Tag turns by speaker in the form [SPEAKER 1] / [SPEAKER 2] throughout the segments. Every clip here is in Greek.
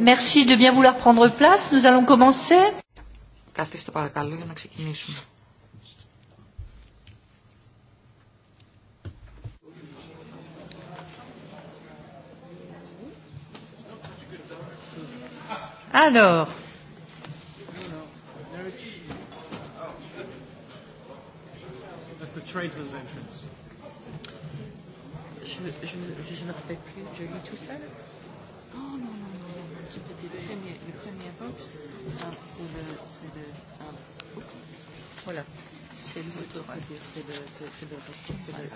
[SPEAKER 1] Merci de bien vouloir prendre place. Nous allons commencer.
[SPEAKER 2] Καθίστε παρακαλώ για να ξεκινήσουμε.
[SPEAKER 1] Alors, tradesman's entrance. Je, je, je, je ne rappelle plus, je lis tout seul Oh non, non qui peut le premier, c'est le, voilà, c'est c'est c'est le,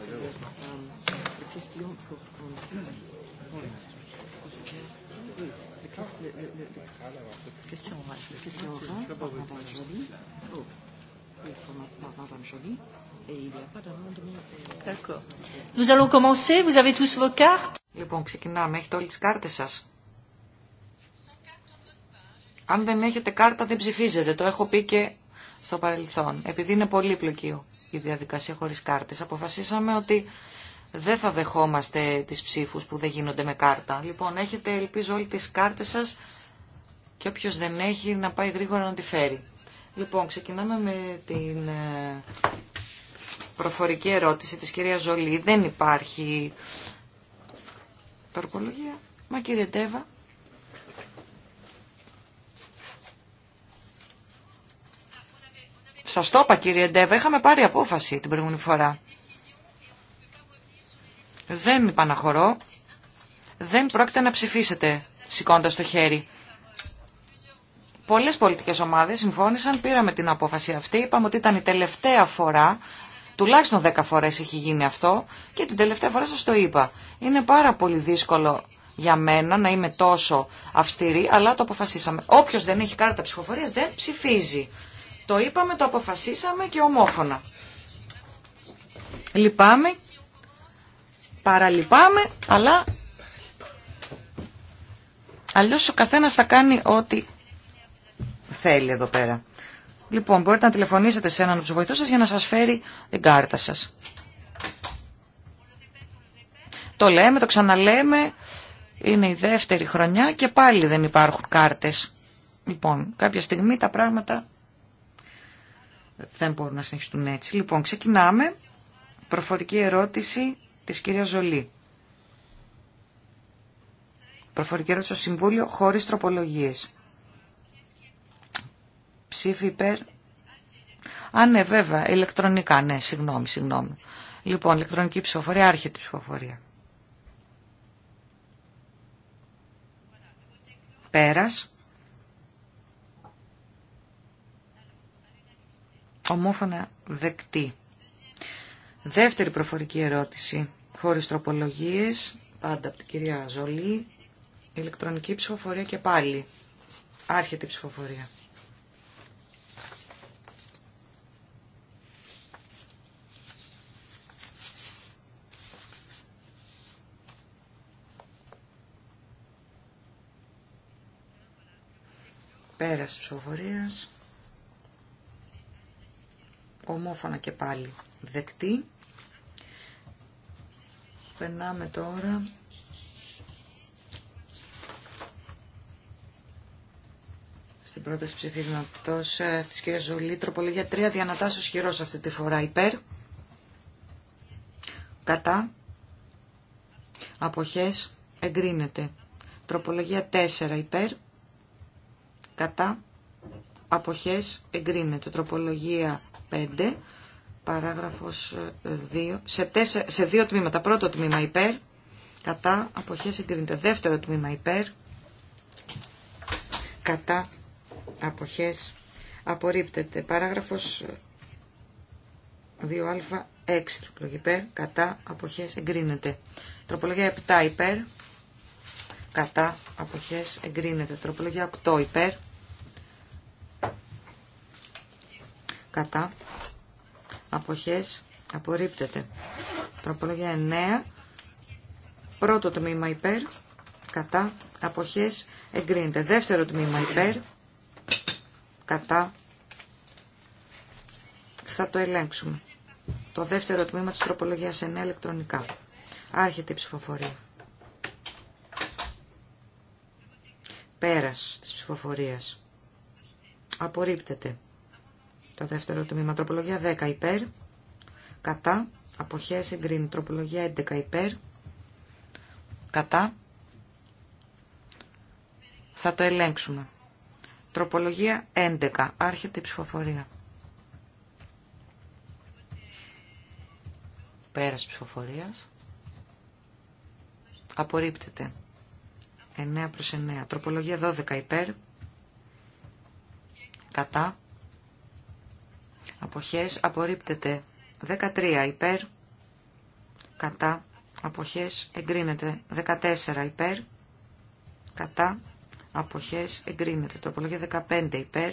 [SPEAKER 1] et il n'y a pas D'accord. Nous allons commencer, vous avez tous vos cartes. Λοιπόν,
[SPEAKER 2] αν δεν έχετε κάρτα δεν ψηφίζετε. Το έχω πει και στο παρελθόν. Επειδή είναι πολύπλοκη η διαδικασία χωρίς κάρτες, αποφασίσαμε ότι δεν θα δεχόμαστε τις ψήφους που δεν γίνονται με κάρτα. Λοιπόν, έχετε ελπίζω όλες τις κάρτες σας και όποιος δεν έχει να πάει γρήγορα να τη φέρει. Λοιπόν, ξεκινάμε με την ε, προφορική ερώτηση της κυρίας Ζολή. Δεν υπάρχει τορκολογία, Μα κύριε Ντέβα, Σας το είπα κύριε Ντέβα, είχαμε πάρει απόφαση την προηγούμενη φορά. Δεν υπαναχωρώ. Δεν πρόκειται να ψηφίσετε σηκώντα το χέρι. Πολλές πολιτικές ομάδες συμφώνησαν, πήραμε την απόφαση αυτή, είπαμε ότι ήταν η τελευταία φορά τουλάχιστον 10 φορές έχει γίνει αυτό και την τελευταία φορά σας το είπα. Είναι πάρα πολύ δύσκολο για μένα να είμαι τόσο αυστηρή, αλλά το αποφασίσαμε. Όποιος δεν έχει κάρτα ψηφοφορίας δεν ψηφίζει. Το είπαμε, το αποφασίσαμε και ομόφωνα. Λυπάμαι, παραλυπάμαι, αλλά αλλιώς ο καθένας θα κάνει ό,τι θέλει εδώ πέρα. Λοιπόν, μπορείτε να τηλεφωνήσετε σε έναν από τους βοηθούς σας για να σας φέρει την κάρτα σας. Το λέμε, το ξαναλέμε, είναι η δεύτερη χρονιά και πάλι δεν υπάρχουν κάρτες. Λοιπόν, κάποια στιγμή τα πράγματα δεν μπορούν να συνεχιστούν έτσι. Λοιπόν, ξεκινάμε. Προφορική ερώτηση της κυρίας Ζολή. Προφορική ερώτηση στο Συμβούλιο χωρίς τροπολογίες. Ψήφι υπέρ. Α, ναι, βέβαια, ηλεκτρονικά, ναι, συγγνώμη, συγγνώμη. Λοιπόν, ηλεκτρονική ψηφοφορία, άρχεται ψηφοφορία. Πέρας. ομόφωνα δεκτή. Δεύτερη προφορική ερώτηση, χωρίς τροπολογίες, πάντα από την κυρία Ζολή, ηλεκτρονική ψηφοφορία και πάλι. Άρχεται η ψηφοφορία. Πέρας ψηφοφορίας ομόφωνα και πάλι δεκτή. Περνάμε τώρα στην πρόταση ψηφίσματος ε, της κ. Ζολή, τροπολογία 3, διανατάσσος χειρός αυτή τη φορά υπέρ, κατά, αποχές, εγκρίνεται. Τροπολογία 4 υπέρ, κατά, αποχές εγκρίνεται. Τροπολογία 5, παράγραφος 2, ε, σε, 4, σε δύο τμήματα. Πρώτο τμήμα υπέρ, κατά, αποχές εγκρίνεται. Δεύτερο τμήμα υπέρ, κατά, αποχές απορρίπτεται. Παράγραφος 2α, ε, 6, τροπολογία υπέρ, κατά, αποχές εγκρίνεται. Τροπολογία 7 υπέρ, κατά, αποχές εγκρίνεται. Τροπολογία 8 υπέρ, κατά αποχές απορρίπτεται. Τροπολογία 9. Πρώτο τμήμα υπέρ κατά αποχές εγκρίνεται. Δεύτερο τμήμα υπέρ κατά θα το ελέγξουμε. Το δεύτερο τμήμα της τροπολογίας 9 ηλεκτρονικά. Άρχεται η ψηφοφορία. Πέρας της ψηφοφορίας. Απορρίπτεται. Το δεύτερο τμήμα. Τροπολογία 10 υπέρ. Κατά. Αποχέ συγκρίνει. Τροπολογία 11 υπέρ. Κατά. Θα το ελέγξουμε. Τροπολογία 11. Άρχεται η ψηφοφορία. Πέρας ψηφοφορίας. Απορρίπτεται. 9 προς 9. Τροπολογία 12 υπέρ. Κατά αποχές απορρίπτεται. 13 υπέρ, κατά, αποχές εγκρίνεται. 14 υπέρ, κατά, αποχές εγκρίνεται. Τροπολογία 15 υπέρ,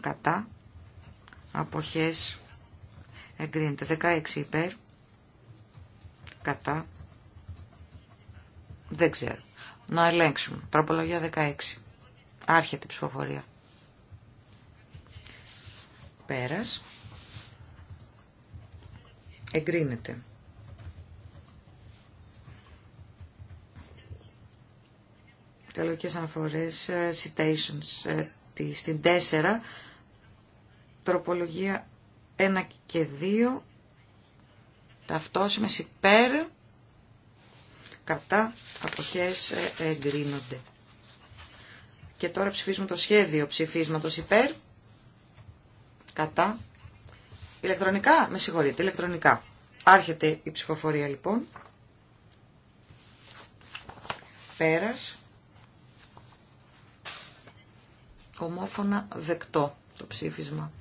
[SPEAKER 2] κατά, αποχές εγκρίνεται. 16 υπέρ, κατά, δεν ξέρω. Να ελέγξουμε. Τροπολογία 16. Άρχεται η ψηφοφορία. Πέρας. Εγκρίνεται. Τελογικές αναφορές, ε, citations, ε, στην 4, τροπολογία 1 και 2, ταυτόσιμες υπέρ, κατά, αποχές ε, εγκρίνονται. Και τώρα ψηφίζουμε το σχέδιο ψηφίσματος υπέρ, κατά, ηλεκτρονικά, με συγχωρείτε, ηλεκτρονικά. Άρχεται η ψηφοφορία λοιπόν. Πέρας. Ομόφωνα δεκτό το ψήφισμα.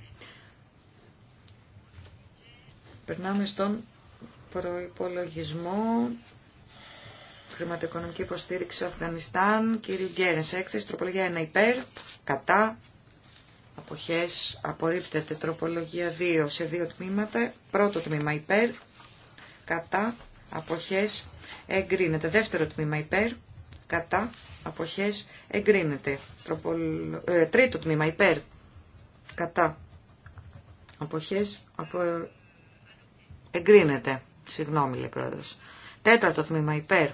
[SPEAKER 2] Περνάμε στον προϋπολογισμό χρηματοοικονομική υποστήριξη Αφγανιστάν. Κύριε Γκέρες, έκθεση, τροπολογία 1 υπέρ, κατά, αποχές απορρίπτεται τροπολογία 2 σε δύο τμήματα. Πρώτο τμήμα υπέρ, κατά, αποχές εγκρίνεται. Δεύτερο τμήμα υπέρ, κατά, αποχές εγκρίνεται. Ε, τρίτο τμήμα υπέρ, κατά, αποχές απο... εγκρίνεται. Συγγνώμη λέει πρόεδρος. Τέταρτο τμήμα υπέρ,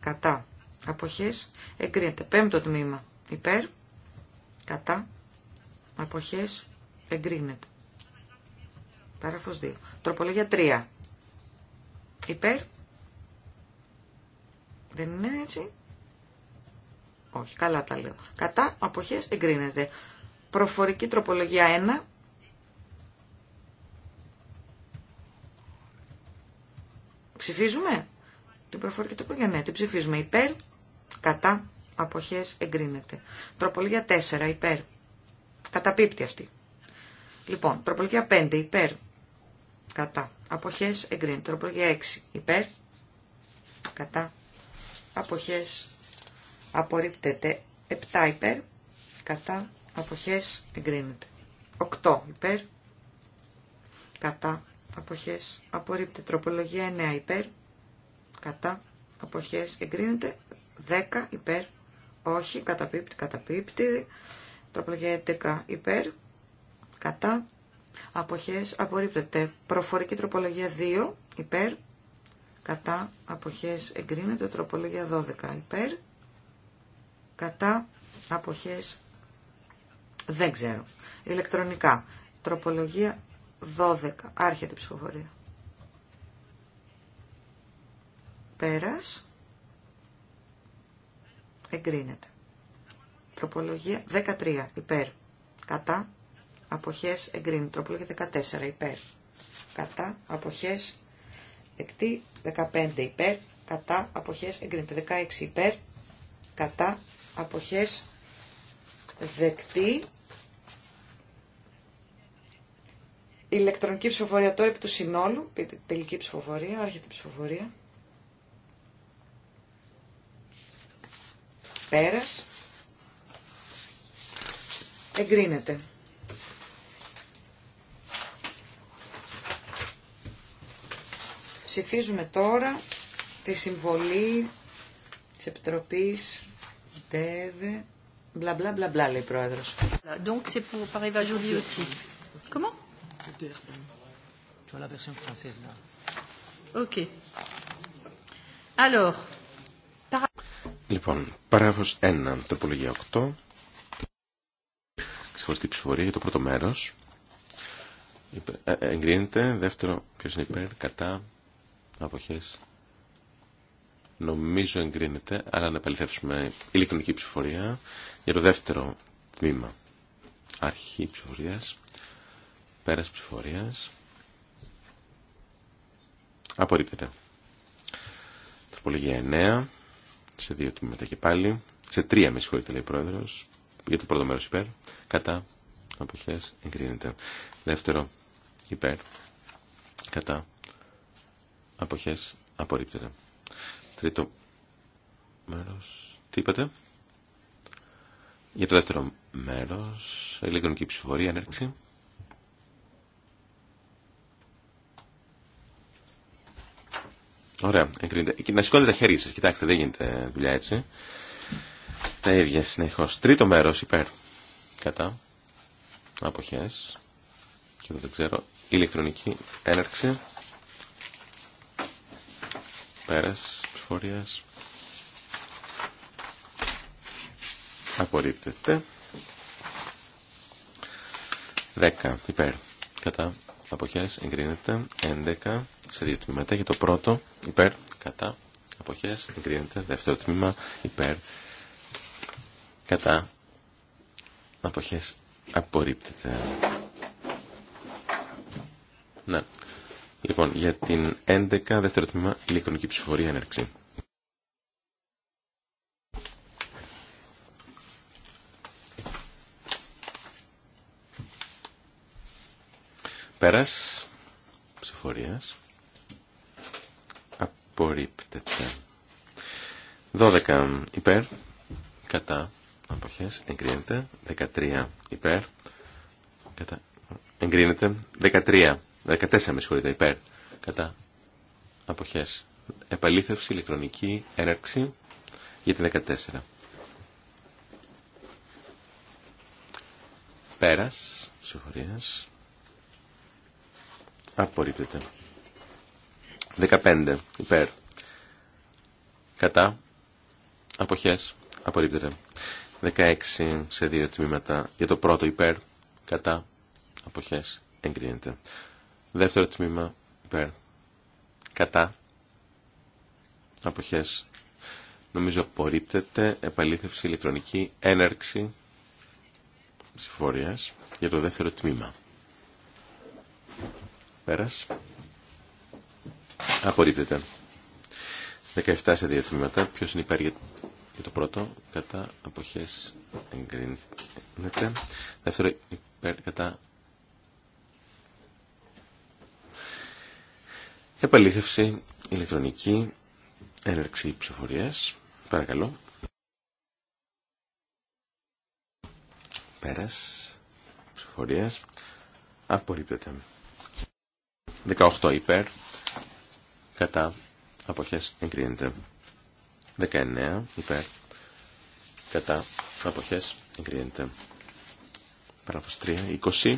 [SPEAKER 2] κατά, αποχές εγκρίνεται. Πέμπτο τμήμα υπέρ, κατά, Αποχές εγκρίνεται. Παράγραφος 2. Τροπολογία 3. Υπέρ. Δεν είναι έτσι. Όχι, καλά τα λέω. Κατά αποχές εγκρίνεται. Προφορική τροπολογία 1. Ψηφίζουμε. Την προφορική τροπολογία, ναι, την ψηφίζουμε. Υπέρ, κατά, αποχές, εγκρίνεται. Τροπολογία 4, υπέρ, Καταπίπτει αυτή. Λοιπόν, τροπολογία 5 υπέρ. Κατά. Αποχές εγκρίνεται. Τροπολογία 6 υπέρ. Κατά. Αποχές απορρίπτεται. 7 υπέρ. Κατά. Αποχές εγκρίνεται. 8 υπέρ. Κατά. Αποχές απορρίπτεται. Τροπολογία 9 υπέρ. Κατά. Αποχές εγκρίνεται. 10 υπέρ. Όχι. Καταπίπτει. Καταπίπτει. Τροπολογία 11 υπέρ, κατά, αποχές απορρίπτεται. Προφορική τροπολογία 2 υπέρ, κατά, αποχές εγκρίνεται. Τροπολογία 12 υπέρ, κατά, αποχές δεν ξέρω. Ηλεκτρονικά. Τροπολογία 12. Άρχεται η ψηφοφορία. Πέρας. Εγκρίνεται. Τροπολογία 13 υπέρ. Κατά αποχές εγκρίνεται. Τροπολογία 14 υπέρ. Κατά απόχέ. δεκτή. 15 υπέρ. Κατά αποχές εγκρίνεται. 16 υπέρ. Κατά αποχές δεκτή. Ηλεκτρονική ψηφοφορία τώρα επί του συνόλου, τελική ψηφοφορία, άρχεται ψηφοφορία. Πέρας. Εγκρίνεται. Ψηφίζουμε τώρα τη συμβολή της Επιτροπής ΔΕΒΕ Μπλα μπλα μπλα μπλα λέει πρόεδρος. Donc c'est pour Paris Jolie aussi. Comment Tu
[SPEAKER 1] as la
[SPEAKER 3] version française là.
[SPEAKER 1] Ok. Alors. Lipon.
[SPEAKER 4] Λοιπόν, παράγραφος 1, τροπολογία 8 στη ψηφορία για το πρώτο μέρος. Ε, ε, εγκρίνεται. Δεύτερο, ποιο είναι υπέρ, κατά, αποχές. Νομίζω εγκρίνεται, αλλά να επαληθεύσουμε ηλεκτρονική ψηφορία για το δεύτερο τμήμα. Αρχή ψηφορίας, πέρα ψηφορία. Απορρίπτεται. Τροπολογία 9, σε δύο τμήματα και πάλι. Σε τρία, με συγχωρείτε, λέει ο πρόεδρο για το πρώτο μέρος υπέρ, κατά, αποχές, εγκρίνεται. Δεύτερο, υπέρ, κατά, αποχές, απορρίπτεται. Τρίτο μέρος, τι είπατε? Για το δεύτερο μέρος, ηλεκτρονική ψηφορία, ανέρξη. Ωραία, εγκρίνεται. Να σηκώνετε τα χέρια σας, κοιτάξτε, δεν γίνεται δουλειά έτσι. Τα ίδια συνεχώ Τρίτο μέρος υπέρ. Κατά. Αποχές. Και δεν ξέρω. Ηλεκτρονική έναρξη. Πέρα ψηφορίας. Απορρίπτεται. Δέκα υπέρ. Κατά. Αποχές εγκρίνεται 11 σε δύο τμήματα. Για το πρώτο υπέρ. Κατά. απόχέ, εγκρίνεται. Δεύτερο τμήμα υπέρ κατά αποχές απορρίπτεται. Ναι. Λοιπόν, για την 11 δεύτερο τμήμα ηλεκτρονική ψηφορία έναρξη. Πέρας ψηφορίας απορρίπτεται. 12 υπέρ κατά αποχές εγκρίνεται 13 υπέρ κατά εγκρίνεται 13 14 με συγχωρείτε υπέρ κατά αποχές επαλήθευση ηλεκτρονική έναρξη για την 14 πέρας ψηφορίας απορρίπτεται 15 υπέρ κατά αποχές απορρίπτεται 16 σε δύο τμήματα. Για το πρώτο υπέρ, κατά, αποχές, εγκρίνεται. Δεύτερο τμήμα υπέρ, κατά, αποχές, νομίζω απορρίπτεται, επαλήθευση ηλεκτρονική, έναρξη ψηφορίας για το δεύτερο τμήμα. Πέρας. Απορρίπτεται. 17 σε δύο τμήματα. Ποιος είναι υπέρ για το πρώτο, κατά αποχές εγκρίνεται. Δεύτερο, υπέρ κατά επαλήθευση ηλεκτρονική έναρξη ψηφοφορίας. Παρακαλώ. Πέρας ψηφοφορίας. Απορρίπτεται. 18 υπέρ κατά αποχές εγκρίνεται. 19 υπέρ κατά αποχές εγκρίνεται παράγραφος 3 20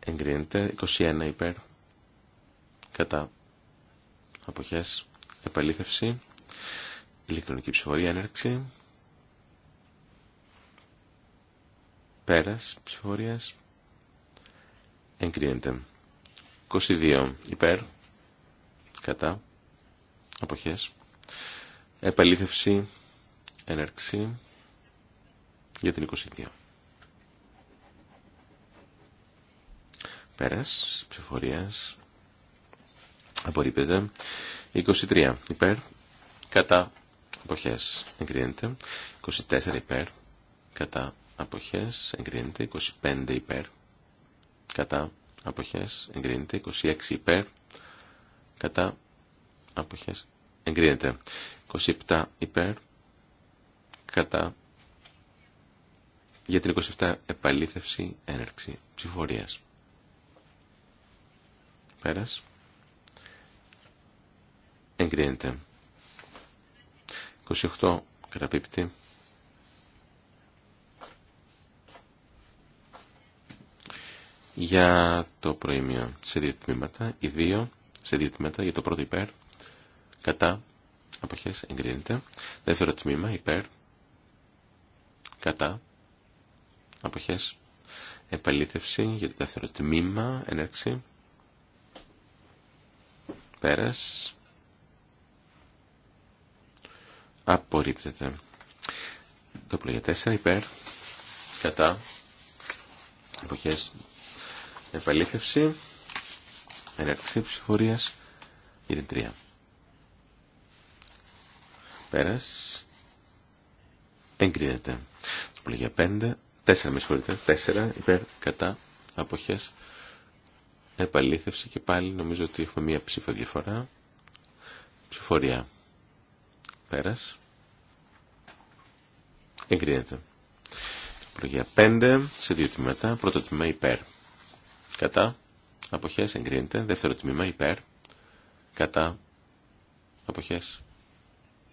[SPEAKER 4] εγκρίνεται 21 υπέρ κατά αποχές επαλήθευση ηλεκτρονική ψηφορία έναρξη πέρας ψηφορίας εγκρίνεται 22 υπέρ κατά αποχές, επαλήθευση, έναρξη για την 22. Πέρας, ψηφορίας, απορρίπτεται. 23 υπέρ, κατά αποχές, εγκρίνεται. 24 υπέρ, κατά αποχές, εγκρίνεται. 25 υπέρ, κατά αποχές, εγκρίνεται. 26 υπέρ, κατά αποχές, εγκρίνεται. 27 υπέρ, κατά, για την 27 επαλήθευση, έναρξη ψηφορίας. Πέρας. Εγκρίνεται. 28 καταπίπτει. για το προήμιο σε δύο τμήματα, οι δύο σε δύο τμήματα για το πρώτο υπέρ, κατά, αποχές, εγκρίνεται. Δεύτερο τμήμα, υπέρ, κατά, αποχές, επαλήθευση για το δεύτερο τμήμα, ενέργηση πέρας, απορρίπτεται. Το για 4, υπέρ, κατά, αποχές επαλήθευση, ενέργεια ψηφορίας, για την τρία. Πέρας. Εγκρίνεται. Τροπολογία 5. 4 με συγχωρείτε. τέσσερα υπέρ κατά αποχέ, Επαλήθευση και πάλι νομίζω ότι έχουμε μία ψήφο διαφορά. Ψηφορία. Πέρα. Εγκρίνεται. Τροπολογία 5 σε δύο τμήματα. Πρώτο τμήμα υπέρ. Κατά. Αποχές εγκρίνεται. Δεύτερο τμήμα υπέρ. Κατά. Αποχές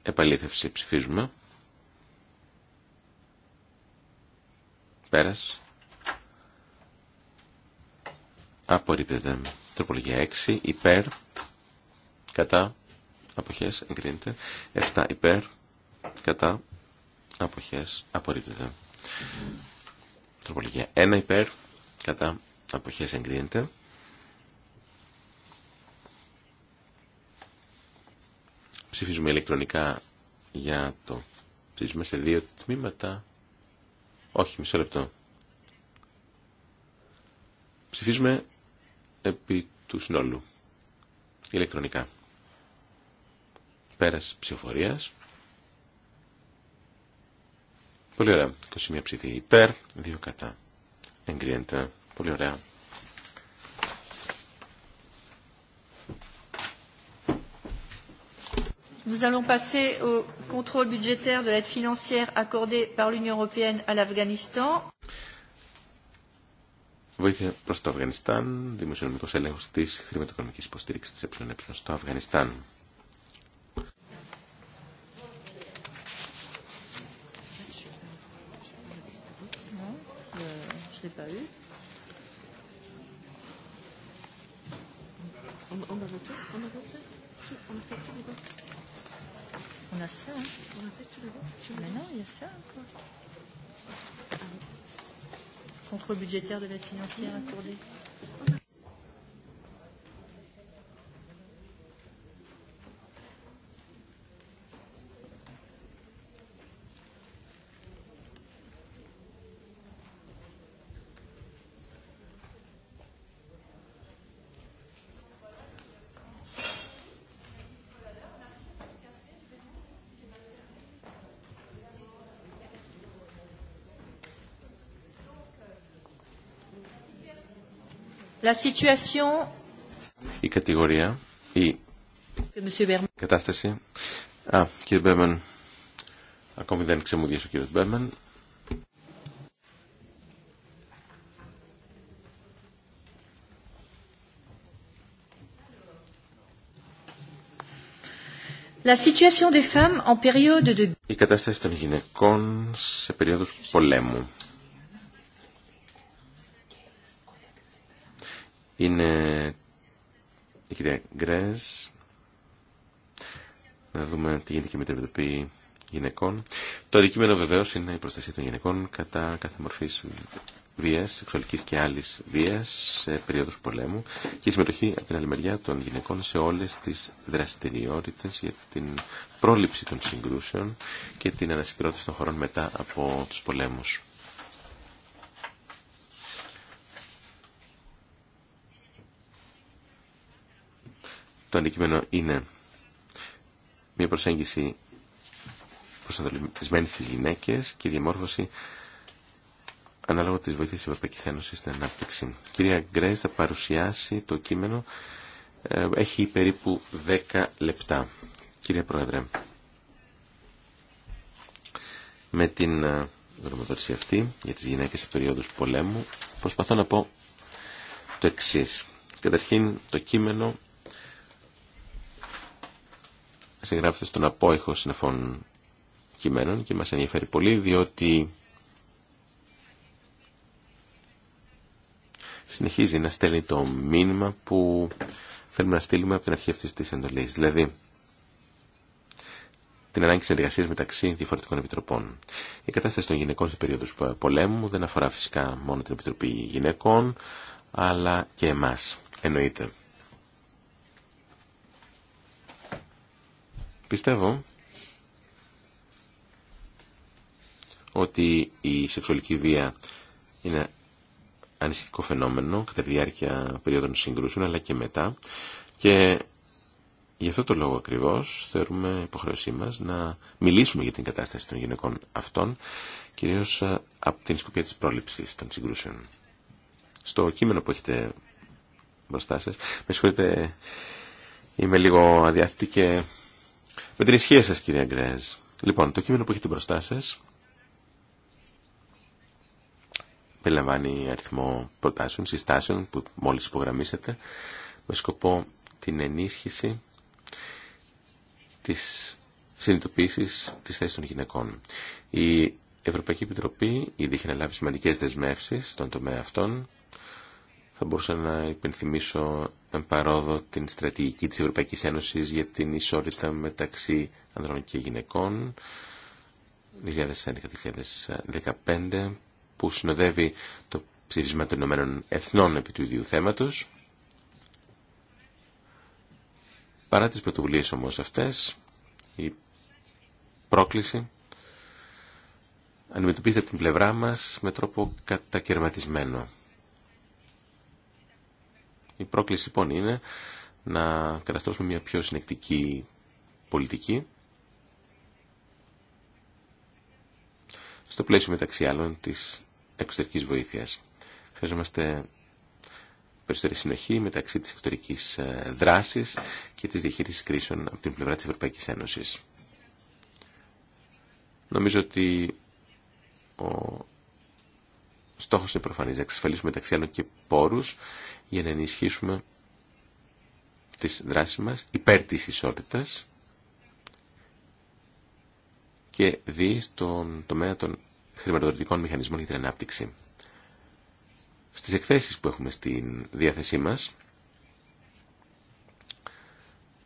[SPEAKER 4] Επαλήθευση ψηφίζουμε. Πέρας. Απορρίπτεται. Τροπολογία 6. Υπέρ. Κατά. Αποχές. Εγκρίνεται. 7. Υπέρ. Κατά. Αποχές. Απορρίπτεται. Τροπολογία 1. Υπέρ. Κατά. Αποχές. Εγκρίνεται. Ψηφίζουμε ηλεκτρονικά για το Ψηφίζουμε σε δύο τμήματα. Όχι, μισό λεπτό. Ψηφίζουμε επί του συνόλου. Ηλεκτρονικά. Πέρας ψηφοφορίας. Πολύ ωραία. 21 ψηφί υπέρ, 2 κατά. Εγκρίνεται. Πολύ ωραία.
[SPEAKER 1] Nous allons passer au contrôle budgétaire de l'aide financière accordée par l'Union européenne à l'Afghanistan. On a ça. Hein on a fait tout le monde Mais non, il y a ça quoi. Contrôle budgétaire de l'aide financière accordée. La situation...
[SPEAKER 4] Η κατηγορία, η κατάσταση. Α, κύριε Μπέμεν, ακόμη δεν ξεμούδιασε ο κύριος Μπέμεν.
[SPEAKER 1] La situation des femmes en de...
[SPEAKER 4] Η κατάσταση των γυναικών σε περίοδους πολέμου. είναι η κυρία Γκρέζ, Να δούμε τι γίνεται και με την Επιτροπή Γυναικών. Το αντικείμενο βεβαίω είναι η προστασία των γυναικών κατά κάθε μορφή βία, σεξουαλική και άλλη βία σε περίοδου πολέμου και η συμμετοχή από την άλλη μεριά των γυναικών σε όλε τι δραστηριότητε για την πρόληψη των συγκρούσεων και την ανασυγκρότηση των χωρών μετά από του πολέμου. Το αντικείμενο είναι μια προσέγγιση προσανατολισμένη στις γυναίκες και διαμόρφωση ανάλογα της βοήθειας της Ευρωπαϊκής Ένωσης στην ανάπτυξη. κυρία Γκρέζ θα παρουσιάσει το κείμενο. Ε, έχει περίπου 10 λεπτά. Κύριε Πρόεδρε, με την ε, γνωμοδότηση αυτή για τις γυναίκες σε περίοδους πολέμου προσπαθώ να πω το εξής. Καταρχήν το κείμενο συγγράφεται στον απόϊχο συναφών κειμένων και μας ενδιαφέρει πολύ διότι συνεχίζει να στέλνει το μήνυμα που θέλουμε να στείλουμε από την αρχή αυτής της εντολής. Δηλαδή, την ανάγκη συνεργασία μεταξύ διαφορετικών επιτροπών. Η κατάσταση των γυναικών σε περίοδου πολέμου δεν αφορά φυσικά μόνο την Επιτροπή Γυναικών, αλλά και εμά. Εννοείται. Πιστεύω ότι η σεξουαλική βία είναι ανησυχητικό φαινόμενο κατά τη διάρκεια περίοδων συγκρούσεων αλλά και μετά και γι' αυτό το λόγο ακριβώς θεωρούμε υποχρεωσή μας να μιλήσουμε για την κατάσταση των γυναικών αυτών κυρίως ε, από την σκοπιά της πρόληψης των συγκρούσεων. Στο κείμενο που έχετε μπροστά σας, με συγχωρείτε είμαι λίγο αδιάθετη και με την ισχύ σας κυρία Γκρέζ. Λοιπόν, το κείμενο που έχετε μπροστά σα. περιλαμβάνει αριθμό προτάσεων, συστάσεων που μόλις υπογραμμίσατε με σκοπό την ενίσχυση της συνειδητοποίησης της θέσης των γυναικών. Η Ευρωπαϊκή Επιτροπή ήδη είχε αναλάβει σημαντικές δεσμεύσεις στον τομέα αυτών θα μπορούσα να υπενθυμίσω εν παρόδο την στρατηγική της Ευρωπαϊκής Ένωσης για την ισότητα μεταξύ ανδρών και γυναικών 2011-2015 που συνοδεύει το ψήφισμα των Ηνωμένων Εθνών επί του ίδιου θέματος. Παρά τις πρωτοβουλίες όμως αυτές, η πρόκληση αντιμετωπίζεται την πλευρά μας με τρόπο κατακαιρματισμένο. Η πρόκληση λοιπόν είναι να καταστρώσουμε μια πιο συνεκτική πολιτική στο πλαίσιο μεταξύ άλλων της εξωτερικής βοήθειας. Χρειαζόμαστε περισσότερη συνοχή μεταξύ της εξωτερικής ε, δράσης και της διαχείρισης κρίσεων από την πλευρά της Ευρωπαϊκής Ένωσης. Νομίζω ότι Στόχο είναι προφανής, να εξασφαλίσουμε μεταξύ άλλων και πόρους για να ενισχύσουμε τις δράσεις μας υπέρ τη ισότητας και δι στον τομέα των χρηματοδοτικών μηχανισμών για την ανάπτυξη. Στις εκθέσεις που έχουμε στην διάθεσή μας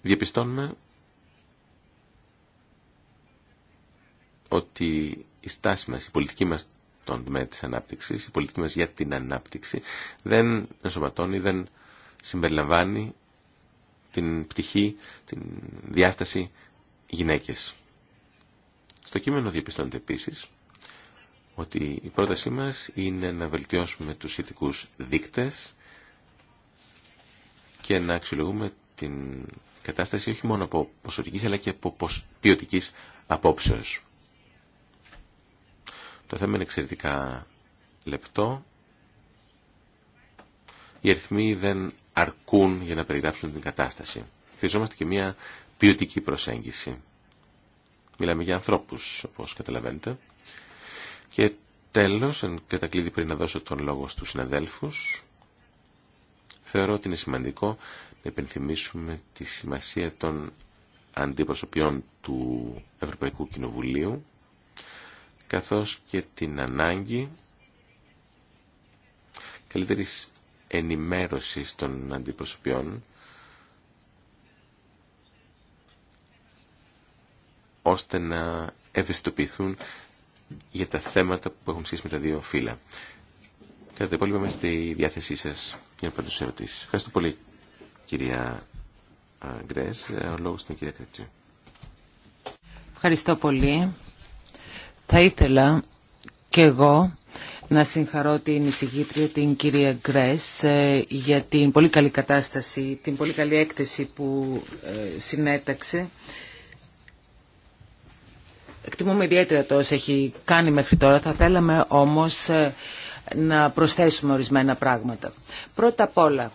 [SPEAKER 4] διαπιστώνουμε ότι η στάση μας, η πολιτική μας τον της ανάπτυξης, η πολιτική μας για την ανάπτυξη δεν ενσωματώνει, δεν συμπεριλαμβάνει την πτυχή, την διάσταση γυναίκες. Στο κείμενο διαπιστώνεται επίσης ότι η πρότασή μας είναι να βελτιώσουμε τους σχετικούς δείκτες και να αξιολογούμε την κατάσταση όχι μόνο από ποσοτικής αλλά και από ποιοτικής απόψεως. Το θέμα είναι εξαιρετικά λεπτό. Οι αριθμοί δεν αρκούν για να περιγράψουν την κατάσταση. Χρειαζόμαστε και μια ποιοτική προσέγγιση. Μιλάμε για ανθρώπους, όπως καταλαβαίνετε. Και τέλος, εν κατακλείδη πριν να δώσω τον λόγο στους συναδέλφους, θεωρώ ότι είναι σημαντικό να υπενθυμίσουμε τη σημασία των αντιπροσωπιών του Ευρωπαϊκού Κοινοβουλίου καθώς και την ανάγκη καλύτερης ενημέρωσης των αντιπροσωπιών ώστε να ευαισθητοποιηθούν για τα θέματα που έχουν σχέση με τα δύο φύλλα. Κατά τα υπόλοιπα είμαι στη διάθεσή σας για να απαντήσω ερωτήσεις. Ευχαριστώ πολύ κυρία Γκρέσ, Ο λόγος στην κυρία Κρατσίου.
[SPEAKER 5] Ευχαριστώ πολύ. Θα ήθελα και εγώ να συγχαρώ την εισηγήτρια την κυρία Γκρές ε, για την πολύ καλή κατάσταση, την πολύ καλή έκθεση που ε, συνέταξε. Εκτιμούμε ιδιαίτερα το όσο έχει κάνει μέχρι τώρα, θα θέλαμε όμως ε, να προσθέσουμε ορισμένα πράγματα. Πρώτα απ' όλα,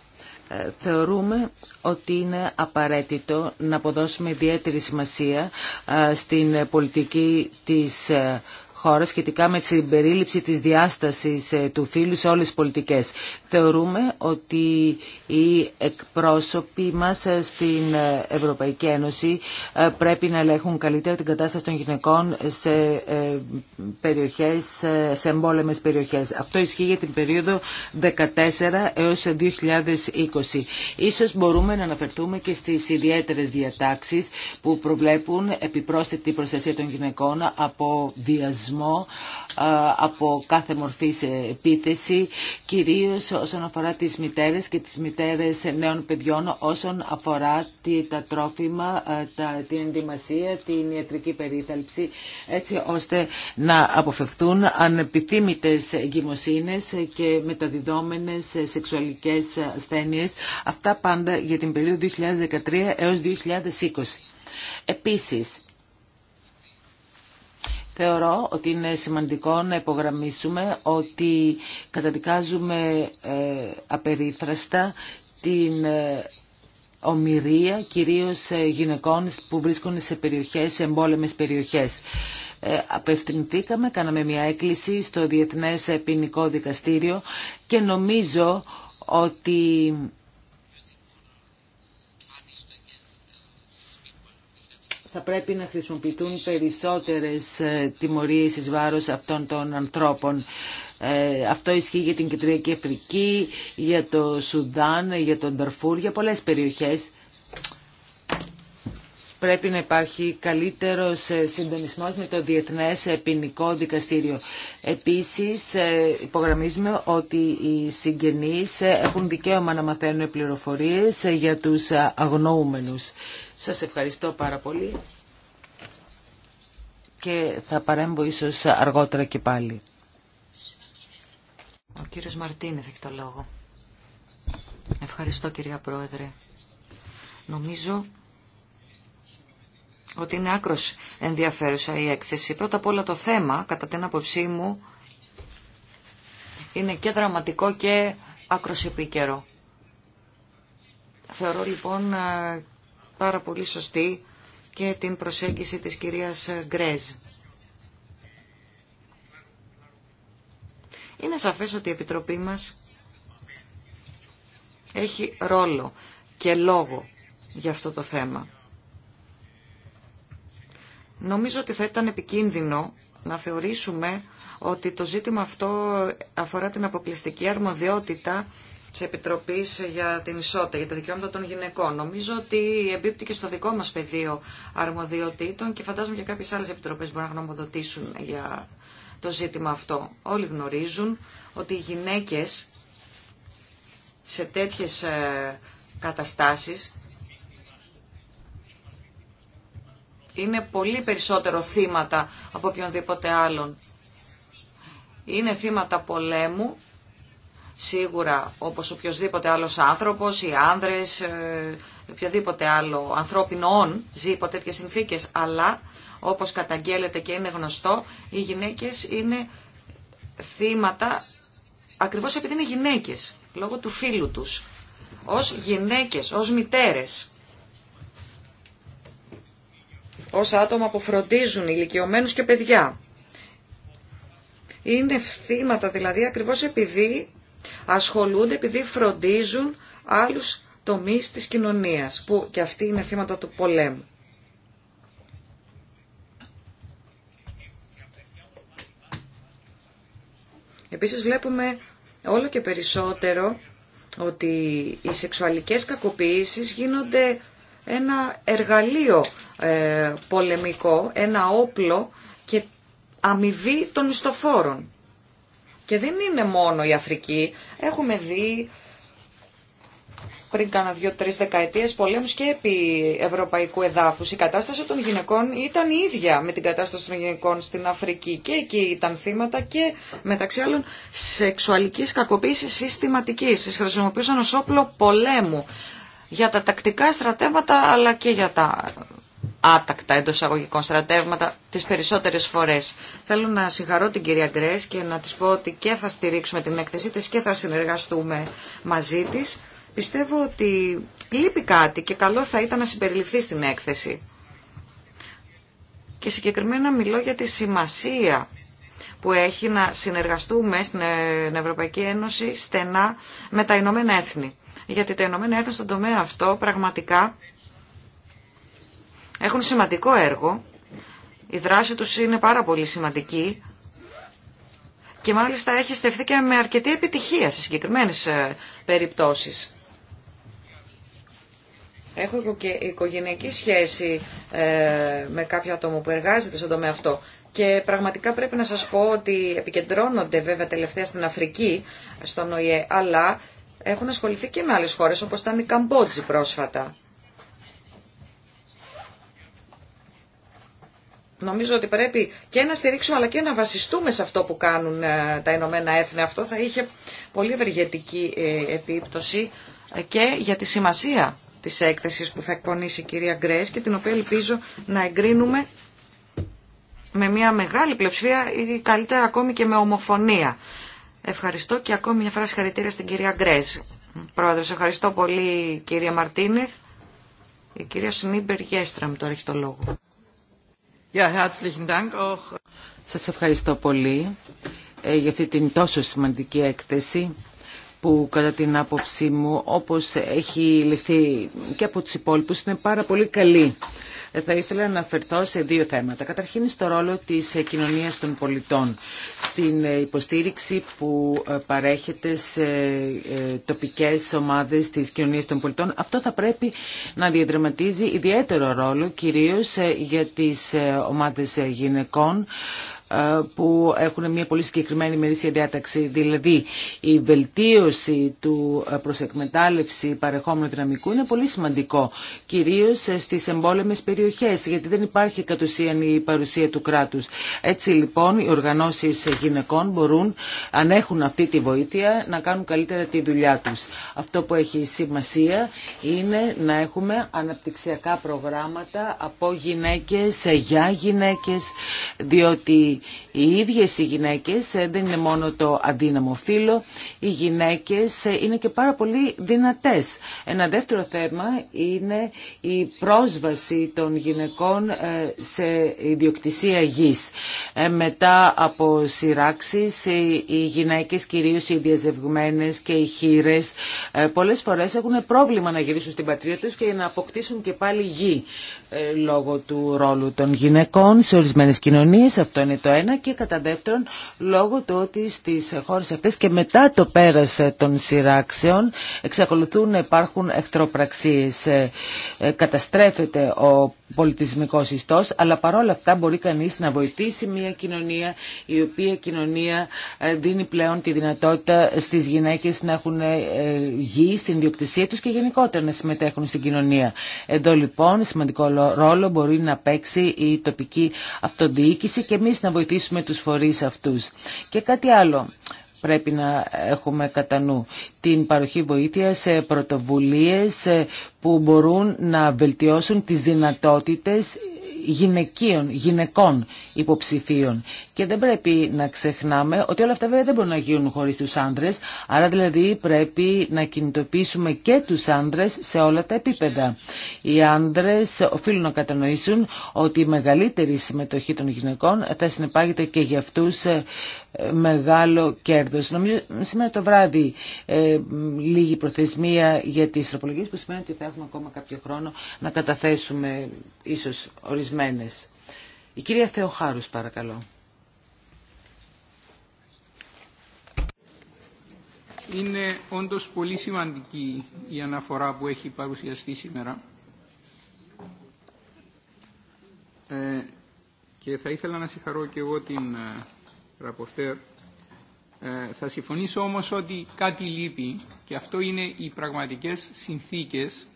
[SPEAKER 5] ε, θεωρούμε ότι είναι απαραίτητο να αποδώσουμε ιδιαίτερη σημασία ε, στην πολιτική της ε, χώρας σχετικά με την περίληψη της διάστασης του φύλου σε όλες τις πολιτικές. Θεωρούμε ότι οι εκπρόσωποι μας στην Ευρωπαϊκή Ένωση ε, πρέπει να ελέγχουν καλύτερα την κατάσταση των γυναικών σε, ε, περιοχές, ε, σε εμπόλεμες περιοχές. Αυτό ισχύει για την περίοδο 14 έως 2020. Ίσως μπορούμε να αναφερθούμε και στις ιδιαίτερες διατάξεις που προβλέπουν επιπρόσθετη προστασία των γυναικών από διασμό, από κάθε μορφή επίθεση, κυρίως όσον αφορά τις μητέρες και τις μητέρες νέων παιδιών, όσον αφορά τα τρόφιμα, ε, τα, την ενδυμασία, την ιατρική περίθαλψη, έτσι ώστε να αποφευθούν ανεπιθύμητες εγκυμοσύνες και μεταδιδόμενες σεξουαλικές ασθένειες. Αυτά πάντα για την περίοδο 2013 έως 2020. Επίσης, Θεωρώ ότι είναι σημαντικό να υπογραμμίσουμε ότι καταδικάζουμε ε, απερίφραστα την ε, ομοιρία κυρίως ε, γυναικών που βρίσκονται σε περιοχές, σε εμπόλεμες περιοχές. Απευθυνθήκαμε, κάναμε μια έκκληση στο Διεθνές Ποινικό Δικαστήριο και νομίζω ότι θα πρέπει να χρησιμοποιηθούν περισσότερες ε, τιμωρίες εις βάρος αυτών των ανθρώπων. Ε, αυτό ισχύει για την Κεντριακή Αφρική, για το Σουδάν, για τον Νταρφούρ, για πολλές περιοχές. Πρέπει να υπάρχει καλύτερος ε, συντονισμός με το Διεθνές Ποινικό Δικαστήριο. Επίσης, υπογραμμίζουμε ότι οι συγγενείς έχουν δικαίωμα να μαθαίνουν πληροφορίες για τους αγνοούμενους. Σας ευχαριστώ πάρα πολύ και θα παρέμβω ίσως αργότερα και πάλι.
[SPEAKER 2] Ο κύριος Μαρτίνεθ έχει το λόγο. Ευχαριστώ κυρία Πρόεδρε. Νομίζω ότι είναι άκρος ενδιαφέρουσα η έκθεση. Πρώτα απ' όλα το θέμα, κατά την άποψή μου, είναι και δραματικό και άκρος επίκαιρο. Θεωρώ λοιπόν πάρα πολύ σωστή και την προσέγγιση της κυρίας Γκρέζ. Είναι σαφές ότι η Επιτροπή μας έχει ρόλο και λόγο για αυτό το θέμα. Νομίζω ότι θα ήταν επικίνδυνο να θεωρήσουμε ότι το ζήτημα αυτό αφορά την αποκλειστική αρμοδιότητα της Επιτροπής για την Ισότητα, για τα δικαιώματα των γυναικών. Νομίζω ότι εμπίπτει και στο δικό μας πεδίο αρμοδιοτήτων και φαντάζομαι και κάποιες άλλες επιτροπές μπορούν να γνωμοδοτήσουν για το ζήτημα αυτό. Όλοι γνωρίζουν ότι οι γυναίκες σε τέτοιες ε, καταστάσεις είναι πολύ περισσότερο θύματα από οποιονδήποτε άλλον. Είναι θύματα πολέμου Σίγουρα, όπως οποιοδήποτε άλλος άνθρωπος, οι άνδρες, ε, οποιοδήποτε άλλο ανθρώπινο όν ζει υπό τέτοιες συνθήκες, αλλά όπως καταγγέλλεται και είναι γνωστό, οι γυναίκες είναι θύματα ακριβώς επειδή είναι γυναίκες, λόγω του φίλου τους. Ως γυναίκες, ως μητέρες, ως άτομα που φροντίζουν ηλικιωμένους και παιδιά. Είναι θύματα δηλαδή ακριβώς επειδή ασχολούνται επειδή φροντίζουν άλλους τομείς της κοινωνίας, που και αυτοί είναι θύματα του πολέμου. Επίσης βλέπουμε όλο και περισσότερο ότι οι σεξουαλικές κακοποίησεις γίνονται ένα εργαλείο ε, πολεμικό, ένα όπλο και αμοιβή των ιστοφόρων. Και δεν είναι μόνο η Αφρική. Έχουμε δει πριν κάνα δύο-τρεις δεκαετίες πολέμους και επί ευρωπαϊκού εδάφους. Η κατάσταση των γυναικών ήταν η ίδια με την κατάσταση των γυναικών στην Αφρική και εκεί ήταν θύματα και μεταξύ άλλων σεξουαλικής κακοποίησης συστηματικής. Τις χρησιμοποιούσαν ως όπλο πολέμου για τα τακτικά στρατεύματα αλλά και για τα άτακτα εντό αγωγικών στρατεύματα τις περισσότερε φορές. Θέλω να συγχαρώ την κυρία Γκρέσ και να της πω ότι και θα στηρίξουμε την έκθεσή της και θα συνεργαστούμε μαζί της. Πιστεύω ότι λείπει κάτι και καλό θα ήταν να συμπεριληφθεί στην έκθεση. Και συγκεκριμένα μιλώ για τη σημασία που έχει να συνεργαστούμε στην ε, Ευρωπαϊκή Ένωση στενά με τα Ηνωμένα Έθνη. Γιατί τα Ηνωμένα Έθνη στον τομέα αυτό πραγματικά έχουν σημαντικό έργο. Η δράση τους είναι πάρα πολύ σημαντική και μάλιστα έχει στεφθεί και με αρκετή επιτυχία σε συγκεκριμένες ε, περιπτώσεις. Έχω και οικογενειακή σχέση ε, με κάποιο άτομο που εργάζεται στον τομέα αυτό. Και πραγματικά πρέπει να σας πω ότι επικεντρώνονται βέβαια τελευταία στην Αφρική, στον ΟΗΕ, αλλά έχουν ασχοληθεί και με άλλες χώρες όπως ήταν η Καμπότζη πρόσφατα. Νομίζω ότι πρέπει και να στηρίξουμε αλλά και να βασιστούμε σε αυτό που κάνουν ε, τα Ηνωμένα Έθνη. Αυτό θα είχε πολύ ευεργετική ε, επίπτωση ε, και για τη σημασία της έκθεσης που θα εκπονήσει η κυρία Γκρέσ και την οποία ελπίζω να εγκρίνουμε με μια μεγάλη πλειοψηφία ή καλύτερα ακόμη και με ομοφωνία. Ευχαριστώ και ακόμη μια φράση χαρητήρια στην κυρία Γκρέζ. Πρόεδρος, ευχαριστώ πολύ κυρία Μαρτίνεθ. Η κυρία Σνίμπερ Γέστραμ τώρα έχει το λόγο. Σα Σας ευχαριστώ πολύ ε,
[SPEAKER 5] για αυτή την τόσο σημαντική έκθεση που κατά την άποψή μου όπως έχει ληφθεί και από τους υπόλοιπους είναι πάρα πολύ καλή. Ε, θα ήθελα να αναφερθώ σε δύο θέματα. Καταρχήν στο ρόλο της κοινωνίας των πολιτών, στην ε, υποστήριξη που ε, παρέχεται σε τοπικές ομάδες της κοινωνίας των πολιτών. Αυτό θα πρέπει να διαδραματίζει ιδιαίτερο ρόλο, κυρίως για τις ομάδες γυναικών, ε, που έχουν μια πολύ συγκεκριμένη μερίσια διάταξη. Δηλαδή η βελτίωση του ε, προς εκμετάλλευση παρεχόμενου δυναμικού είναι πολύ σημαντικό. Κυρίως ε, στις εμπόλεμες περιοχές γιατί δεν υπάρχει κατ' ουσίαν η παρουσία του κράτους. Έτσι λοιπόν οι οργανώσεις γυναικών μπορούν αν έχουν αυτή τη βοήθεια να κάνουν καλύτερα τη δουλειά τους. Αυτό που έχει σημασία είναι να έχουμε αναπτυξιακά προγράμματα από γυναίκες για γυναίκες διότι οι ίδιες οι γυναίκες ε, δεν είναι μόνο το αδύναμο φύλλο, οι γυναίκες ε, είναι και πάρα πολύ δυνατές. Ένα δεύτερο θέμα είναι η πρόσβαση των γυναικών ε, σε ιδιοκτησία γης. Μετά από σειράξεις οι γυναίκες, κυρίως οι διαζευγμένες και οι χείρες, πολλές φορές έχουν πρόβλημα να γυρίσουν στην πατρίδα τους και να αποκτήσουν και πάλι γη. Ε, λόγω του ρόλου των γυναικών σε ορισμένες κοινωνίες, αυτό είναι το ένα, και κατά δεύτερον λόγω του ότι στις χώρες αυτές και μετά το πέρας των σειράξεων εξακολουθούν να υπάρχουν εχθροπραξίες. Ε, ε, καταστρέφεται ο πολιτισμικός ιστός, αλλά παρόλα αυτά μπορεί κανείς να βοηθήσει μια κοινωνία η οποία κοινωνία ε, δίνει πλέον τη δυνατότητα στις γυναίκες να έχουν ε, γη στην διοκτησία τους και γενικότερα να συμμετέχουν στην κοινωνία. Εδώ λοιπόν σημαντικό ρόλο μπορεί να παίξει η τοπική αυτοδιοίκηση και εμείς να βοηθήσουμε τους φορείς αυτούς. Και κάτι άλλο πρέπει να έχουμε κατά νου. Την παροχή βοήθεια σε πρωτοβουλίες ε, που μπορούν να βελτιώσουν τις δυνατότητες γυναικείων, γυναικών υποψηφίων. Και δεν πρέπει να ξεχνάμε ότι όλα αυτά βέβαια δεν μπορούν να γίνουν χωρίς τους άντρες, άρα δηλαδή πρέπει να κινητοποιήσουμε και τους άντρες σε όλα τα επίπεδα. Οι άντρες οφείλουν να κατανοήσουν ότι η μεγαλύτερη συμμετοχή των γυναικών θα συνεπάγεται και για αυτούς ε, μεγάλο κέρδος. Νομίζω σήμερα το βράδυ ε, λίγη προθεσμία για τις τροπολογίες που σημαίνει ότι θα έχουμε ακόμα κάποιο χρόνο να καταθέσουμε ίσως ορισμένες. Η κυρία Θεοχάρους παρακαλώ.
[SPEAKER 3] Είναι όντως πολύ σημαντική η αναφορά που έχει παρουσιαστεί σήμερα. Ε, και θα ήθελα να συγχαρώ και εγώ την ε, ραπορτέρ. Ε, θα συμφωνήσω όμως ότι κάτι λείπει και αυτό είναι οι πραγματικές συνθήκες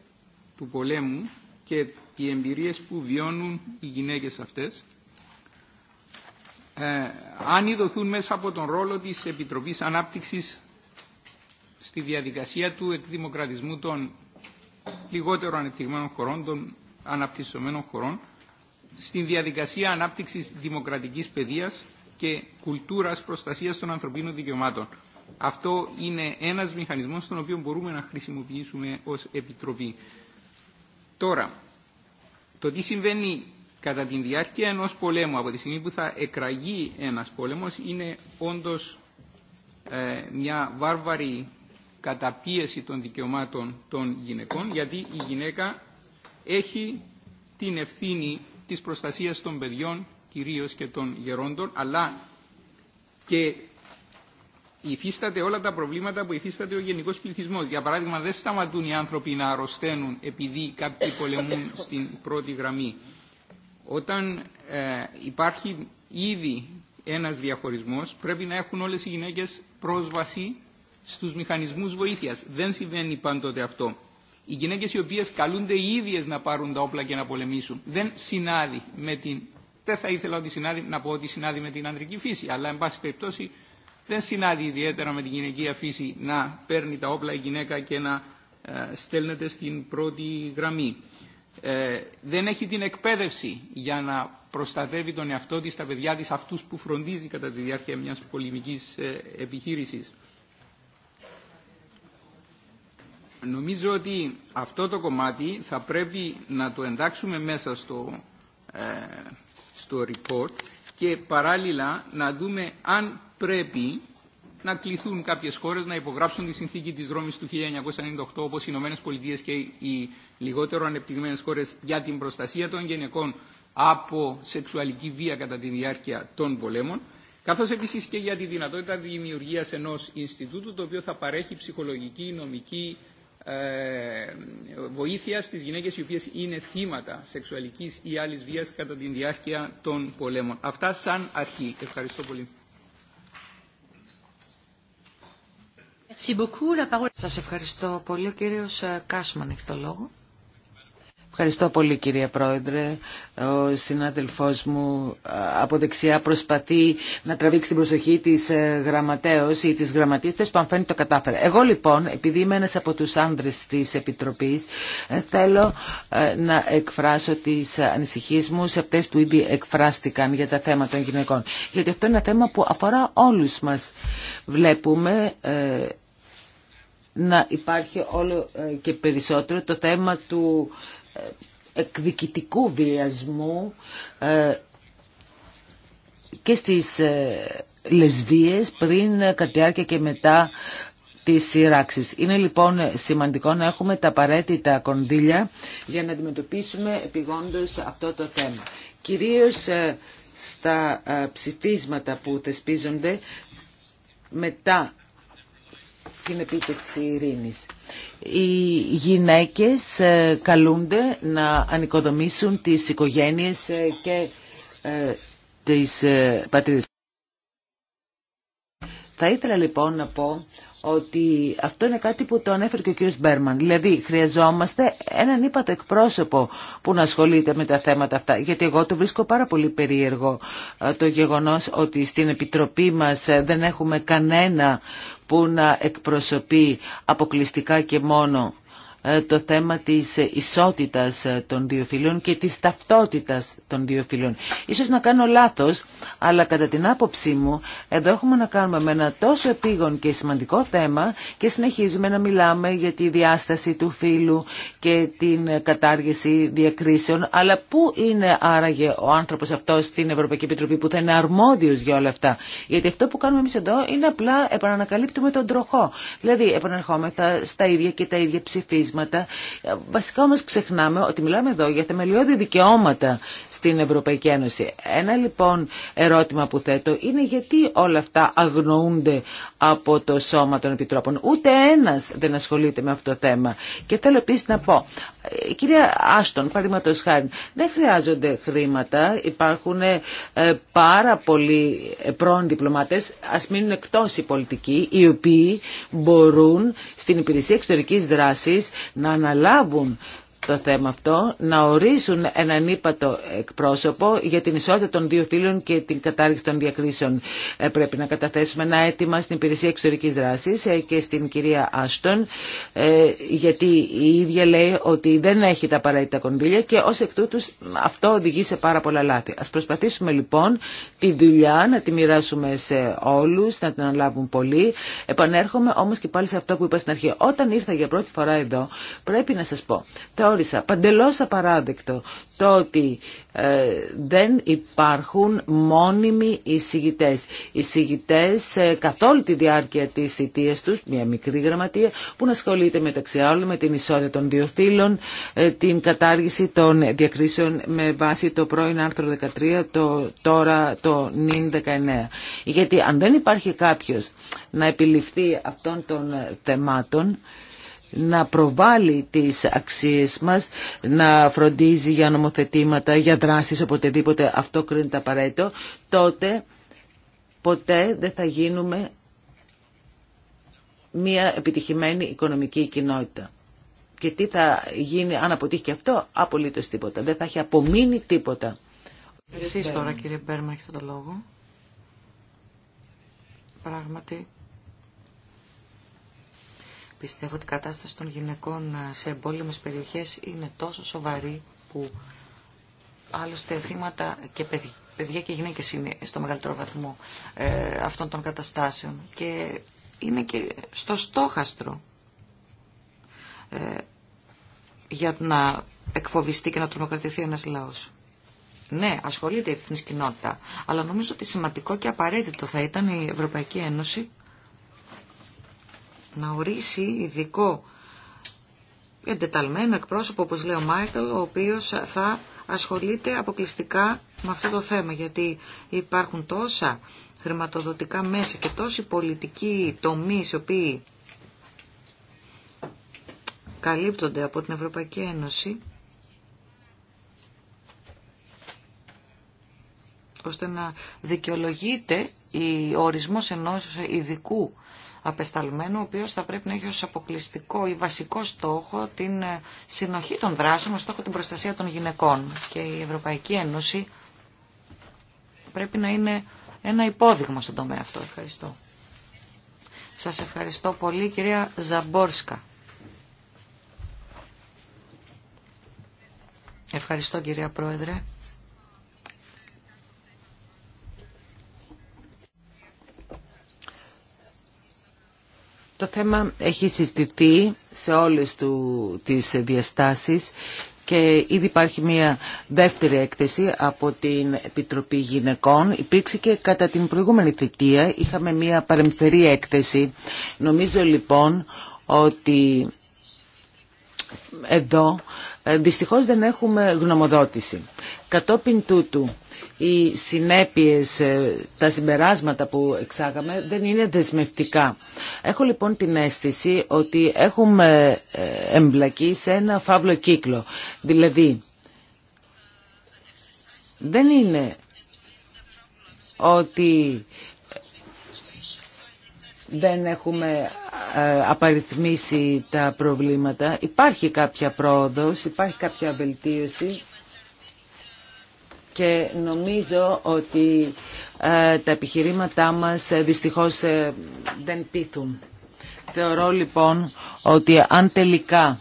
[SPEAKER 3] του πολέμου και οι εμπειρίες που βιώνουν οι γυναίκες αυτές ε, αν ειδωθούν μέσα από τον ρόλο της Επιτροπής Ανάπτυξης στη διαδικασία του εκδημοκρατισμού των λιγότερο ανεπτυγμένων χωρών, των αναπτυσσομένων χωρών, στη διαδικασία ανάπτυξης δημοκρατικής παιδείας και κουλτούρας προστασίας των ανθρωπίνων δικαιωμάτων. Αυτό είναι ένας μηχανισμός τον οποίο μπορούμε να χρησιμοποιήσουμε ως Επιτροπή. Τώρα, το τι συμβαίνει κατά τη διάρκεια ενός πολέμου, από τη στιγμή που θα εκραγεί ένας πόλεμος, είναι όντως ε, μια βάρβαρη καταπίεση των δικαιωμάτων των γυναικών, γιατί η γυναίκα έχει την ευθύνη της προστασίας των παιδιών κυρίως και των γερόντων, αλλά και υφίσταται όλα τα προβλήματα που υφίσταται ο γενικός πληθυσμό. Για παράδειγμα, δεν σταματούν οι άνθρωποι να αρρωσταίνουν επειδή κάποιοι πολεμούν στην πρώτη γραμμή. Όταν ε, υπάρχει ήδη ένας διαχωρισμός, πρέπει να έχουν όλες οι γυναίκες πρόσβαση στους μηχανισμούς βοήθειας. Δεν συμβαίνει πάντοτε αυτό. Οι γυναίκες οι οποίες καλούνται οι ίδιες να πάρουν τα όπλα και να πολεμήσουν, δεν συνάδει με την δεν θα ήθελα ότι να πω ότι συνάδει με την ανδρική φύση, αλλά εν πάση περιπτώσει δεν συνάδει ιδιαίτερα με την γυναικεία φύση να παίρνει τα όπλα η γυναίκα και να ε, στέλνεται στην πρώτη γραμμή. Ε, δεν έχει την εκπαίδευση για να προστατεύει τον εαυτό της, τα παιδιά της, αυτούς που φροντίζει κατά τη διάρκεια μιας πολεμικής ε, επιχείρησης. Νομίζω ότι αυτό το κομμάτι θα πρέπει να το εντάξουμε μέσα στο ε, στο report και παράλληλα να δούμε αν πρέπει να κληθούν κάποιες χώρες να υπογράψουν τη συνθήκη της Ρώμης του 1998 όπως οι Ηνωμένες Πολιτείες και οι λιγότερο ανεπτυγμένες χώρες για την προστασία των γενικών από σεξουαλική βία κατά τη διάρκεια των πολέμων καθώς επίσης και για τη δυνατότητα δημιουργίας ενός Ινστιτούτου το οποίο θα παρέχει ψυχολογική, νομική, ε, βοήθεια στις γυναίκες οι οποίες είναι θύματα σεξουαλικής ή άλλης βίας κατά τη διάρκεια των πολέμων. Αυτά σαν αρχή. Ευχαριστώ πολύ.
[SPEAKER 2] Σας ευχαριστώ πολύ. Ο κύριος ε, Κάσμαν έχει το λόγο.
[SPEAKER 5] Ευχαριστώ πολύ κυρία Πρόεδρε. Ο συνάδελφός μου από δεξιά προσπαθεί να τραβήξει την προσοχή της ε, γραμματέως ή της γραμματίστας που αν φαίνεται το κατάφερε. Εγώ λοιπόν, επειδή είμαι ένας από τους άνδρες της Επιτροπής, ε, θέλω ε, να εκφράσω τις ανησυχίες μου σε αυτές που ήδη εκφράστηκαν για τα θέματα των γυναικών. Γιατί αυτό είναι ένα θέμα που αφορά όλους μας. Βλέπουμε να υπάρχει όλο και περισσότερο το θέμα του εκδικητικού βιασμού ε, και στις ε, λεσβίες πριν, ε, κατά και μετά τις σειράξεις. Είναι λοιπόν σημαντικό να έχουμε τα απαραίτητα κονδύλια για να αντιμετωπίσουμε επιγόντως αυτό το θέμα. Κυρίως στα ψηφίσματα που θεσπίζονται μετά την επίτευξη ειρήνης οι γυναίκες ε, καλούνται να ανοικοδομήσουν τις οικογένειες ε, και ε, τις πατρίδες. Θα ήθελα λοιπόν να πω ότι αυτό είναι κάτι που το ανέφερε και ο κ. Μπέρμαν. Δηλαδή, χρειαζόμαστε έναν ύπατο εκπρόσωπο που να ασχολείται με τα θέματα αυτά. Γιατί εγώ το βρίσκω πάρα πολύ περίεργο ε, το γεγονός ότι στην Επιτροπή μας ε, δεν έχουμε κανένα που να εκπροσωπεί αποκλειστικά και μόνο ε, το θέμα της ισότητας ε, των δύο φύλων και της ταυτότητας των δύο φύλων. Ίσως να κάνω λάθος, αλλά κατά την άποψή μου εδώ έχουμε να κάνουμε με ένα τόσο επίγον και σημαντικό θέμα και συνεχίζουμε να μιλάμε για τη διάσταση του φύλου και την κατάργηση διακρίσεων. Αλλά πού είναι άραγε ο άνθρωπος αυτός στην Ευρωπαϊκή Επιτροπή που θα είναι αρμόδιος για όλα αυτά. Γιατί αυτό που κάνουμε εμείς εδώ είναι απλά επανανακαλύπτουμε τον τροχό. Δηλαδή επαναρχόμεθα στα ίδια και τα ίδια ψηφίσματα Βασικά όμως ξεχνάμε ότι μιλάμε εδώ για θεμελιώδη δικαιώματα στην Ευρωπαϊκή Ένωση. Ένα λοιπόν ερώτημα που θέτω είναι γιατί όλα αυτά αγνοούνται από το Σώμα των Επιτρόπων. Ούτε ένας δεν ασχολείται με αυτό το θέμα. Και θέλω επίσης να πω, ε, κυρία Άστον, παραδείγματο χάρη, δεν χρειάζονται χρήματα. Υπάρχουν ε, πάρα πολλοί ε, πρώην διπλωμάτες, ας μείνουν εκτός οι πολιτικοί, οι οποίοι μπορούν στην υπηρεσία εξωτερικής δράσης να αναλάβουν το θέμα αυτό, να ορίσουν έναν ύπατο εκπρόσωπο για την ισότητα των δύο φίλων και την κατάργηση των διακρίσεων. Ε, πρέπει να καταθέσουμε ένα αίτημα στην Υπηρεσία Εξωτερικής Δράσης ε, και στην κυρία Άστον, ε, γιατί η ίδια λέει ότι δεν έχει τα απαραίτητα κονδύλια και ως εκ τούτου αυτό οδηγεί σε πάρα πολλά λάθη. Ας προσπαθήσουμε λοιπόν τη δουλειά να τη μοιράσουμε σε όλους, να την αναλάβουν πολλοί. Επανέρχομαι όμως και πάλι σε αυτό που είπα στην αρχή. Όταν ήρθα για πρώτη φορά εδώ, πρέπει να σας πω, θεώρησα παντελώς απαράδεκτο το ότι ε, δεν υπάρχουν μόνιμοι εισηγητές. Εισηγητές ε, καθ' όλη τη διάρκεια της θητείας τους, μια μικρή γραμματεία, που να ασχολείται μεταξύ άλλων με την ισότητα των δύο φύλων, ε, την κατάργηση των διακρίσεων με βάση το πρώην άρθρο 13, το, τώρα το νυν 19. Γιατί αν δεν υπάρχει κάποιος να επιληφθεί αυτών των ε, θεμάτων, να προβάλλει τις αξίες μας, να φροντίζει για νομοθετήματα, για δράσεις, οποτεδήποτε αυτό κρίνεται απαραίτητο, τότε ποτέ δεν θα γίνουμε μια επιτυχημένη οικονομική κοινότητα. Και τι θα γίνει αν αποτύχει και αυτό, απολύτως τίποτα. Δεν θα έχει απομείνει τίποτα.
[SPEAKER 2] Εσείς τώρα κύριε Μπέρμα έχετε το λόγο. Πράγματι Πιστεύω ότι η κατάσταση των γυναικών ε, σε εμπόλεμε περιοχές είναι τόσο σοβαρή που άλλωστε θύματα και παιδιά, παιδιά και γυναίκες είναι στο μεγαλύτερο βαθμό ε, αυτών των καταστάσεων και είναι και στο στόχαστρο ε, για να εκφοβιστεί και να τρομοκρατηθεί ένας λαός. Ναι, ασχολείται η εθνική κοινότητα, αλλά νομίζω ότι σημαντικό και απαραίτητο θα ήταν η Ευρωπαϊκή Ένωση να ορίσει ειδικό εντεταλμένο εκπρόσωπο, όπως λέει ο Μάικλ, ο οποίος θα ασχολείται αποκλειστικά με αυτό το θέμα, γιατί υπάρχουν τόσα χρηματοδοτικά μέσα και τόση πολιτική τομή, οι οποίοι καλύπτονται από την Ευρωπαϊκή Ένωση, ώστε να δικαιολογείται ο ορισμός ενός ειδικού απεσταλμένου, ο οποίος θα πρέπει να έχει ως αποκλειστικό ή βασικό στόχο την ε, συνοχή των δράσεων, στόχο την προστασία των γυναικών. Και η Ευρωπαϊκή Ένωση πρέπει να είναι ένα υπόδειγμα στον τομέα αυτό. Ευχαριστώ. Σας ευχαριστώ πολύ, κυρία Ζαμπόρσκα. Ευχαριστώ, κυρία Πρόεδρε.
[SPEAKER 5] Το θέμα έχει συζητηθεί σε όλες του, τις διαστάσεις και ήδη υπάρχει μια δεύτερη έκθεση από την Επιτροπή Γυναικών. Υπήρξε και κατά την προηγούμενη θητεία, είχαμε μια παρεμφερή έκθεση. Νομίζω λοιπόν ότι εδώ ε, δυστυχώς δεν έχουμε γνωμοδότηση. Κατόπιν τούτου οι συνέπειες, ε, τα συμπεράσματα που εξάγαμε δεν είναι δεσμευτικά. Έχω λοιπόν την αίσθηση ότι έχουμε ε, εμπλακεί σε ένα φαύλο κύκλο. Δηλαδή, δεν είναι ότι δεν έχουμε ε, απαριθμίσει τα προβλήματα. Υπάρχει κάποια πρόοδος, υπάρχει κάποια βελτίωση και νομίζω ότι ε, τα επιχειρήματά μας ε, δυστυχώς ε, δεν πείθουν. Θεωρώ λοιπόν ότι αν τελικά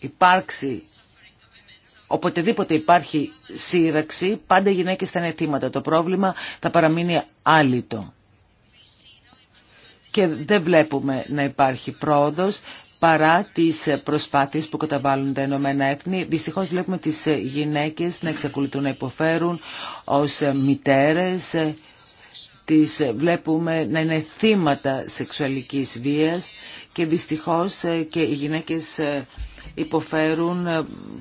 [SPEAKER 5] υπάρξει Οποτεδήποτε υπάρχει σύραξη, πάντα οι γυναίκες θα είναι θύματα. Το πρόβλημα θα παραμείνει άλυτο. Και δεν βλέπουμε να υπάρχει πρόοδος, παρά τις προσπάθειες που καταβάλουν τα Ηνωμένα Έθνη. Δυστυχώς βλέπουμε τις γυναίκες να εξακολουθούν να υποφέρουν ως μητέρες. Τις βλέπουμε να είναι θύματα σεξουαλικής βίας και δυστυχώς και οι γυναίκες υποφέρουν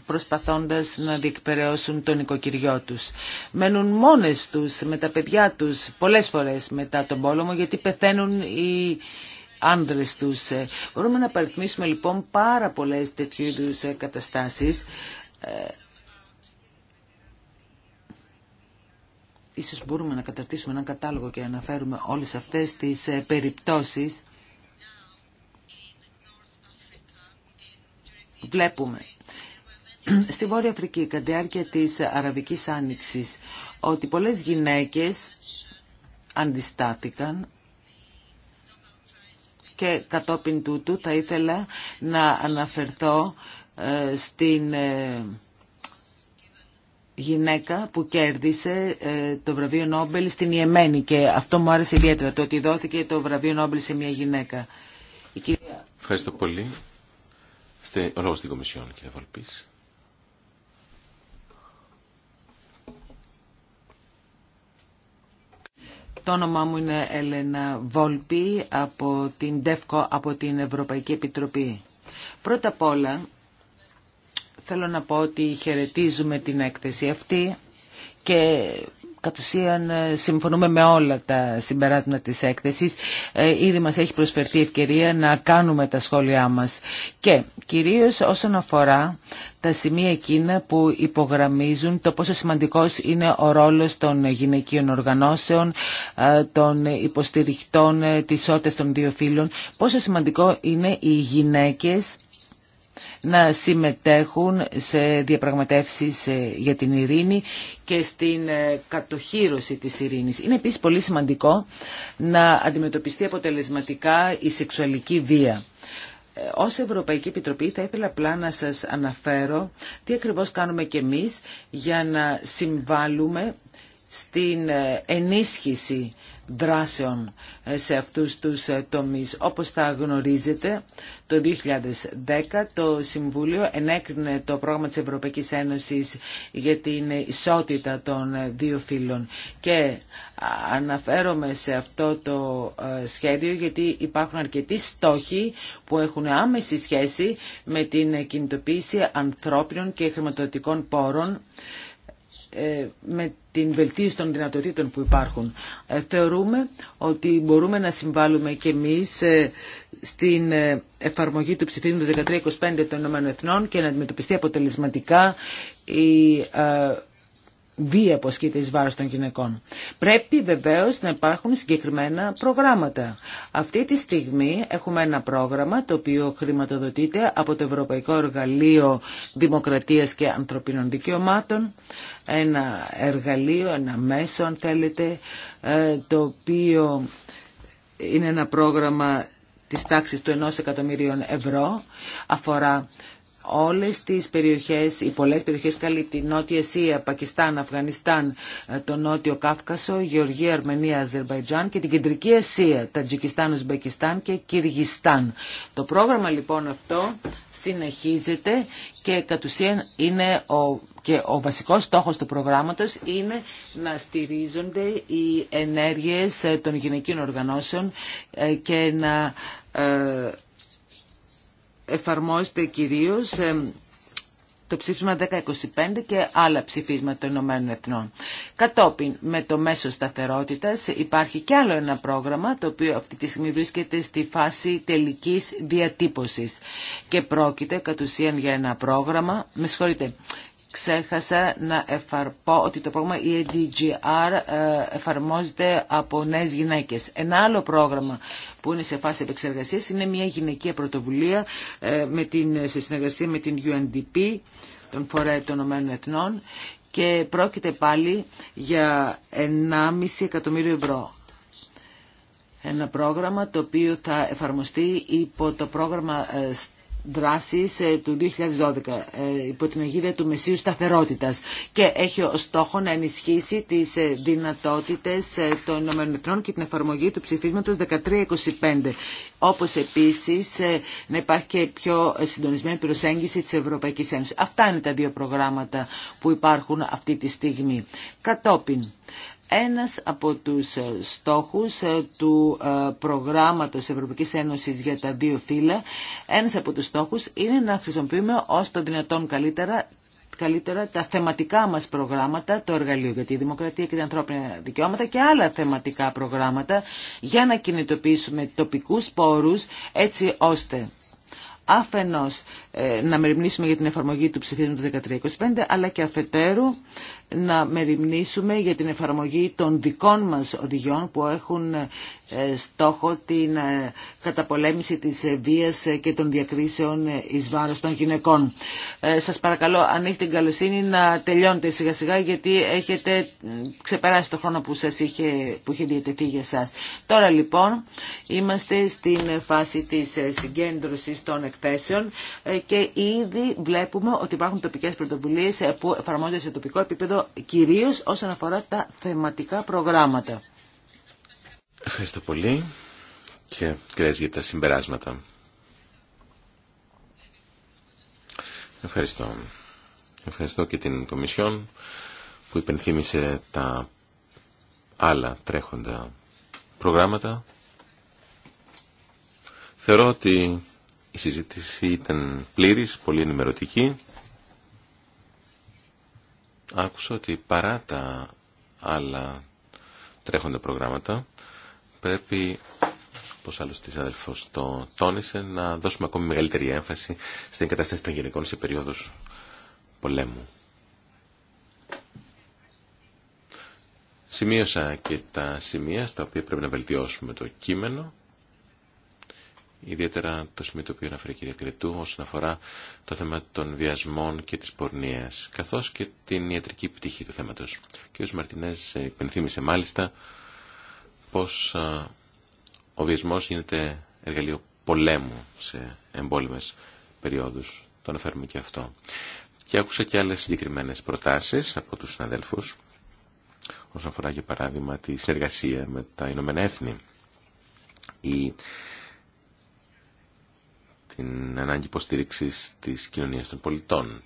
[SPEAKER 5] προσπαθώντας να διεκπαιρεώσουν τον οικοκυριό τους. Μένουν μόνες τους με τα παιδιά τους πολλές φορές μετά τον πόλεμο γιατί πεθαίνουν οι άνδρες τους. Ε, μπορούμε να παριθμίσουμε λοιπόν πάρα πολλές τέτοιου καταστάσει. Ε, καταστάσεις. Ε, ίσως μπορούμε να καταρτήσουμε έναν κατάλογο και να αναφέρουμε όλες αυτές τις περιπτώσεις. Βλέπουμε στη Βόρεια Αφρική, κατά τη διάρκεια της Αραβικής Άνοιξης, ότι πολλές γυναίκες αντιστάθηκαν και κατόπιν τούτου θα ήθελα να αναφερθώ ε, στην ε, γυναίκα που κέρδισε ε, το βραβείο Νόμπελ στην Ιεμένη και αυτό μου άρεσε ιδιαίτερα το ότι δόθηκε το βραβείο Νόμπελ σε μια γυναίκα.
[SPEAKER 4] Ευχαριστώ πολύ. Είστε ο λόγος στην Κομισιόν, κύριε Βαλπής.
[SPEAKER 5] Το όνομά μου είναι Έλενα Βόλπη από την ΔΕΦΚΟ, από την Ευρωπαϊκή Επιτροπή. Πρώτα απ' όλα θέλω να πω ότι χαιρετίζουμε την έκθεση αυτή και κατ' ουσίαν ε, συμφωνούμε με όλα τα συμπεράσματα της έκθεσης. Ε, ήδη μας έχει προσφερθεί ευκαιρία να κάνουμε τα σχόλιά μας. Και κυρίως όσον αφορά τα σημεία εκείνα που υπογραμμίζουν το πόσο σημαντικός είναι ο ρόλος των γυναικείων οργανώσεων, ε, των υποστηριχτών της ισότητας των δύο φύλων, πόσο σημαντικό είναι οι γυναίκες να συμμετέχουν σε διαπραγματεύσεις ε, για την ειρήνη και στην ε, κατοχήρωση της ειρήνης. Είναι επίσης πολύ σημαντικό να αντιμετωπιστεί αποτελεσματικά η σεξουαλική βία. Ε, ως Ευρωπαϊκή Επιτροπή θα ήθελα απλά να σας αναφέρω τι ακριβώς κάνουμε και εμείς για να συμβάλλουμε στην ενίσχυση δράσεων ε, σε αυτούς τους ε, τομείς. Όπως τα γνωρίζετε, το 2010 το Συμβούλιο ενέκρινε το πρόγραμμα της Ευρωπαϊκής Ένωσης για την ισότητα των ε, δύο φύλων και αναφέρομαι σε αυτό το σχέδιο γιατί υπάρχουν αρκετοί στόχοι που έχουν άμεση σχέση με την κινητοποίηση ανθρώπινων και χρηματοδοτικών πόρων ε, με την βελτίωση των δυνατοτήτων που υπάρχουν. Ε, θεωρούμε ότι μπορούμε να συμβάλλουμε και εμείς ε, στην εφαρμογή του του 1325 των ΗΕ και να αντιμετωπιστεί αποτελεσματικά η βία που ασκείται εις των γυναικών. Πρέπει βεβαίως να υπάρχουν συγκεκριμένα προγράμματα. Αυτή τη στιγμή έχουμε ένα πρόγραμμα το οποίο χρηματοδοτείται από το Ευρωπαϊκό Εργαλείο Δημοκρατίας και Ανθρωπίνων Δικαιωμάτων. Ένα εργαλείο, ένα μέσο αν θέλετε, ε, το οποίο είναι ένα πρόγραμμα της τάξης του 1 εκατομμυρίων ευρώ. Αφορά όλες τις περιοχές, οι πολλές περιοχές καλύπτει Νότια Ασία, Πακιστάν, Αφγανιστάν, ε, το Νότιο Κάφκασο, Γεωργία, Αρμενία, Αζερβαϊτζάν και την Κεντρική Ασία, Τατζικιστάν, Ουσμπεκιστάν και Κυργιστάν. Το πρόγραμμα λοιπόν αυτό συνεχίζεται και κατ' ουσίαν είναι ο και ο βασικός στόχος του προγράμματος είναι να στηρίζονται οι ενέργειες ε, των γυναικείων οργανώσεων ε, και να εφαρμόζεται κυρίως ε, το ψήφισμα 1025 και άλλα ψηφίσματα των Ηνωμένων Εθνών. Κατόπιν, με το μέσο σταθερότητας υπάρχει και άλλο ένα πρόγραμμα, το οποίο αυτή τη στιγμή βρίσκεται στη φάση τελικής διατύπωσης και πρόκειται κατ' ουσίαν για ένα πρόγραμμα, με συγχωρείτε, ξέχασα να εφαρπώ ότι το πρόγραμμα EDGR ε, εφαρμόζεται από νέες γυναίκες. Ένα άλλο πρόγραμμα που είναι σε φάση επεξεργασίας είναι μια γυναικεία πρωτοβουλία ε, με την, σε συνεργασία με την UNDP, τον Φορέα των Ηνωμένων Εθνών και πρόκειται πάλι για 1,5 εκατομμύριο ευρώ. Ένα πρόγραμμα το οποίο θα εφαρμοστεί υπό το πρόγραμμα ε, δράσεις ε, του 2012 ε, υπό την αγίδα του Μεσίου Σταθερότητας και έχει ως στόχο να ενισχύσει τις ε, δυνατότητες των ΗΠΑ και την εφαρμογή του ψηφίσματος 1325 όπως επίσης να υπάρχει και πιο συντονισμένη προσέγγιση της Ευρωπαϊκής Ένωσης. Αυτά είναι τα δύο προγράμματα που υπάρχουν αυτή τη στιγμή. Κατόπιν ένας από τους ε, στόχους ε, του ε, προγράμματος Ευρωπαϊκής Ένωσης για τα δύο φύλλα, ένας από τους στόχους είναι να χρησιμοποιούμε ως το δυνατόν καλύτερα καλύτερα τα θεματικά μας προγράμματα, το εργαλείο για τη δημοκρατία και τα ανθρώπινα δικαιώματα και άλλα θεματικά προγράμματα για να κινητοποιήσουμε τοπικούς πόρους έτσι ώστε αφενός ε, να μεριμνήσουμε για την εφαρμογή του ψηφίσματος του 1325 αλλά και αφετέρου να μεριμνήσουμε για την εφαρμογή των δικών μας οδηγιών που έχουν ε, στόχο την ε, καταπολέμηση της βίας και των διακρίσεων εις βάρος των γυναικών. Σας παρακαλώ αν έχετε την καλοσύνη να τελειώνετε σιγά σιγά γιατί έχετε ξεπεράσει το χρόνο που σας είχε, που είχε διατεθεί για σας. Τώρα λοιπόν είμαστε στην φάση της συγκέντρωσης των εκθέσεων και ήδη βλέπουμε ότι υπάρχουν τοπικές πρωτοβουλίες που εφαρμόζονται σε τοπικό επίπεδο κυρίως όσον αφορά τα θεματικά προγράμματα.
[SPEAKER 4] Ευχαριστώ πολύ και κρέας για τα συμπεράσματα. Ευχαριστώ. Ευχαριστώ και την Κομισιόν που υπενθύμησε τα άλλα τρέχοντα προγράμματα. Θεωρώ ότι η συζήτηση ήταν πλήρης, πολύ ενημερωτική. Άκουσα ότι παρά τα άλλα τρέχοντα προγράμματα πρέπει, όπως άλλωστε της το τόνισε, να δώσουμε ακόμη μεγαλύτερη έμφαση στην κατάσταση των γενικών σε περίοδους πολέμου. Σημείωσα και τα σημεία στα οποία πρέπει να βελτιώσουμε το κείμενο ιδιαίτερα το σημείο το οποίο αναφέρει η κυρία Κρετού όσον αφορά το θέμα των βιασμών και της πορνείας, καθώς και την ιατρική πτυχή του θέματος. Ο κ. Μαρτινές υπενθύμησε μάλιστα πως ο βιασμός γίνεται εργαλείο πολέμου σε εμπόλεμες περιόδους. Το αναφέρουμε και αυτό. Και άκουσα και άλλες συγκεκριμένες προτάσεις από τους συναδέλφους όσον αφορά για παράδειγμα τη συνεργασία με τα Ηνωμένα Έθνη ή την ανάγκη υποστήριξη της κοινωνίας των πολιτών.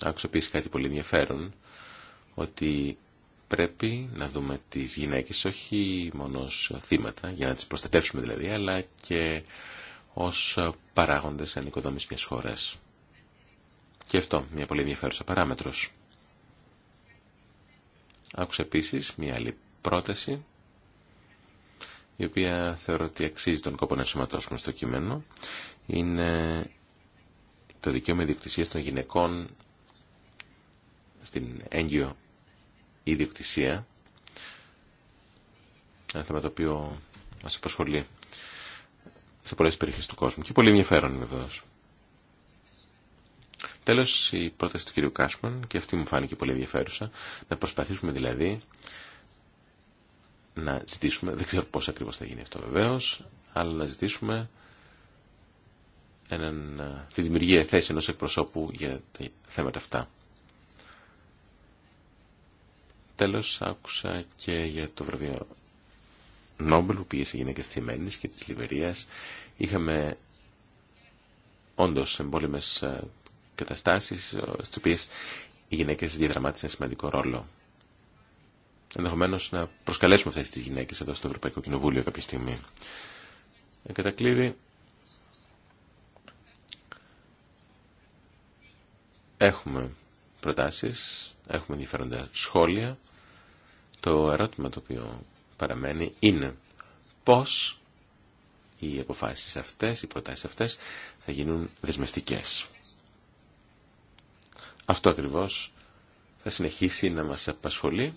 [SPEAKER 4] Άκουσα επίση κάτι πολύ ενδιαφέρον, ότι πρέπει να δούμε τις γυναίκες όχι μόνο ως θύματα, για να τις προστατεύσουμε δηλαδή, αλλά και ως παράγοντες ανοικοδόμης μιας χώρας. Και αυτό μια πολύ ενδιαφέρουσα παράμετρος. Άκουσα επίσης μια άλλη πρόταση η οποία θεωρώ ότι αξίζει τον κόπο να ενσωματώσουμε στο κείμενο, είναι το δικαίωμα ιδιοκτησίας των γυναικών στην έγκυο ιδιοκτησία, ένα θέμα το οποίο μας απασχολεί σε πολλές περιοχές του κόσμου και πολύ ενδιαφέρον βεβαίω. Τέλος, η πρόταση του κυρίου Κάσμαν, και αυτή μου φάνηκε πολύ ενδιαφέρουσα, να προσπαθήσουμε δηλαδή να ζητήσουμε, δεν ξέρω πώς ακριβώς θα γίνει αυτό βεβαίω, αλλά να ζητήσουμε έναν, τη δημιουργία θέση ενός εκπροσώπου για τα θέματα αυτά. Τέλος, άκουσα και για το βραβείο Νόμπελ που πήγε σε γυναίκες της Ιμένης και της Λιβερίας. Είχαμε όντως εμπόλεμες καταστάσεις στις οποίες οι γυναίκες διαδραμάτισαν σημαντικό ρόλο ενδεχομένω να προσκαλέσουμε αυτέ τι γυναίκε εδώ στο Ευρωπαϊκό Κοινοβούλιο κάποια στιγμή. Εν κατακλείδη, έχουμε προτάσεις, έχουμε ενδιαφέροντα σχόλια. Το ερώτημα το οποίο παραμένει είναι πώς οι αποφάσεις αυτές, οι προτάσεις αυτές θα γίνουν δεσμευτικές. Αυτό ακριβώς θα συνεχίσει να μας απασχολεί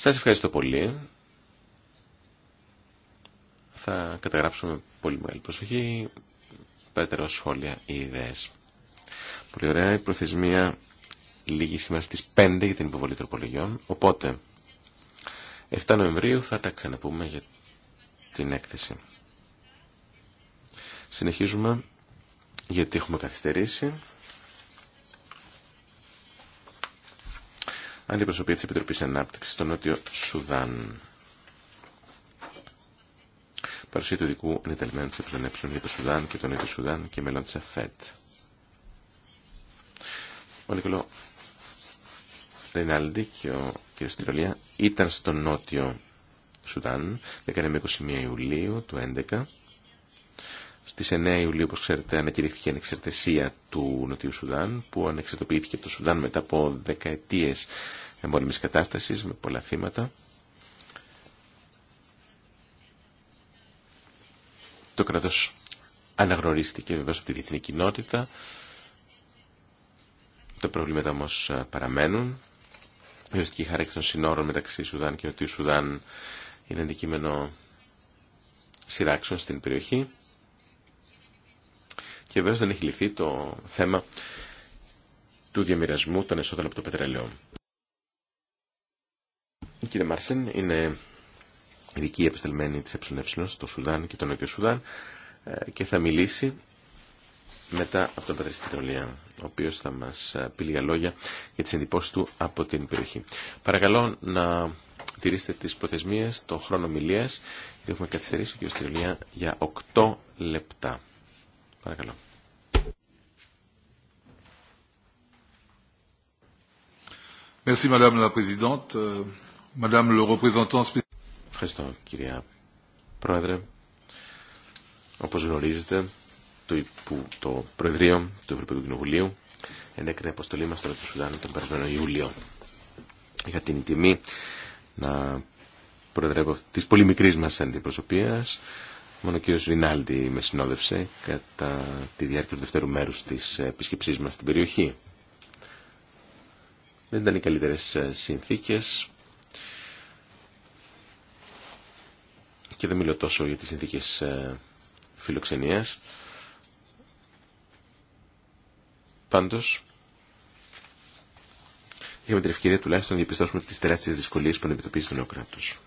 [SPEAKER 4] σας ευχαριστώ πολύ. Θα καταγράψουμε πολύ μεγάλη προσοχή περαιτέρω σχόλια ή ιδέες. Πολύ ωραία. Η προθεσμία λίγη σήμερα στις 5 για την υποβολή τροπολογιών. Οπότε, 7 Νοεμβρίου θα τα ξαναπούμε για την έκθεση. Συνεχίζουμε γιατί έχουμε καθυστερήσει. αντιπροσωπεία της Επιτροπής Ανάπτυξης στο Νότιο Σουδάν. Παρουσία του ειδικού ανεταλμένου της ΕΕ για το Σουδάν και το Νότιο Σουδάν και μέλλον της ΑΦΕΤ. Ο Νικολό Ρινάλντι και ο κ. Στυρολία ήταν στο Νότιο Σουδάν 19 με 21 Ιουλίου του 2011 Στι 9 Ιουλίου, όπω ξέρετε, ανακηρύχθηκε η ανεξαρτησία του Νοτιού Σουδάν, που ανεξαρτοποιήθηκε από το Σουδάν μετά από δεκαετίες εμπόλεμη κατάσταση με πολλά θύματα. Το κράτο αναγνωρίστηκε βεβαίω από τη διεθνή κοινότητα. Τα προβλήματα όμω παραμένουν. Η οριστική χάραξη των συνόρων μεταξύ Σουδάν και Νοτιού Σουδάν είναι αντικείμενο σειράξεων στην περιοχή και βέβαια δεν έχει λυθεί το θέμα του διαμοιρασμού των εσόδων από το πετρέλαιο. Η κυρία Μάρσεν είναι ειδική επιστελμένη της ΕΕ στο Σουδάν και τον Νότιο Σουδάν ε, και θα μιλήσει μετά από τον Πατριστή ο οποίος θα μας ε, πει λίγα λόγια για τις εντυπώσεις του από την περιοχή. Παρακαλώ να τηρήσετε τις προθεσμίες, το χρόνο μιλίας, γιατί έχουμε καθυστερήσει ο κ. Στυριλία για 8 λεπτά. Παρακαλώ. Euh, Ευχαριστώ κυρία Πρόεδρε. Όπως γνωρίζετε, το, Προεδρείο του Ευρωπαϊκού Κοινοβουλίου ενέκρινε αποστολή μας στο Σουδάν τον περασμένο Ιούλιο. Είχα την τιμή να προεδρεύω της πολύ μικρής μας αντιπροσωπείας Μόνο ο κύριος Ρινάλντι με συνόδευσε κατά τη διάρκεια του δευτέρου μέρους της επισκεψής μας στην περιοχή. Δεν ήταν οι καλύτερες ε, συνθήκες και δεν μιλώ τόσο για τις συνθήκες ε, φιλοξενίας. Πάντως, είχαμε την ευκαιρία τουλάχιστον να διαπιστώσουμε τις τεράστιες δυσκολίες που αντιμετωπίζει το νέο κράτος.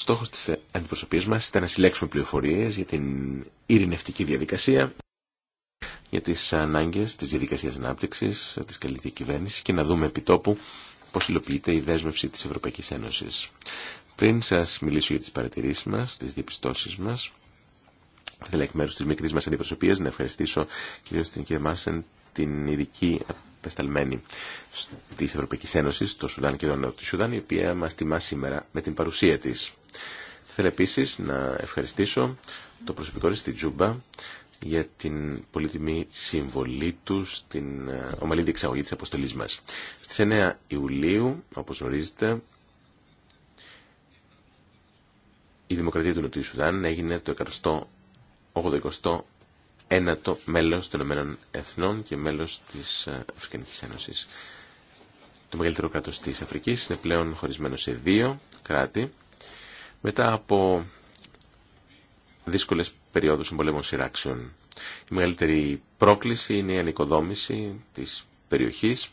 [SPEAKER 4] Στόχο τη αντιπροσωπεία μα ήταν να συλλέξουμε πληροφορίε για την ειρηνευτική διαδικασία, για τι ανάγκε τη διαδικασία ανάπτυξη, τη καλή διακυβέρνηση και να δούμε επιτόπου πω υλοποιείται η δέσμευση τη Ευρωπαϊκή Ένωση. Πριν σα μιλήσω για τι παρατηρήσει μα, τι διαπιστώσει μα, θα ήθελα εκ μέρου τη μικρή μας αντιπροσωπεία να ευχαριστήσω κυρίως την κυρία Μάρσεν, την ειδική απεσταλμένη τη Ευρωπαϊκή Ένωση, το Σουδάν και το Νότιο Σουδάν, η οποία μα τιμά σήμερα με την παρουσία τη. Θα ήθελα επίσης να ευχαριστήσω το προσωπικό στη Τζούμπα για την πολύτιμη συμβολή του στην ε, ομαλή διεξαγωγή της αποστολής μας. Στις 9 Ιουλίου, όπως γνωρίζετε, η Δημοκρατία του Νοτιού Σουδάν έγινε το 189 ο ο μέλος των Ηνωμένων Εθνών και μέλος της ε, Αφρικανικής Ένωσης. Το μεγαλύτερο κράτος της Αφρικής είναι πλέον χωρισμένο σε δύο κράτη, μετά από δύσκολες περιόδους εμπολέμων σειράξεων, η μεγαλύτερη πρόκληση είναι η ανοικοδόμηση της περιοχής.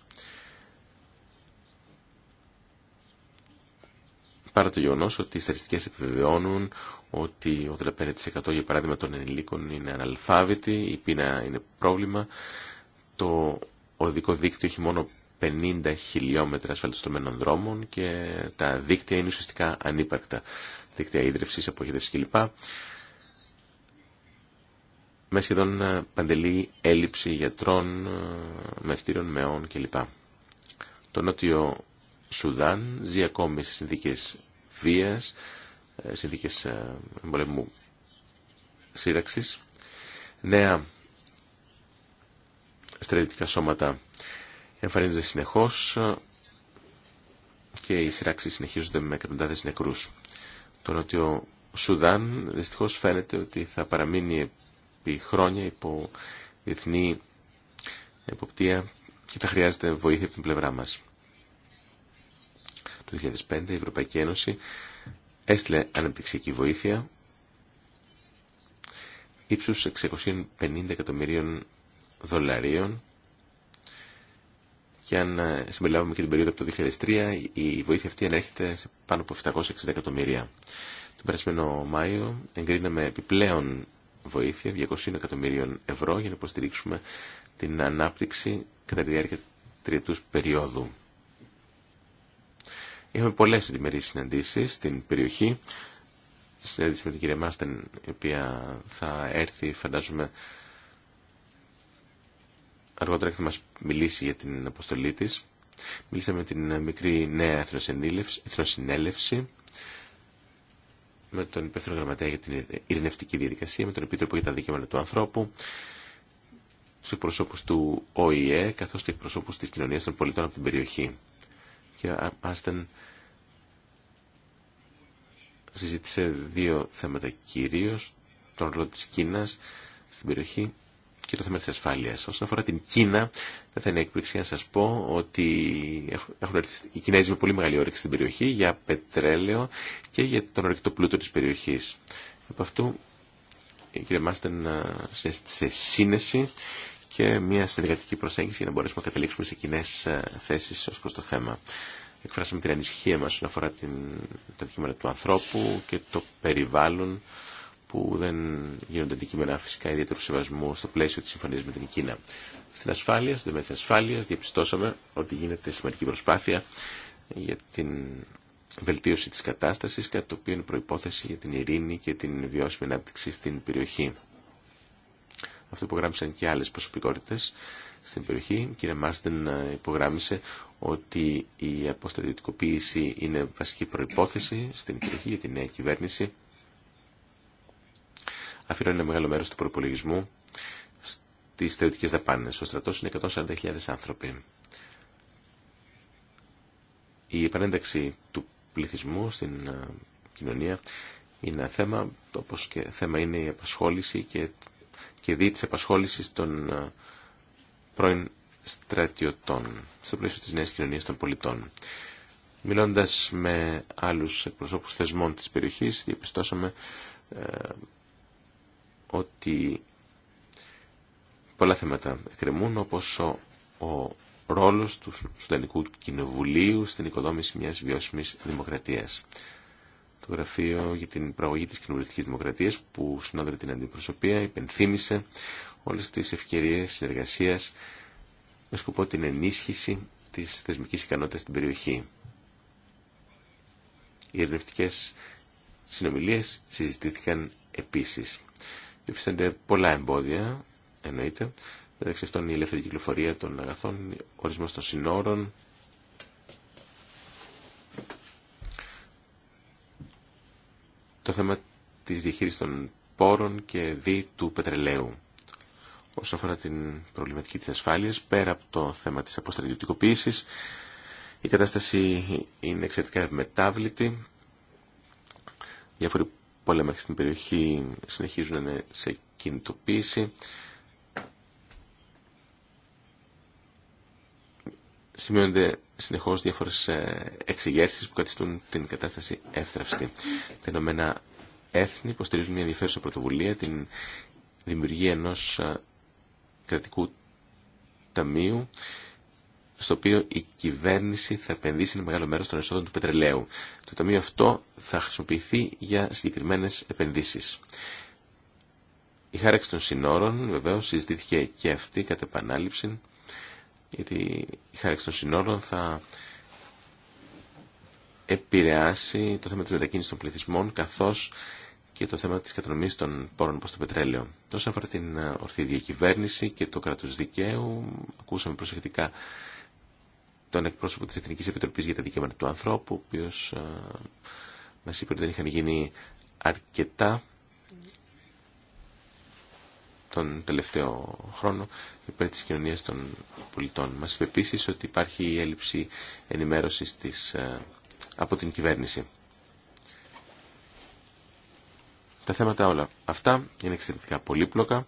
[SPEAKER 4] Παρά το γεγονό ότι οι στατιστικές επιβεβαιώνουν ότι ο 35% για παράδειγμα των ενηλίκων είναι αναλφάβητοι, η πείνα είναι πρόβλημα, το οδικό δίκτυο έχει μόνο 50 χιλιόμετρα ασφαλιστωμένων δρόμων και τα δίκτυα είναι ουσιαστικά ανύπαρκτα. Δίκτυα ίδρυυσης, αποχέτευσης κλπ. Με σχεδόν ε, παντελή έλλειψη γιατρών, ε, μευτήρων, μεών κλπ. Το νότιο Σουδάν ζει ακόμη σε συνθήκες βίας, ε, συνθήκες εμπολεμού σύραξης. Νέα στρατητικά σώματα εμφανίζονται συνεχώς και οι σειράξει συνεχίζονται με εκατοντάδε νεκρούς. Το Νότιο Σουδάν Δυστυχώ φαίνεται ότι θα παραμείνει επί χρόνια υπό διεθνή εποπτεία και θα χρειάζεται βοήθεια από την πλευρά μα Το 2005 η Ευρωπαϊκή Ένωση έστειλε αναπτυξιακή βοήθεια ύψους 650 εκατομμυρίων δολαρίων και αν συμπεριλάβουμε και την περίοδο από το 2003, η βοήθεια αυτή ανέρχεται σε πάνω από 760 εκατομμύρια. Τον περασμένο Μάιο εγκρίναμε επιπλέον βοήθεια 200 εκατομμύριων ευρώ για να υποστηρίξουμε την ανάπτυξη κατά τη διάρκεια τριετούς περίοδου. Είχαμε πολλέ διμερείς συναντήσει στην περιοχή. συνέντηση με την κυρία Μάστεν, η οποία θα έρθει, φαντάζομαι, αργότερα θα μας μιλήσει για την αποστολή της. Μιλήσαμε με την μικρή νέα εθνοσυνέλευση, με τον υπεύθυνο γραμματέα για την ειρηνευτική διαδικασία, με τον Επίτροπο για τα δικαιώματα του ανθρώπου, στους εκπροσώπους του ΟΗΕ, καθώς και εκπροσώπους της κοινωνίας των πολιτών από την περιοχή. Και Άστεν συζήτησε δύο θέματα κυρίως, τον ρόλο της Κίνας στην περιοχή και το θέμα της ασφάλειας. Όσον αφορά την Κίνα, δεν θα είναι έκπληξη να σας πω ότι έχουν έρθει οι Κινέζοι με πολύ μεγάλη όρεξη στην περιοχή για πετρέλαιο και για τον ορεικτό πλούτο της περιοχής. Επ' αυτού, κύριε Μάστερ, ε, σε σύνεση και μια συνεργατική προσέγγιση για να μπορέσουμε να καταλήξουμε σε κοινέ ε, θέσεις ως προς το θέμα. Εκφράσαμε την ανησυχία μας όσον αφορά την, τα δικαιώματα του ανθρώπου και το περιβάλλον που δεν γίνονται αντικείμενα φυσικά ιδιαίτερου σεβασμού στο πλαίσιο τη συμφωνία με την Κίνα. Στην ασφάλεια, στον τομέα τη ασφάλεια, διαπιστώσαμε ότι γίνεται σημαντική προσπάθεια για την βελτίωση τη κατάσταση, κάτι το οποίο είναι προπόθεση για την ειρήνη και την βιώσιμη ανάπτυξη στην περιοχή. Αυτό υπογράμμισαν και άλλε προσωπικότητε στην περιοχή. Η κυρία Μάρστεν ε, υπογράμμισε ότι η αποστατιωτικοποίηση είναι βασική προπόθεση στην περιοχή για τη νέα κυβέρνηση αφιερώνει ένα μεγάλο μέρο του προπολογισμού στι θεωρητικέ δαπάνε. Ο στρατό είναι 140.000 άνθρωποι. Η επανένταξη του πληθυσμού στην ε, κοινωνία είναι ένα θέμα, όπω και θέμα είναι η απασχόληση και, και δι τη απασχόληση των ε, πρώην στρατιωτών στο πλαίσιο της νέας κοινωνίας των πολιτών. Μιλώντας με άλλους εκπροσώπους θεσμών της περιοχής, διαπιστώσαμε ε, ότι πολλά θέματα εκκρεμούν όπως ο, ρόλος του Σουδανικού Κοινοβουλίου στην οικοδόμηση μιας βιώσιμης δημοκρατίας. Το Γραφείο για την Πραγωγή της Κοινοβουλευτικής Δημοκρατίας που συνόδευε την αντιπροσωπεία υπενθύμησε όλες τις ευκαιρίες συνεργασίας με σκοπό την ενίσχυση της θεσμικής ικανότητας στην περιοχή. Οι ερευνητικές συνομιλίες συζητήθηκαν επίσης. Υφίστανται πολλά εμπόδια, εννοείται. Μεταξύ αυτών η ελεύθερη κυκλοφορία των αγαθών, ορισμός των συνόρων. Το θέμα της διαχείρισης των πόρων και δι του πετρελαίου. Όσον αφορά την προβληματική της ασφάλειας, πέρα από το θέμα της αποστρατιωτικοποίησης, η κατάσταση είναι εξαιρετικά ευμετάβλητη. Διάφοροι πόλεμα στην περιοχή συνεχίζουν σε κινητοποίηση. Σημειώνονται συνεχώ διάφορε εξηγέρσει που καθιστούν την κατάσταση εύθραυστη. Τα Ηνωμένα Έθνη υποστηρίζουν μια ενδιαφέρουσα πρωτοβουλία, την δημιουργία ενό ε, κρατικού ταμείου στο οποίο η κυβέρνηση θα επενδύσει ένα μεγάλο μέρο των εσόδων του πετρελαίου. Το ταμείο αυτό θα χρησιμοποιηθεί για συγκεκριμένε επενδύσει. Η χάραξη των συνόρων βεβαίω συζητήθηκε και αυτή κατά επανάληψη γιατί η χάραξη των συνόρων θα επηρεάσει το θέμα τη μετακίνηση των πληθυσμών καθώ και το θέμα τη κατανομή των πόρων προ το πετρέλαιο. Όσον αφορά την ε, ορθή διακυβέρνηση και το κράτο δικαίου, ακούσαμε προσεκτικά τον εκπρόσωπο της Εθνικής Επιτροπής για τα Δικαιώματα του Ανθρώπου, ο οποίο ε, μα είπε ότι δεν είχαν γίνει αρκετά τον τελευταίο χρόνο υπέρ της κοινωνίας των πολιτών. Μας είπε επίση ότι υπάρχει η έλλειψη ενημέρωσης της, ε, από την κυβέρνηση. Τα θέματα όλα αυτά είναι εξαιρετικά πολύπλοκα.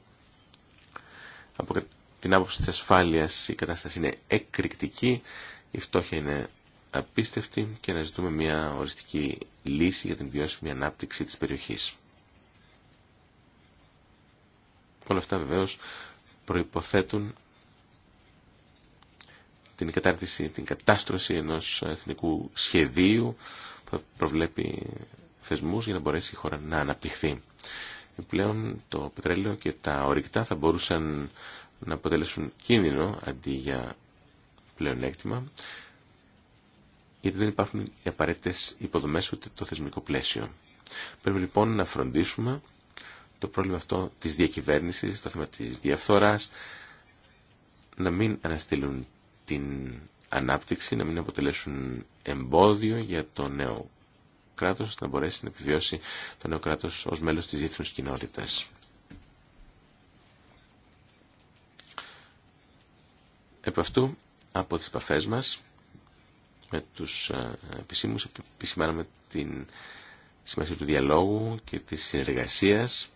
[SPEAKER 4] Από την άποψη της ασφάλειας η κατάσταση είναι εκρηκτική. Η φτώχεια είναι απίστευτη και να ζητούμε μια οριστική λύση για την βιώσιμη ανάπτυξη της περιοχής. Όλα αυτά βεβαίως προϋποθέτουν την κατάρτιση, την κατάστρωση ενός εθνικού σχεδίου που προβλέπει θεσμούς για να μπορέσει η χώρα να αναπτυχθεί. Επιπλέον το πετρέλαιο και τα ορυκτά θα μπορούσαν να αποτελέσουν κίνδυνο αντί για πλεονέκτημα, γιατί δεν υπάρχουν οι απαραίτητε υποδομέ ούτε το θεσμικό πλαίσιο. Πρέπει λοιπόν να φροντίσουμε το πρόβλημα αυτό της διακυβέρνησης, το θέμα της διαφθοράς, να μην αναστείλουν την ανάπτυξη, να μην αποτελέσουν εμπόδιο για το νέο κράτος, να μπορέσει να επιβιώσει το νέο κράτος ως μέλος της διεθνούς κοινότητα. Επ' αυτού από τις επαφέ μας με τους ε, επισήμους με την σημασία του διαλόγου και της συνεργασίας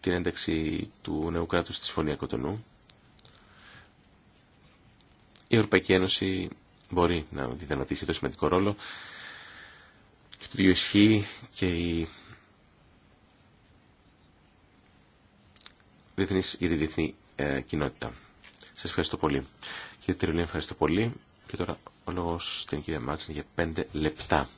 [SPEAKER 4] την ένταξη του νέου κράτους στη Συμφωνία Κοτονού η Ευρωπαϊκή Ένωση μπορεί να διδαματίσει το σημαντικό ρόλο και το ίδιο ισχύει και η διεθνής, η διεθνή ε, κοινότητα. Σα ευχαριστώ πολύ. Κύριε Τριλή, ευχαριστώ πολύ. Και τώρα ο λόγο στην κυρία Μάτσεν για πέντε λεπτά.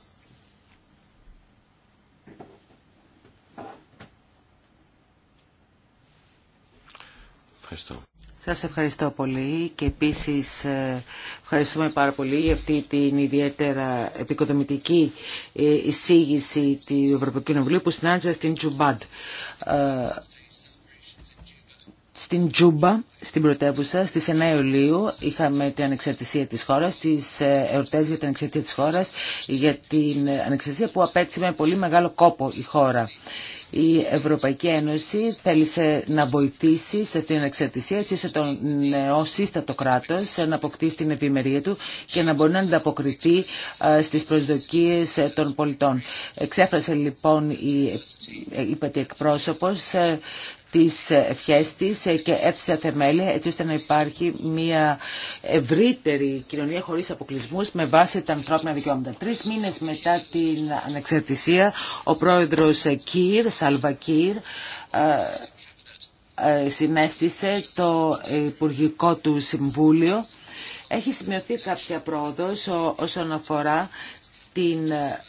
[SPEAKER 4] Ευχαριστώ.
[SPEAKER 5] Σας ευχαριστώ πολύ και επίσης ε, ευχαριστούμε πάρα πολύ για αυτή την ιδιαίτερα επικοδομητική ε, εισήγηση του Ευρωπαϊκού Κοινοβουλίου που συνάντησα στην Τζουμπάντ. Ε, στην Τζούμπα, στην πρωτεύουσα, στις 9 Ιουλίου είχαμε την ανεξαρτησία της χώρας, τις ε, εορτές για την ανεξαρτησία της χώρας, για την ανεξαρτησία που απέτυχε με πολύ μεγάλο κόπο η χώρα. Η Ευρωπαϊκή Ένωση θέλησε να βοηθήσει σε αυτήν την ανεξαρτησία, έτσι ώστε το σύστατο κράτος να αποκτήσει την ευημερία του και να μπορεί να ανταποκριθεί ε, στις προσδοκίες ε, των πολιτών. Εξέφρασε λοιπόν η, η εκπρόσωπος τις ευχές της και έφτιασε θεμέλια έτσι ώστε να υπάρχει μια ευρύτερη κοινωνία χωρίς αποκλεισμούς με βάση τα ανθρώπινα δικαιώματα. Τρεις μήνες μετά την ανεξαρτησία ο πρόεδρος Κύρ, Κύρ ε, ε, συνέστησε το Υπουργικό του Συμβούλιο. Έχει σημειωθεί κάποια πρόοδος όσον αφορά την ε,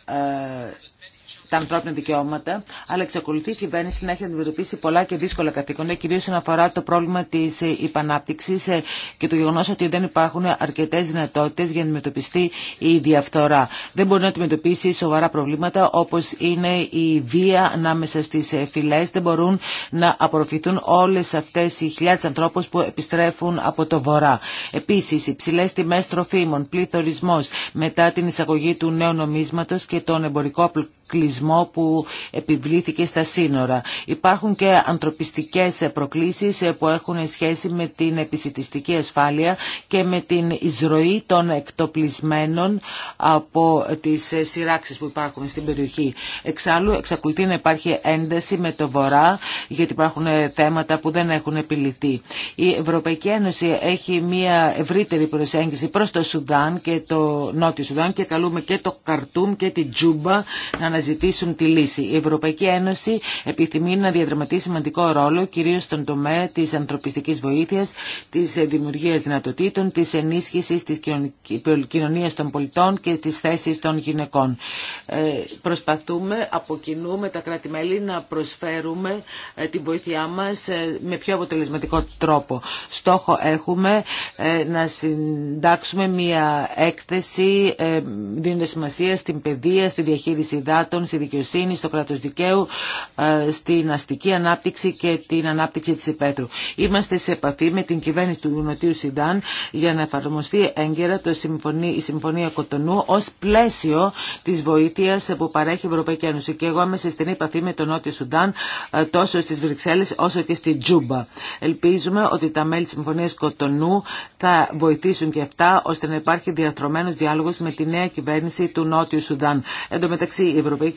[SPEAKER 5] τα ανθρώπινα δικαιώματα, αλλά εξακολουθεί η κυβέρνηση να έχει αντιμετωπίσει πολλά και δύσκολα καθήκοντα, κυρίω όσον αφορά το πρόβλημα τη ε, υπανάπτυξη ε, και το γεγονό ότι δεν υπάρχουν αρκετέ δυνατότητε για να αντιμετωπιστεί η διαφθορά. Δεν μπορεί να αντιμετωπίσει σοβαρά προβλήματα όπω είναι η βία ανάμεσα στι ε, φυλέ, δεν μπορούν να απορροφηθούν όλε αυτέ οι χιλιάδε ανθρώπου που επιστρέφουν από το βορρά. Επίση, ψηλέ τιμέ τροφίμων, πληθωρισμό μετά την εισαγωγή του νέου νομίσματο και τον εμπορικό που επιβλήθηκε στα σύνορα. Υπάρχουν και ανθρωπιστικές προκλήσεις που έχουν σχέση με την επισητιστική ασφάλεια και με την εισρωή των εκτοπλισμένων από τις σειράξεις που υπάρχουν στην περιοχή. Εξάλλου, εξακολουθεί να υπάρχει ένταση με το Βορρά, γιατί υπάρχουν θέματα που δεν έχουν επιληθεί. Η Ευρωπαϊκή Ένωση έχει μια ευρύτερη προσέγγιση προς το Σουδάν και το Νότιο Σουδάν και καλούμε και το Καρτούμ και την Τζούμπα να αναζητήσουν τη Η Ευρωπαϊκή Ένωση επιθυμεί να διαδραματίσει σημαντικό ρόλο κυρίως στον τομέα της ανθρωπιστικής βοήθειας, της δημιουργίας δυνατοτήτων, της ενίσχυσης της κοινωνίας των πολιτών και της θέσης των γυναικών. Ε, προσπαθούμε από κοινού με τα κράτη-μέλη να προσφέρουμε ε, την βοήθειά μας ε, με πιο αποτελεσματικό τρόπο. Στόχο έχουμε να συντάξουμε μια έκθεση δίνοντας σημασία στην παιδεία, στη διαχείριση δάτων στη δικαιοσύνη, στο κράτο δικαίου, ε, στην αστική ανάπτυξη και την ανάπτυξη τη υπαίθρου. Είμαστε σε επαφή με την κυβέρνηση του Νοτιού Σιντάν για να εφαρμοστεί έγκαιρα το συμφωνή, η Συμφωνία Κοτονού ω πλαίσιο τη βοήθεια που παρέχει η Ευρωπαϊκή Ένωση. Και εγώ είμαι σε στενή επαφή με τον Νότιο Σουδάν ε, τόσο στι Βρυξέλλες όσο και στη Τζούμπα. Ελπίζουμε ότι τα μέλη τη Συμφωνία Κοτονού θα βοηθήσουν και αυτά ώστε να υπάρχει διαθρωμένος διάλογο με τη νέα κυβέρνηση του Νότιου Σουδάν. Εν τω μεταξύ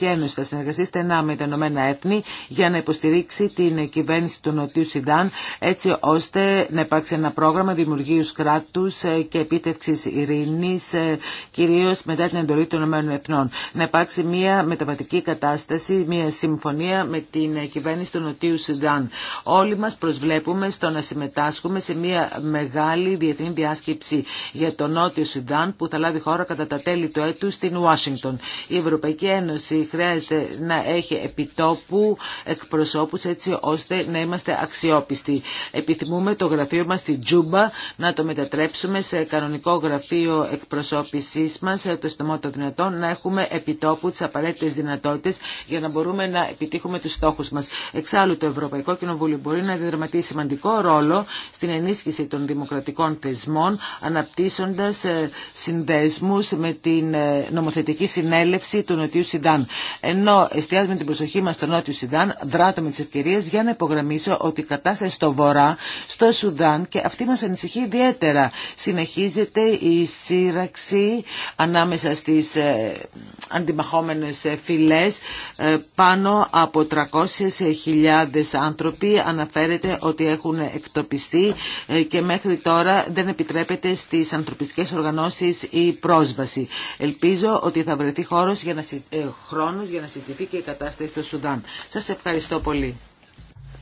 [SPEAKER 5] Ένωση θα συνεργαστεί στενά με τα Ηνωμένα Έθνη για να υποστηρίξει την κυβέρνηση του Νοτιού Σιντάν έτσι ώστε να υπάρξει ένα πρόγραμμα δημιουργίου κράτου ε, και επίτευξη ειρήνη, ε, κυρίω μετά την εντολή των Ηνωμένων Εθνών. Να υπάρξει μια μεταβατική κατάσταση, μια συμφωνία με την κυβέρνηση του Νοτιού Σιντάν. Όλοι μα προσβλέπουμε στο να συμμετάσχουμε σε μια μεγάλη διεθνή διάσκεψη για τον Νότιο Σιντάν που θα λάβει χώρα κατά τα τέλη του έτου στην Ουάσιγκτον. Η Ευρωπαϊκή Ένωση χρειάζεται να έχει επιτόπου εκπροσώπους έτσι ώστε να είμαστε αξιόπιστοι. Επιθυμούμε το γραφείο μας στην Τζούμπα να το μετατρέψουμε σε κανονικό γραφείο εκπροσώπησής μας ε, το στομό των δυνατών, να έχουμε επιτόπου τις απαραίτητες δυνατότητες για να μπορούμε να επιτύχουμε τους στόχους μας. Εξάλλου το Ευρωπαϊκό Κοινοβούλιο μπορεί να διδραματίσει σημαντικό ρόλο στην ενίσχυση των δημοκρατικών θεσμών αναπτύσσοντας ε, συνδέσμους με την ε, νομοθετική συνέλευση του Νοτιού Σιντάν. Ενώ εστιάζουμε την προσοχή μας στο Νότιο Σουδάν, δράτω με τις ευκαιρίες για να υπογραμμίσω ότι η κατάσταση στο Βορρά, στο Σουδάν και αυτή μας ανησυχεί ιδιαίτερα. Συνεχίζεται η σύραξη ανάμεσα στις ε, αντιμαχόμενες ε, φυλές ε, πάνω από 300.000 άνθρωποι αναφέρεται ότι έχουν εκτοπιστεί και μέχρι τώρα δεν επιτρέπεται στις ανθρωπιστικές οργανώσεις η πρόσβαση. Ελπίζω ότι θα βρεθεί χώρος για να, χρόνο για να συντηθεί και η κατάσταση στο Σουδάν. Σας ευχαριστώ
[SPEAKER 2] πολύ.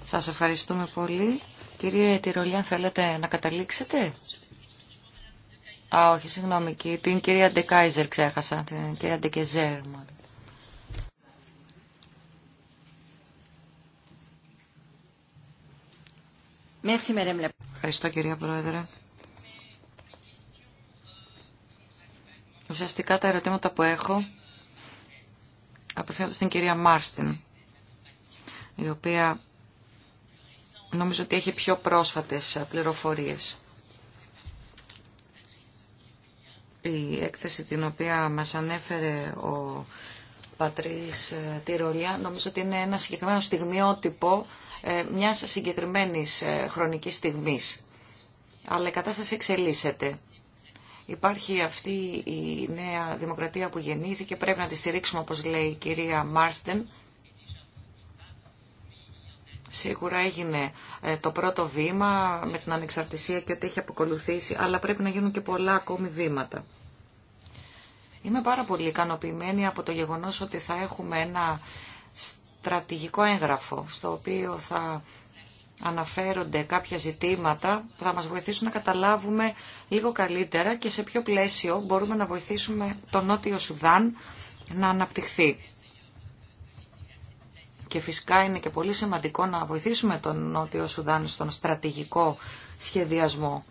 [SPEAKER 2] Σας ευχαριστούμε πολύ. Κύριε Τυρολιάν, θέλετε να καταλήξετε. Α, όχι, συγγνώμη, την κυρία Ντεκάιζερ ξέχασα, την κυρία Ντεκεζέρ μάλλον. Ευχαριστώ κυρία Πρόεδρε. Ουσιαστικά τα ερωτήματα που έχω Απευθύνω την κυρία Μάρστιν, η οποία νομίζω ότι έχει πιο πρόσφατες πληροφορίες. Η έκθεση την οποία μας ανέφερε ο Πατρίς ε, Τυρολιά, νομίζω ότι είναι ένα συγκεκριμένο στιγμιότυπο ε, μιας συγκεκριμένης ε, χρονικής στιγμής. Αλλά η κατάσταση εξελίσσεται. Υπάρχει αυτή η νέα δημοκρατία που γεννήθηκε, πρέπει να τη στηρίξουμε όπως λέει η κυρία Μάρστεν. Σίγουρα έγινε ε, το πρώτο βήμα με την ανεξαρτησία και ό,τι έχει αποκολουθήσει, αλλά πρέπει να γίνουν και πολλά ακόμη βήματα. Είμαι πάρα πολύ ικανοποιημένη από το γεγονός ότι θα έχουμε ένα στρατηγικό έγγραφο, στο οποίο θα αναφέρονται κάποια ζητήματα που θα μας βοηθήσουν να καταλάβουμε λίγο καλύτερα και σε ποιο πλαίσιο μπορούμε να βοηθήσουμε τον Νότιο Σουδάν να αναπτυχθεί. Και φυσικά είναι και πολύ σημαντικό να βοηθήσουμε τον Νότιο Σουδάν στον στρατηγικό σχεδιασμό.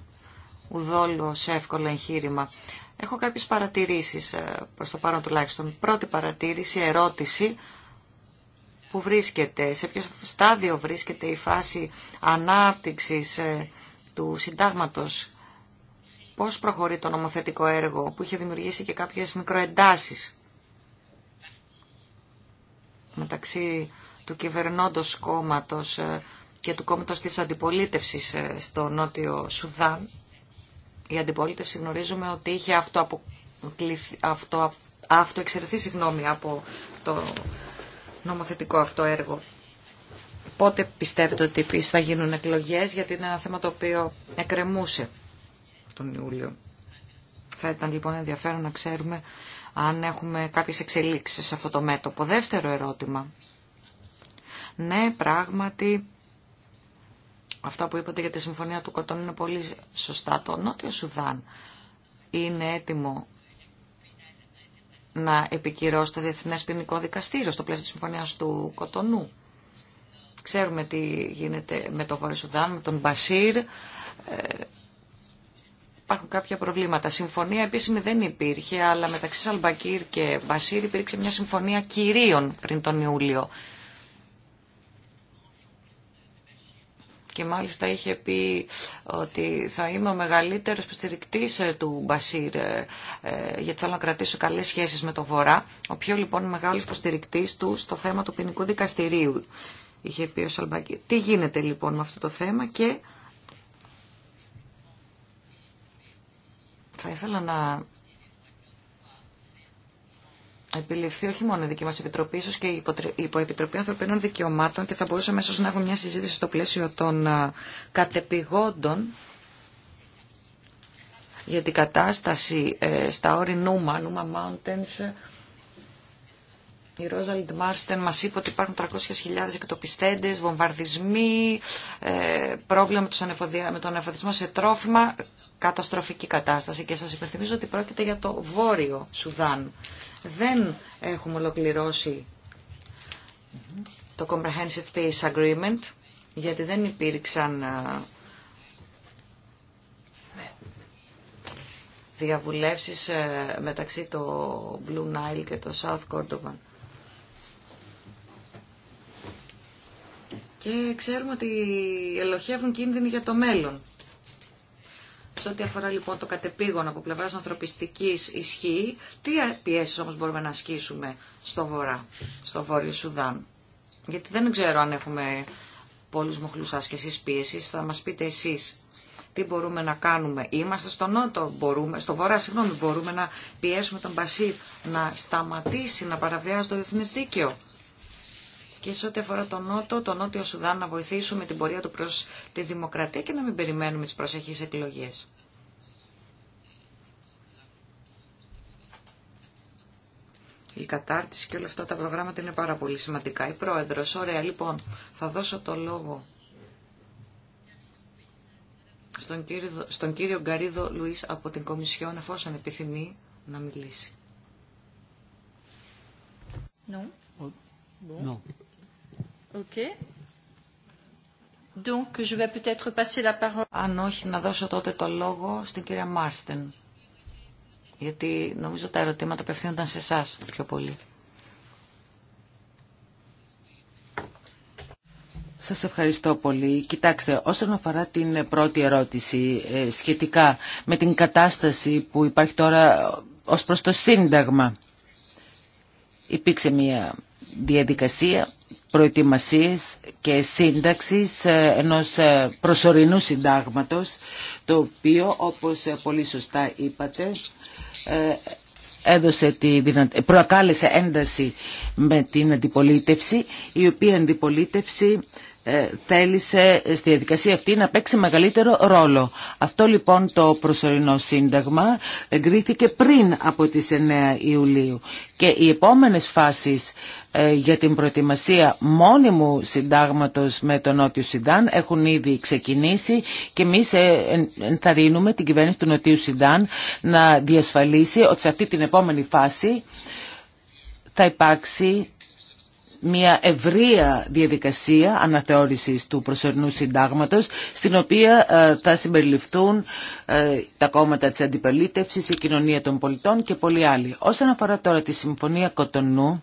[SPEAKER 2] Ουδόλου σε εύκολο εγχείρημα. Έχω κάποιες παρατηρήσεις ε, προς το παρόν τουλάχιστον. Πρώτη παρατήρηση, ερώτηση που βρίσκεται, σε ποιο στάδιο βρίσκεται η φάση ανάπτυξης ε, του συντάγματος, πώς προχωρεί το νομοθετικό έργο που είχε δημιουργήσει και κάποιες μικροεντάσεις μεταξύ του κυβερνώντος κόμματος ε, και του κόμματος της αντιπολίτευσης ε, στο Νότιο Σουδάν. Η αντιπολίτευση γνωρίζουμε ότι είχε αυτό, αυτό... συγγνώμη από το νομοθετικό αυτό έργο. Πότε πιστεύετε ότι επίση θα γίνουν εκλογές, γιατί είναι ένα θέμα το οποίο εκρεμούσε τον Ιούλιο. Θα ήταν λοιπόν ενδιαφέρον να ξέρουμε αν έχουμε κάποιες εξελίξεις σε αυτό το μέτωπο. Δεύτερο ερώτημα. Ναι, πράγματι, αυτά που είπατε για τη Συμφωνία του Κοτών είναι πολύ σωστά. Το Νότιο Σουδάν είναι έτοιμο να επικυρώσει το Διεθνές Ποινικό Δικαστήριο στο πλαίσιο της Συμφωνίας του Κοτονού. Ξέρουμε τι γίνεται με τον Βόρειο Σουδάν, με τον Μπασίρ. Ε, υπάρχουν κάποια προβλήματα. Συμφωνία επίσημη δεν υπήρχε, αλλά μεταξύ Σαλμπακύρ και Μπασίρ υπήρξε μια συμφωνία κυρίων πριν τον Ιούλιο. και μάλιστα είχε πει ότι θα είμαι ο μεγαλύτερος υποστηρικτής ε, του Μπασίρ ε, ε, γιατί θέλω να κρατήσω καλές σχέσεις με τον Βορρά. Ο πιο λοιπόν μεγάλος υποστηρικτής του στο θέμα του ποινικού δικαστηρίου είχε πει ο Σαλμπακή. Τι γίνεται λοιπόν με αυτό το θέμα και θα ήθελα να επιληφθεί όχι μόνο η δική μα Επιτροπή, ίσω και η Υποεπιτροπή Ανθρωπίνων Δικαιωμάτων και θα μπορούσαμε ίσω να έχουμε μια συζήτηση στο πλαίσιο των κατεπηγόντων για την κατάσταση ε, στα όρη Νούμα, Νούμα Mountains. Η Ρόζαλντ Μάρστεν μας είπε ότι υπάρχουν 300.000 εκτοπιστέντες, βομβαρδισμοί, ε, πρόβλημα με τον εφοδιασμό σε τρόφιμα, καταστροφική κατάσταση. Και σας υπενθυμίζω ότι πρόκειται για το βόρειο Σουδάν δεν έχουμε ολοκληρώσει το Comprehensive Peace Agreement, γιατί δεν υπήρξαν διαβουλεύσεις ε, μεταξύ το Blue Nile και το South Cordovan. Και ξέρουμε ότι ελοχεύουν κίνδυνοι για το μέλλον. Σε ό,τι αφορά λοιπόν το κατεπήγον από πλευράς ανθρωπιστικής ισχύει, τι πιέσεις όμως μπορούμε να ασκήσουμε στο βορρά, στο βόρειο Σουδάν. Γιατί δεν ξέρω αν έχουμε πολλούς μοχλούς άσκησης πίεσης, θα μας πείτε εσείς τι μπορούμε να κάνουμε. Είμαστε στο νότο, μπορούμε, στο βορρά, συγγνώμη, μπορούμε να πιέσουμε τον Μπασίρ να σταματήσει να παραβιάζει το διεθνές δίκαιο και σε ό,τι αφορά τον Νότο, τον Νότιο Σουδάν να βοηθήσουμε την πορεία του προς τη δημοκρατία και να μην περιμένουμε τις προσεχείς εκλογές. η κατάρτιση και όλα αυτά τα προγράμματα είναι πάρα πολύ σημαντικά. Η πρόεδρος, ωραία, λοιπόν, θα δώσω το λόγο στον κύριο, στον κύριο Γκαρίδο Λουίς από την Κομισιόν, εφόσον επιθυμεί να μιλήσει. Αν όχι, να δώσω τότε το λόγο στην κυρία Μάρστεν. Γιατί νομίζω τα ερωτήματα απευθύνονταν σε εσά πιο πολύ.
[SPEAKER 5] Σα ευχαριστώ πολύ. Κοιτάξτε, όσον αφορά την πρώτη ερώτηση ε, σχετικά με την κατάσταση που υπάρχει τώρα ε, ως προς το Σύνταγμα, υπήρξε μια διαδικασία Προετοιμασίες και σύνταξης ε, ενός ε, προσωρινού συντάγματος, το οποίο, όπως ε, πολύ σωστά είπατε, έδωσε τη προκάλεσε ένταση με την αντιπολίτευση, η οποία αντιπολίτευση ε, θέλησε στη διαδικασία αυτή να παίξει μεγαλύτερο ρόλο. Αυτό λοιπόν το προσωρινό σύνταγμα εγκρίθηκε πριν από τις 9 Ιουλίου και οι επόμενες φάσεις ε, για την προετοιμασία μόνιμου συντάγματος με τον Νότιο Συντάν έχουν ήδη ξεκινήσει και εμεί ε, ενθαρρύνουμε την κυβέρνηση του Νοτιού Συντάν να διασφαλίσει ότι σε αυτή την επόμενη φάση θα υπάρξει μια ευρεία διαδικασία αναθεώρησης του προσωρινού συντάγματος στην οποία ε, θα συμπεριληφθούν ε, τα κόμματα της αντιπαλίτευσης η κοινωνία των πολιτών και πολλοί άλλοι. Όσον αφορά τώρα τη Συμφωνία Κοτονού,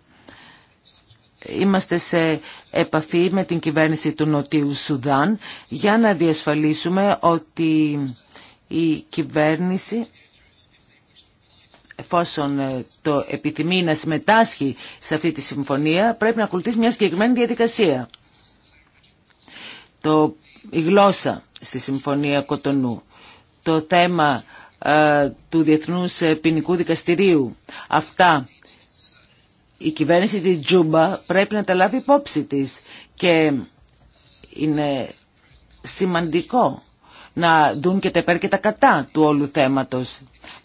[SPEAKER 5] είμαστε σε επαφή με την κυβέρνηση του Νοτιού Σουδάν για να διασφαλίσουμε ότι η κυβέρνηση εφόσον ε, το επιθυμεί να συμμετάσχει σε αυτή τη συμφωνία, πρέπει να ακολουθήσει μια συγκεκριμένη διαδικασία. Το, η γλώσσα στη Συμφωνία Κοτονού, το θέμα ε, του Διεθνούς Ποινικού Δικαστηρίου, αυτά η κυβέρνηση της Τζούμπα πρέπει να τα λάβει υπόψη της και είναι σημαντικό να δουν και τα υπέρ και τα κατά του όλου θέματος.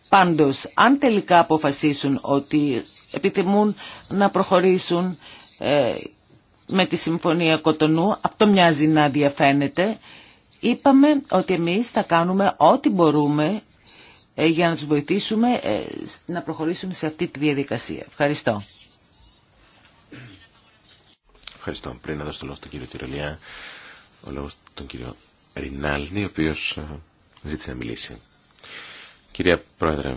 [SPEAKER 5] Πάντως, αν τελικά αποφασίσουν ότι επιθυμούν να προχωρήσουν ε, με τη Συμφωνία Κοτονού, αυτό μοιάζει να διαφαίνεται, είπαμε ότι εμείς θα κάνουμε ό,τι μπορούμε ε, για να τους βοηθήσουμε ε, να προχωρήσουν σε αυτή τη διαδικασία.
[SPEAKER 4] Ευχαριστώ. Ευχαριστώ. Πριν να δώσω το λόγο στον κύριο Τυρολιά, ο λόγος τον κύριο Ρινάλνη, ο οποίος ζήτησε να μιλήσει. Κυρία Πρόεδρε,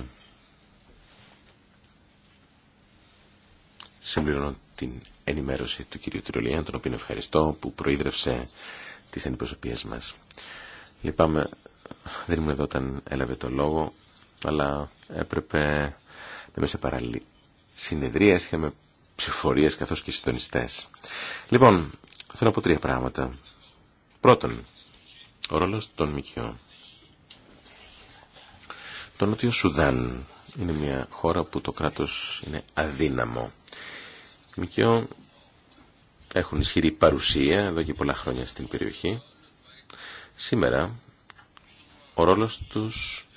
[SPEAKER 4] συμπληρώνω την ενημέρωση του κυρίου Τριολιάν, τον οποίο ευχαριστώ, που προείδρευσε τις αντιπροσωπίες μας. Λυπάμαι, δεν ήμουν εδώ όταν έλαβε το λόγο, αλλά έπρεπε να είμαι σε παράλληλη συνεδρία, είχαμε ψηφορίες καθώς και συντονιστές. Λοιπόν, θέλω να πω τρία πράγματα. Πρώτον, ο ρόλος των ΜΚΟ. Το Νότιο Σουδάν είναι μια χώρα που το κράτος είναι αδύναμο. Οι έχουν ισχυρή παρουσία εδώ και πολλά χρόνια στην περιοχή. Σήμερα ο ρόλος τους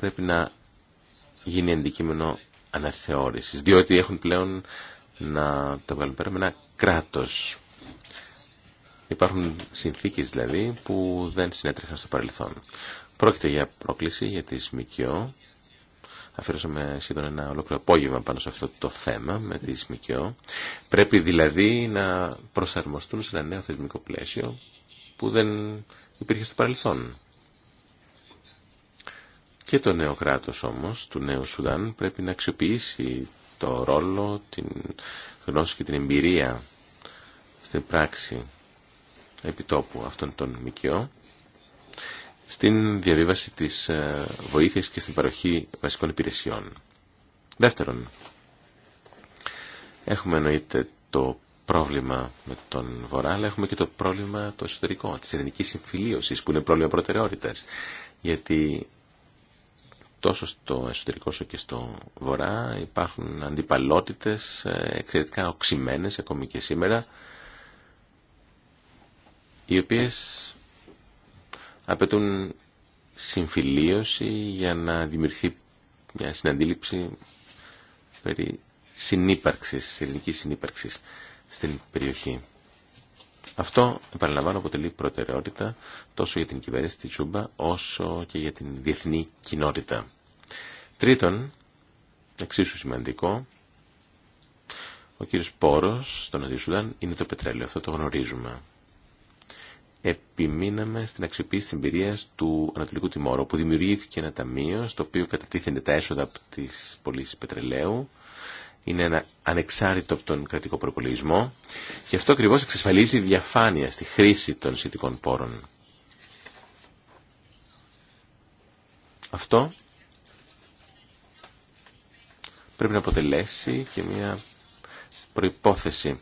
[SPEAKER 4] πρέπει να γίνει αντικείμενο αναθεώρησης, διότι έχουν πλέον να τα βάλουν πέρα με ένα κράτος. Υπάρχουν συνθήκες δηλαδή που δεν συνέτρεχαν στο παρελθόν. Πρόκειται για πρόκληση για τη ΣΜΚΙΟ. Αφιερώσαμε σχεδόν ένα ολόκληρο απόγευμα πάνω σε αυτό το θέμα με τη ΣΜΚΙΟ. Πρέπει δηλαδή να προσαρμοστούν σε ένα νέο θεσμικό πλαίσιο που δεν υπήρχε στο παρελθόν. Και το νέο κράτος όμως, του νέου Σουδάν, πρέπει να αξιοποιήσει το ρόλο, την γνώση και την εμπειρία στην πράξη επιτόπου αυτών των ΜΚΟ στην διαβίβαση της ε, βοήθειας και στην παροχή βασικών υπηρεσιών. Δεύτερον, έχουμε εννοείται το πρόβλημα με τον Βορρά, αλλά έχουμε και το πρόβλημα το εσωτερικό, της εθνικής συμφιλίωσης, που είναι πρόβλημα προτεραιότητας. Γιατί τόσο στο εσωτερικό όσο και στο Βορρά υπάρχουν αντιπαλότητες ε, εξαιρετικά οξυμένες ακόμη και σήμερα, οι οποίες απαιτούν συμφιλίωση για να δημιουργηθεί μια συναντήληψη περί συνύπαρξης, ελληνικής συνύπαρξης στην περιοχή. Αυτό, επαναλαμβάνω, αποτελεί προτεραιότητα τόσο για την κυβέρνηση τη Τσούμπα όσο και για την διεθνή κοινότητα. Τρίτον, εξίσου σημαντικό, ο κύριος Πόρος στον Αντισουδάν είναι το πετρέλαιο, αυτό το γνωρίζουμε επιμείναμε στην αξιοποίηση της εμπειρία του Ανατολικού Τιμόρου, που δημιουργήθηκε ένα ταμείο στο οποίο κατατίθενται τα έσοδα από τις πωλήσει πετρελαίου. Είναι ένα ανεξάρτητο από τον κρατικό προπολογισμό και αυτό ακριβώ εξασφαλίζει διαφάνεια στη χρήση των σχετικών πόρων. Αυτό πρέπει να αποτελέσει και μια προϋπόθεση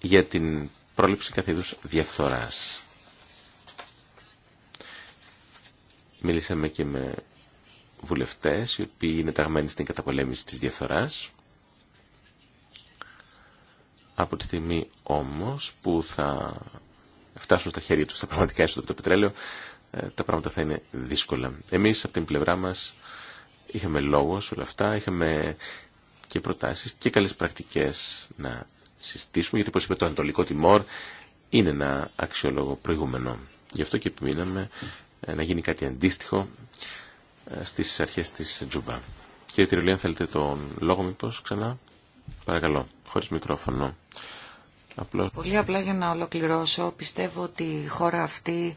[SPEAKER 4] για την πρόληψη κάθε είδους διαφθοράς. Μίλησαμε και με βουλευτές οι οποίοι είναι ταγμένοι στην καταπολέμηση της διαφθοράς. Από τη στιγμή όμως που θα φτάσουν στα χέρια τους τα πραγματικά έσοδα από το πετρέλαιο, ε, τα πράγματα θα είναι δύσκολα. Εμείς από την πλευρά μας είχαμε λόγο όλα αυτά, είχαμε και προτάσεις και καλές πρακτικές να γιατί όπως είπε το Ανατολικό Τιμόρ είναι ένα αξιόλογο προηγούμενο. Γι' αυτό και επιμείναμε ε, να γίνει κάτι αντίστοιχο ε, στις αρχές της Τζούμπα. Κύριε αν θέλετε τον λόγο μήπως ξανά. Παρακαλώ, χωρίς μικρόφωνο. Απλώς...
[SPEAKER 2] Πολύ απλά για να ολοκληρώσω, πιστεύω ότι η χώρα αυτή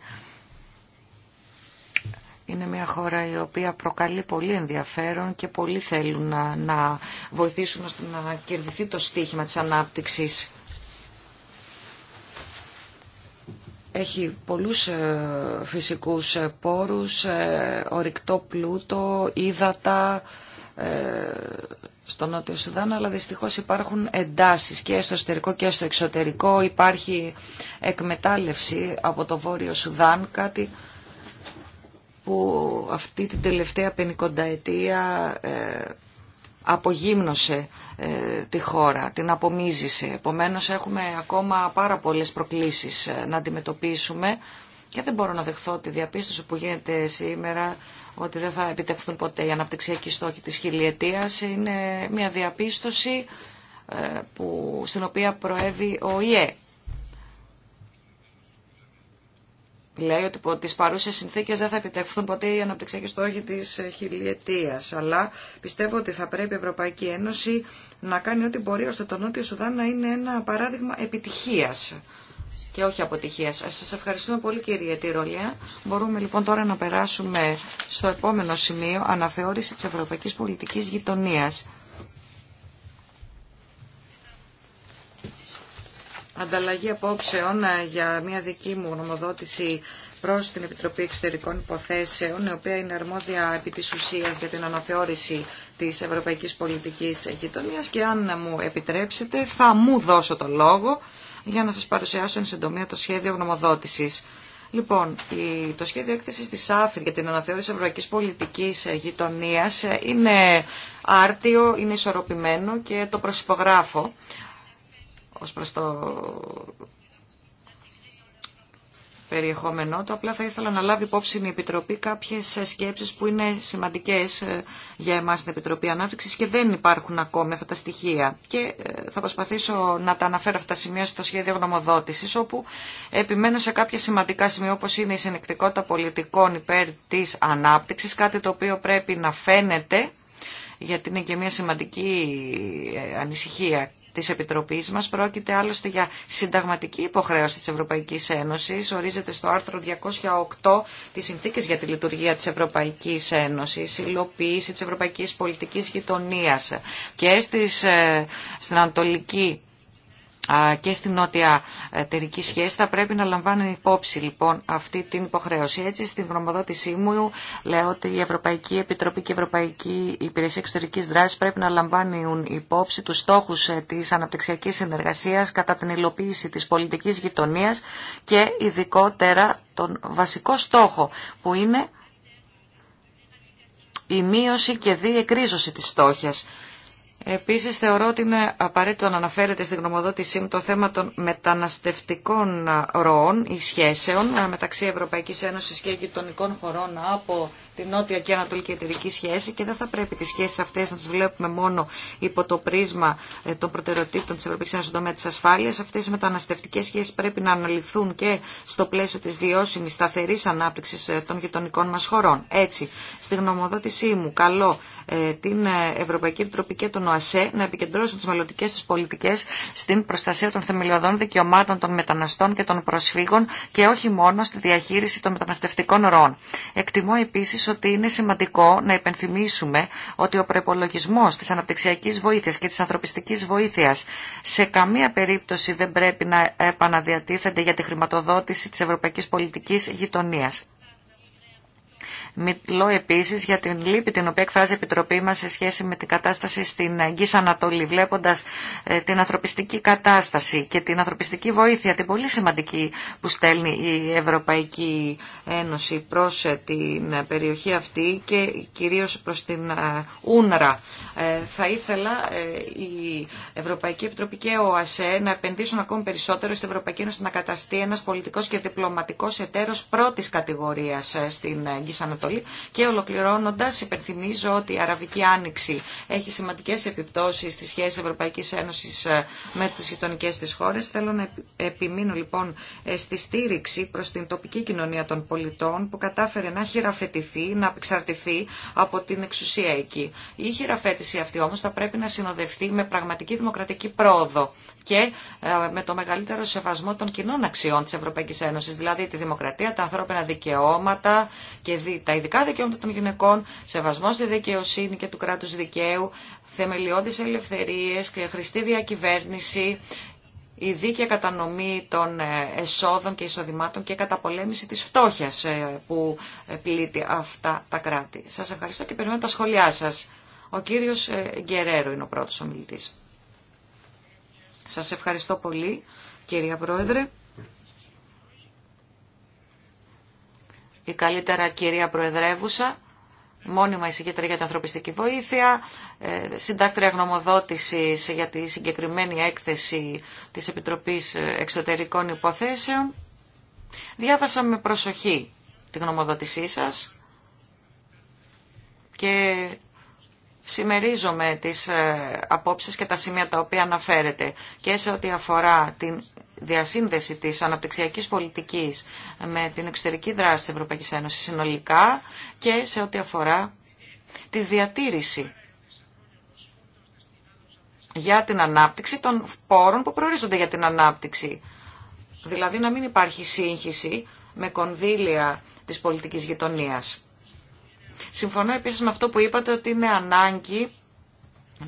[SPEAKER 2] είναι μια χώρα η οποία προκαλεί πολύ ενδιαφέρον και πολλοί θέλουν να, να βοηθήσουν ώστε να κερδιθεί το στίχημα της ανάπτυξης. Έχει πολλούς ε, φυσικούς ε, πόρους, ε, ορυκτό πλούτο, ύδατα στο Νότιο Σουδάν, αλλά δυστυχώς υπάρχουν εντάσεις και στο εσωτερικό και στο εξωτερικό. Υπάρχει εκμετάλλευση από το Βόρειο Σουδάν, κάτι που αυτή την τελευταία πενικονταετία ε, απογύμνωσε ε, τη χώρα, την απομίζησε. Επομένως έχουμε ακόμα πάρα πολλές προκλήσεις ε, να αντιμετωπίσουμε και δεν μπορώ να δεχθώ τη διαπίστωση που γίνεται σήμερα ότι δεν θα επιτευχθούν ποτέ οι αναπτυξιακοί στόχοι της χιλιετίας. Είναι μια διαπίστωση που, στην οποία προέβη ο ΙΕ λέει ότι τι τις παρούσες συνθήκες δεν θα επιτευχθούν ποτέ οι αναπτυξιακοί στόχοι της ε, χιλιετίας. Αλλά πιστεύω ότι θα πρέπει η Ευρωπαϊκή Ένωση να κάνει ό,τι μπορεί ώστε το Νότιο Σουδάν να είναι ένα παράδειγμα επιτυχίας και όχι αποτυχίας. Σας ευχαριστούμε πολύ κύριε Τυρολιά. Μπορούμε λοιπόν τώρα να περάσουμε στο επόμενο σημείο αναθεώρηση τη Ευρωπαϊκή Πολιτική γειτονία. ανταλλαγή απόψεων ε, για μια δική μου γνωμοδότηση προς την Επιτροπή Εξωτερικών Υποθέσεων, η οποία είναι αρμόδια επί της ουσίας για την αναθεώρηση της Ευρωπαϊκής Πολιτικής Γειτονίας και αν μου επιτρέψετε θα μου δώσω το λόγο για να σας παρουσιάσω εν συντομία το σχέδιο γνωμοδότησης. Λοιπόν, το σχέδιο έκθεσης της ΑΦΡ για την αναθεώρηση ευρωπαϊκής πολιτικής γειτονίας ε, είναι άρτιο, είναι ισορροπημένο και το προσυπογράφω ως προς το περιεχόμενό του. Απλά θα ήθελα να λάβει υπόψη η Επιτροπή κάποιες σκέψεις που είναι σημαντικές ε, για εμάς στην Επιτροπή Ανάπτυξης και δεν υπάρχουν ακόμη αυτά τα στοιχεία. Και ε, θα προσπαθήσω να τα αναφέρω αυτά τα σημεία στο σχέδιο γνωμοδότησης, όπου επιμένω σε κάποια σημαντικά σημεία όπως είναι η συνεκτικότητα πολιτικών υπέρ της ανάπτυξης, κάτι το οποίο πρέπει να φαίνεται γιατί είναι και μια σημαντική ε, ανησυχία της Επιτροπής μας. Πρόκειται άλλωστε για συνταγματική υποχρέωση της Ευρωπαϊκής Ένωσης. Ορίζεται στο άρθρο 208 της Συνθήκης για τη Λειτουργία της Ευρωπαϊκής Ένωσης, υλοποίηση της Ευρωπαϊκής Πολιτικής Γειτονίας και στις, ε, στην Ανατολική και στην νότια εταιρική σχέση θα πρέπει να λαμβάνουν υπόψη λοιπόν αυτή την υποχρέωση. Έτσι στην γνωμοδότησή μου λέω ότι η Ευρωπαϊκή Επιτροπή και η Ευρωπαϊκή Υπηρεσία Εξωτερική δράση πρέπει να λαμβάνουν υπόψη τους στόχους ε, της αναπτυξιακής συνεργασία κατά την υλοποίηση τη πολιτική γειτονία και ειδικότερα τον βασικό στόχο που είναι η μείωση και διεκρίζωση της στόχιας. Επίσης θεωρώ ότι είναι απαραίτητο να αναφέρεται στην γνωμοδότησή μου το θέμα των μεταναστευτικών ροών ή σχέσεων ε, μεταξύ Ευρωπαϊκής Ένωσης και γειτονικών χωρών από την νότια και ανατολική εταιρική σχέση και δεν θα πρέπει τις σχέσεις αυτές να τις βλέπουμε μόνο υπό το πρίσμα ε, των προτεραιοτήτων της Ευρωπαϊκής Ένωσης στον τομέα της ασφάλειας. Αυτές οι μεταναστευτικές σχέσεις πρέπει να αναλυθούν και στο πλαίσιο της βιώσιμη σταθερή ανάπτυξης ε, των γειτονικών μας χωρών. Έτσι, στη γνωμοδότησή μου καλό την Ευρωπαϊκή Επιτροπή και τον ΟΑΣΕ να επικεντρώσουν τι μελλοντικέ του πολιτικές στην προστασία των θεμελιωδών δικαιωμάτων των μεταναστών και των προσφύγων και όχι μόνο στη διαχείριση των μεταναστευτικών ροών. Εκτιμώ επίσης ότι είναι σημαντικό να υπενθυμίσουμε ότι ο προπολογισμό τη αναπτυξιακή βοήθεια και τη ανθρωπιστική βοήθεια σε καμία περίπτωση δεν πρέπει να επαναδιατίθενται για τη χρηματοδότηση τη ευρωπαϊκή πολιτική γειτονία. Μιλώ επίση για την λύπη την οποία εκφράζει η Επιτροπή μα σε σχέση με την κατάσταση στην Αγγή Ανατολή, βλέποντα ε, την ανθρωπιστική κατάσταση και την ανθρωπιστική βοήθεια, την πολύ σημαντική που στέλνει η Ευρωπαϊκή Ένωση προ ε, την περιοχή αυτή και κυρίω προ την ε, Ούνρα. Θα ήθελα η Ευρωπαϊκή Επιτροπή και ο ΑΣΕ να επενδύσουν ακόμη περισσότερο στην Ευρωπαϊκή Ένωση να καταστεί ένα πολιτικό και διπλωματικό εταίρο πρώτη κατηγορία στην Αγγή Ανατολή και ολοκληρώνοντα, υπενθυμίζω ότι η Αραβική Άνοιξη έχει σημαντικέ επιπτώσει στι σχέσει Ευρωπαϊκή Ένωση ε, με τι γειτονικέ τη χώρε. Θέλω να επιμείνω λοιπόν ε, στη στήριξη προ την τοπική κοινωνία των πολιτών που κατάφερε να χειραφετηθεί, να απεξαρτηθεί από την εξουσία εκεί. Η χειραφέτηση αυτή όμω θα πρέπει να συνοδευτεί με πραγματική δημοκρατική πρόοδο και ε, με το μεγαλύτερο σεβασμό των κοινών αξιών της Ευρωπαϊκής Ένωσης, δηλαδή τη δημοκρατία, τα ανθρώπινα δικαιώματα και τα ειδικά δικαιώματα των γυναικών, σεβασμό στη δικαιοσύνη και του κράτους δικαίου, θεμελιώδεις ελευθερίες και χρηστή διακυβέρνηση, η δίκαια κατανομή των ε, εσόδων και εισοδημάτων και καταπολέμηση της φτώχειας ε, που πλήττει αυτά τα κράτη. Σας ευχαριστώ και περιμένω τα σχόλιά σας. Ο κύριος Γκερέρο είναι ο πρώτος ομιλητής. Σας ευχαριστώ πολύ, κυρία Πρόεδρε. Η καλύτερα κυρία Προεδρεύουσα, μόνιμα εισηγήτρια για την ανθρωπιστική βοήθεια, ε, συντάκτρια γνωμοδότησης για τη συγκεκριμένη έκθεση της Επιτροπής Εξωτερικών Υποθέσεων. Διάβασα με προσοχή τη γνωμοδότησή σας και συμμερίζομαι τις ε, απόψεις και τα σημεία τα οποία αναφέρεται και σε ό,τι αφορά την διασύνδεση της αναπτυξιακής πολιτικής με την εξωτερική δράση της Ευρωπαϊκής Ένωσης συνολικά και σε ό,τι αφορά τη διατήρηση για την ανάπτυξη των πόρων που προορίζονται για την ανάπτυξη. Δηλαδή να μην υπάρχει σύγχυση με κονδύλια της πολιτικής γειτονίας. Συμφωνώ επίσης με αυτό που είπατε ότι είναι ανάγκη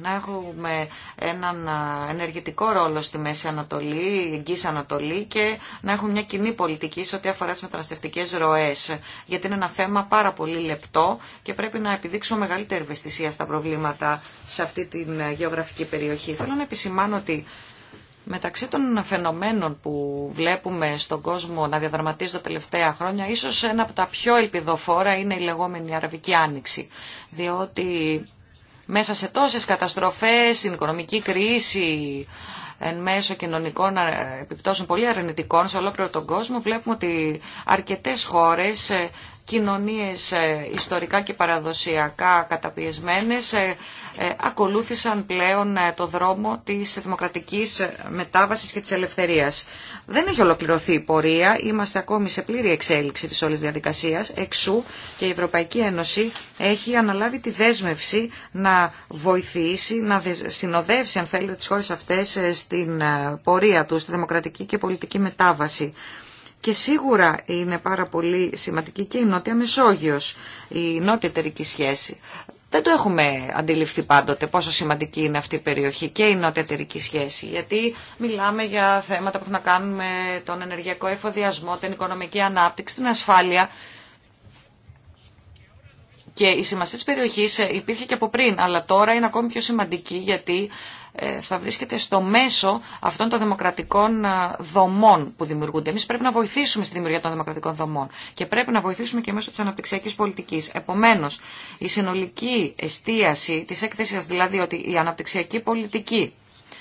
[SPEAKER 2] να έχουμε έναν ενεργητικό ρόλο στη Μέση Ανατολή, Εγγύης Ανατολή και να έχουμε μια κοινή πολιτική σε ό,τι αφορά τις μεταναστευτικές ροές. Γιατί είναι ένα θέμα πάρα πολύ λεπτό και πρέπει να επιδείξουμε μεγαλύτερη ευαισθησία στα προβλήματα σε αυτή την ε, γεωγραφική περιοχή. Θέλω να επισημάνω ότι Μεταξύ των φαινομένων που βλέπουμε στον κόσμο να διαδραματίζονται τελευταία χρόνια, ίσως ένα από τα πιο ελπιδοφόρα είναι η λεγόμενη Αραβική Άνοιξη, διότι μέσα σε τόσες καταστροφές, στην οικονομική κρίση, εν μέσω κοινωνικών επιπτώσεων πολύ αρνητικών σε ολόκληρο τον κόσμο, βλέπουμε ότι αρκετές χώρες ε, κοινωνίες ε, ιστορικά και παραδοσιακά καταπιεσμένες ε, ε, ακολούθησαν πλέον το δρόμο της δημοκρατικής μετάβασης και της ελευθερίας. Δεν έχει ολοκληρωθεί η πορεία, είμαστε ακόμη σε πλήρη εξέλιξη της όλης διαδικασίας, εξού και η Ευρωπαϊκή Ένωση έχει αναλάβει τη δέσμευση να βοηθήσει, να συνοδεύσει αν θέλετε τις χώρες αυτές στην πορεία τους, στη δημοκρατική και πολιτική μετάβαση. Και σίγουρα είναι πάρα πολύ σημαντική και η Νότια Μεσόγειος, η νότια εταιρική σχέση. Δεν το έχουμε αντιληφθεί πάντοτε πόσο σημαντική είναι αυτή η περιοχή και η νότια εταιρική σχέση, γιατί μιλάμε για θέματα που έχουν να κάνουν με τον ενεργειακό εφοδιασμό, την οικονομική ανάπτυξη, την ασφάλεια. Και η σημασία της περιοχής υπήρχε και από πριν, αλλά τώρα είναι ακόμη πιο σημαντική γιατί ε, θα βρίσκεται στο μέσο αυτών των δημοκρατικών ε, δομών που δημιουργούνται. Εμεί πρέπει να βοηθήσουμε στη δημιουργία των δημοκρατικών δομών και πρέπει να βοηθήσουμε και μέσω τη αναπτυξιακή πολιτική. Επομένω, η συνολική εστίαση τη έκθεση, δηλαδή ότι η αναπτυξιακή πολιτική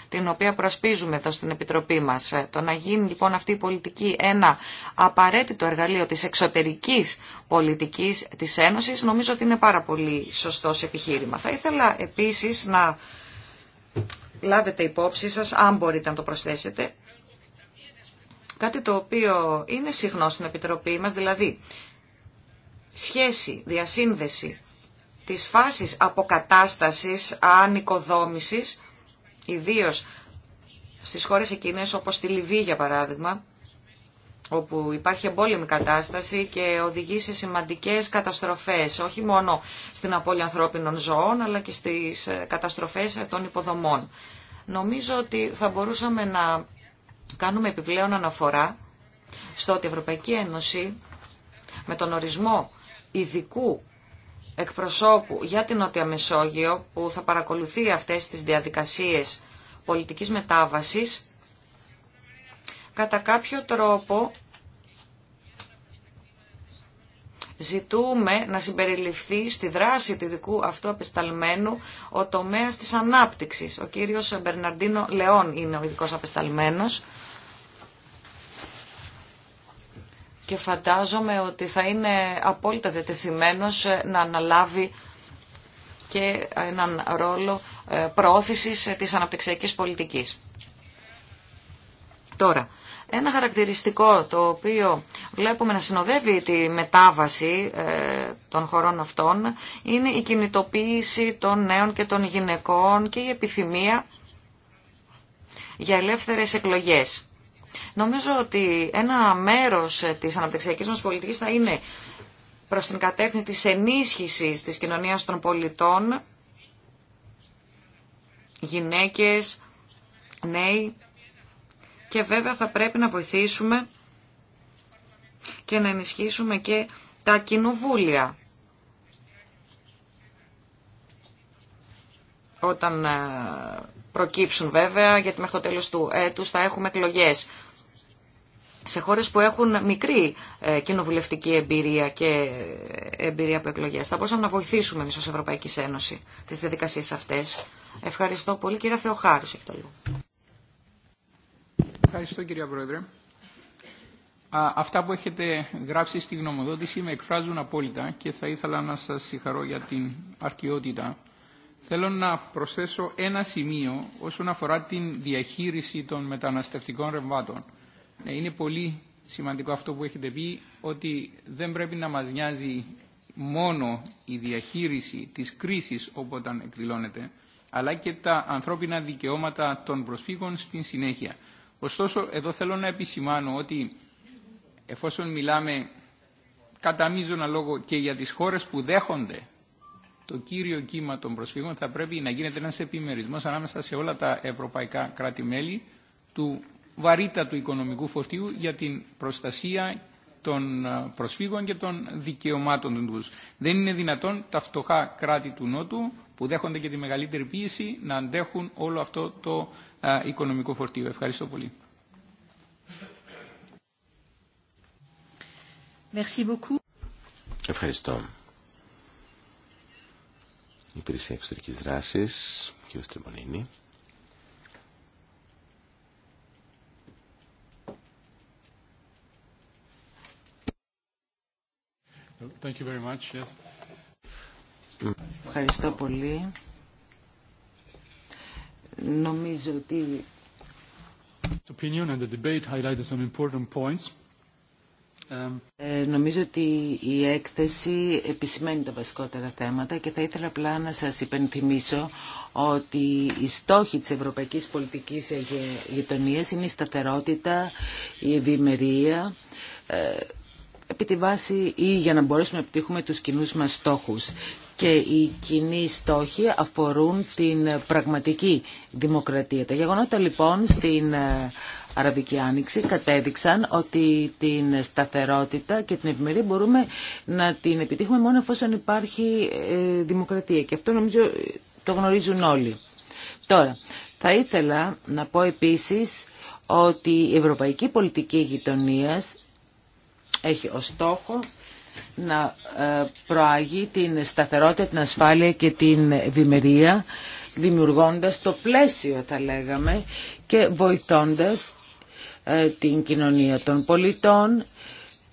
[SPEAKER 2] την οποία προσπίζουμε εδώ στην Επιτροπή μας. Ε, το να γίνει λοιπόν αυτή η πολιτική ένα απαραίτητο εργαλείο της εξωτερικής πολιτικής της Ένωσης νομίζω ότι είναι πάρα πολύ σωστό επιχείρημα. Θα ήθελα επίσης να λάβετε υπόψη σας, αν μπορείτε να το προσθέσετε, κάτι το οποίο είναι συχνό στην Επιτροπή μας, δηλαδή σχέση, διασύνδεση της φάσης αποκατάστασης, ανοικοδόμησης, ιδίως στις χώρες εκείνες όπως τη Λιβύη για παράδειγμα, όπου υπάρχει εμπόλεμη κατάσταση και οδηγεί σε σημαντικές καταστροφές, όχι μόνο στην απώλεια ανθρώπινων ζώων, αλλά και στις ε, καταστροφές ε, των υποδομών. Νομίζω ότι θα μπορούσαμε να κάνουμε επιπλέον αναφορά στο ότι η Ευρωπαϊκή Ένωση με τον ορισμό ειδικού εκπροσώπου για την Νότια Μεσόγειο που θα παρακολουθεί αυτές τις διαδικασίες πολιτικής μετάβασης κατά κάποιο τρόπο ζητούμε να συμπεριληφθεί στη δράση του ειδικού αυτού απεσταλμένου ο τομέας της ανάπτυξης. Ο κύριος Μπερναρντίνο Λεόν είναι ο ειδικός απεσταλμένος. Και φαντάζομαι ότι θα είναι απόλυτα διατεθειμένος ε, να αναλάβει και έναν ρόλο ε, προώθησης ε, της αναπτυξιακής πολιτικής. Τώρα, ένα χαρακτηριστικό το οποίο βλέπουμε να συνοδεύει τη μετάβαση ε, των χωρών αυτών είναι η κινητοποίηση των νέων και των γυναικών και η επιθυμία για ελεύθερες εκλογές. Νομίζω ότι ένα μέρος της αναπτυξιακής μας πολιτικής θα είναι προς την κατεύθυνση της ενίσχυσης της κοινωνίας των πολιτών, γυναίκες, νέοι, και βέβαια θα πρέπει να βοηθήσουμε και να ενισχύσουμε και τα κοινοβούλια. Όταν ε, προκύψουν βέβαια, γιατί μέχρι το τέλος του έτους θα έχουμε εκλογές σε χώρες που έχουν μικρή ε, κοινοβουλευτική εμπειρία και ε, εμπειρία από εκλογέ. Θα μπορούσαμε να βοηθήσουμε εμείς ως Ευρωπαϊκή Ένωση τις διαδικασίες αυτές. Ευχαριστώ πολύ. Κύριε Θεοχάρου, έχει το λόγο.
[SPEAKER 3] Ευχαριστώ κύριε Πρόεδρε. Α, αυτά που έχετε γράψει στη γνωμοδότηση με εκφράζουν απόλυτα και θα ήθελα να σας συγχαρώ για την αρτιότητα. Θέλω να προσθέσω ένα σημείο όσον αφορά την διαχείριση των μεταναστευτικών ρευμάτων. Ναι, είναι πολύ σημαντικό αυτό που έχετε πει ότι δεν πρέπει να μας νοιάζει μόνο η διαχείριση της κρίσης όποτε εκδηλώνεται αλλά και τα ανθρώπινα δικαιώματα των προσφύγων στην συνέχεια. Ωστόσο, εδώ θέλω να επισημάνω ότι εφόσον μιλάμε κατά μείζωνα λόγο και για τις χώρες που δέχονται το κύριο κύμα των προσφύγων θα πρέπει να γίνεται ένας επιμερισμός ανάμεσα σε όλα τα ευρωπαϊκά κράτη-μέλη του του οικονομικού φορτίου για την προστασία των προσφύγων και των δικαιωμάτων τους. Δεν είναι δυνατόν τα φτωχά κράτη του Νότου που δέχονται και τη μεγαλύτερη πίεση να αντέχουν όλο αυτό το ε, οικονομικό φορτίο. Ευχαριστώ πολύ. Ευχαριστώ.
[SPEAKER 4] Η Υπηρεσία Εξωτερική Δράση, κ. Τρεμονίνη.
[SPEAKER 3] Thank you very much. Yes.
[SPEAKER 5] Ευχαριστώ πολύ. Νομίζω ότι... Um, ε, νομίζω ότι η έκθεση επισημαίνει τα βασικότερα θέματα και θα ήθελα απλά να σας υπενθυμίσω ότι οι στόχοι της ευρωπαϊκής πολιτικής γειτονίας είναι η σταθερότητα, η ευημερία, ε, επί τη βάση ή για να μπορέσουμε να επιτύχουμε τους κοινούς μας στόχους και οι κοινοί στόχοι αφορούν την πραγματική δημοκρατία. Τα γεγονότα λοιπόν στην ε, Αραβική Άνοιξη κατέδειξαν ότι την σταθερότητα και την ευημερία μπορούμε να την επιτύχουμε μόνο εφόσον υπάρχει ε, δημοκρατία και αυτό νομίζω το γνωρίζουν όλοι. Τώρα, θα ήθελα να πω επίσης ότι η ευρωπαϊκή πολιτική γειτονίας έχει ως στόχο να ε, προάγει την σταθερότητα, την ασφάλεια και την ευημερία, δημιουργώντας το πλαίσιο, θα λέγαμε, και βοηθώντας ε, την κοινωνία των πολιτών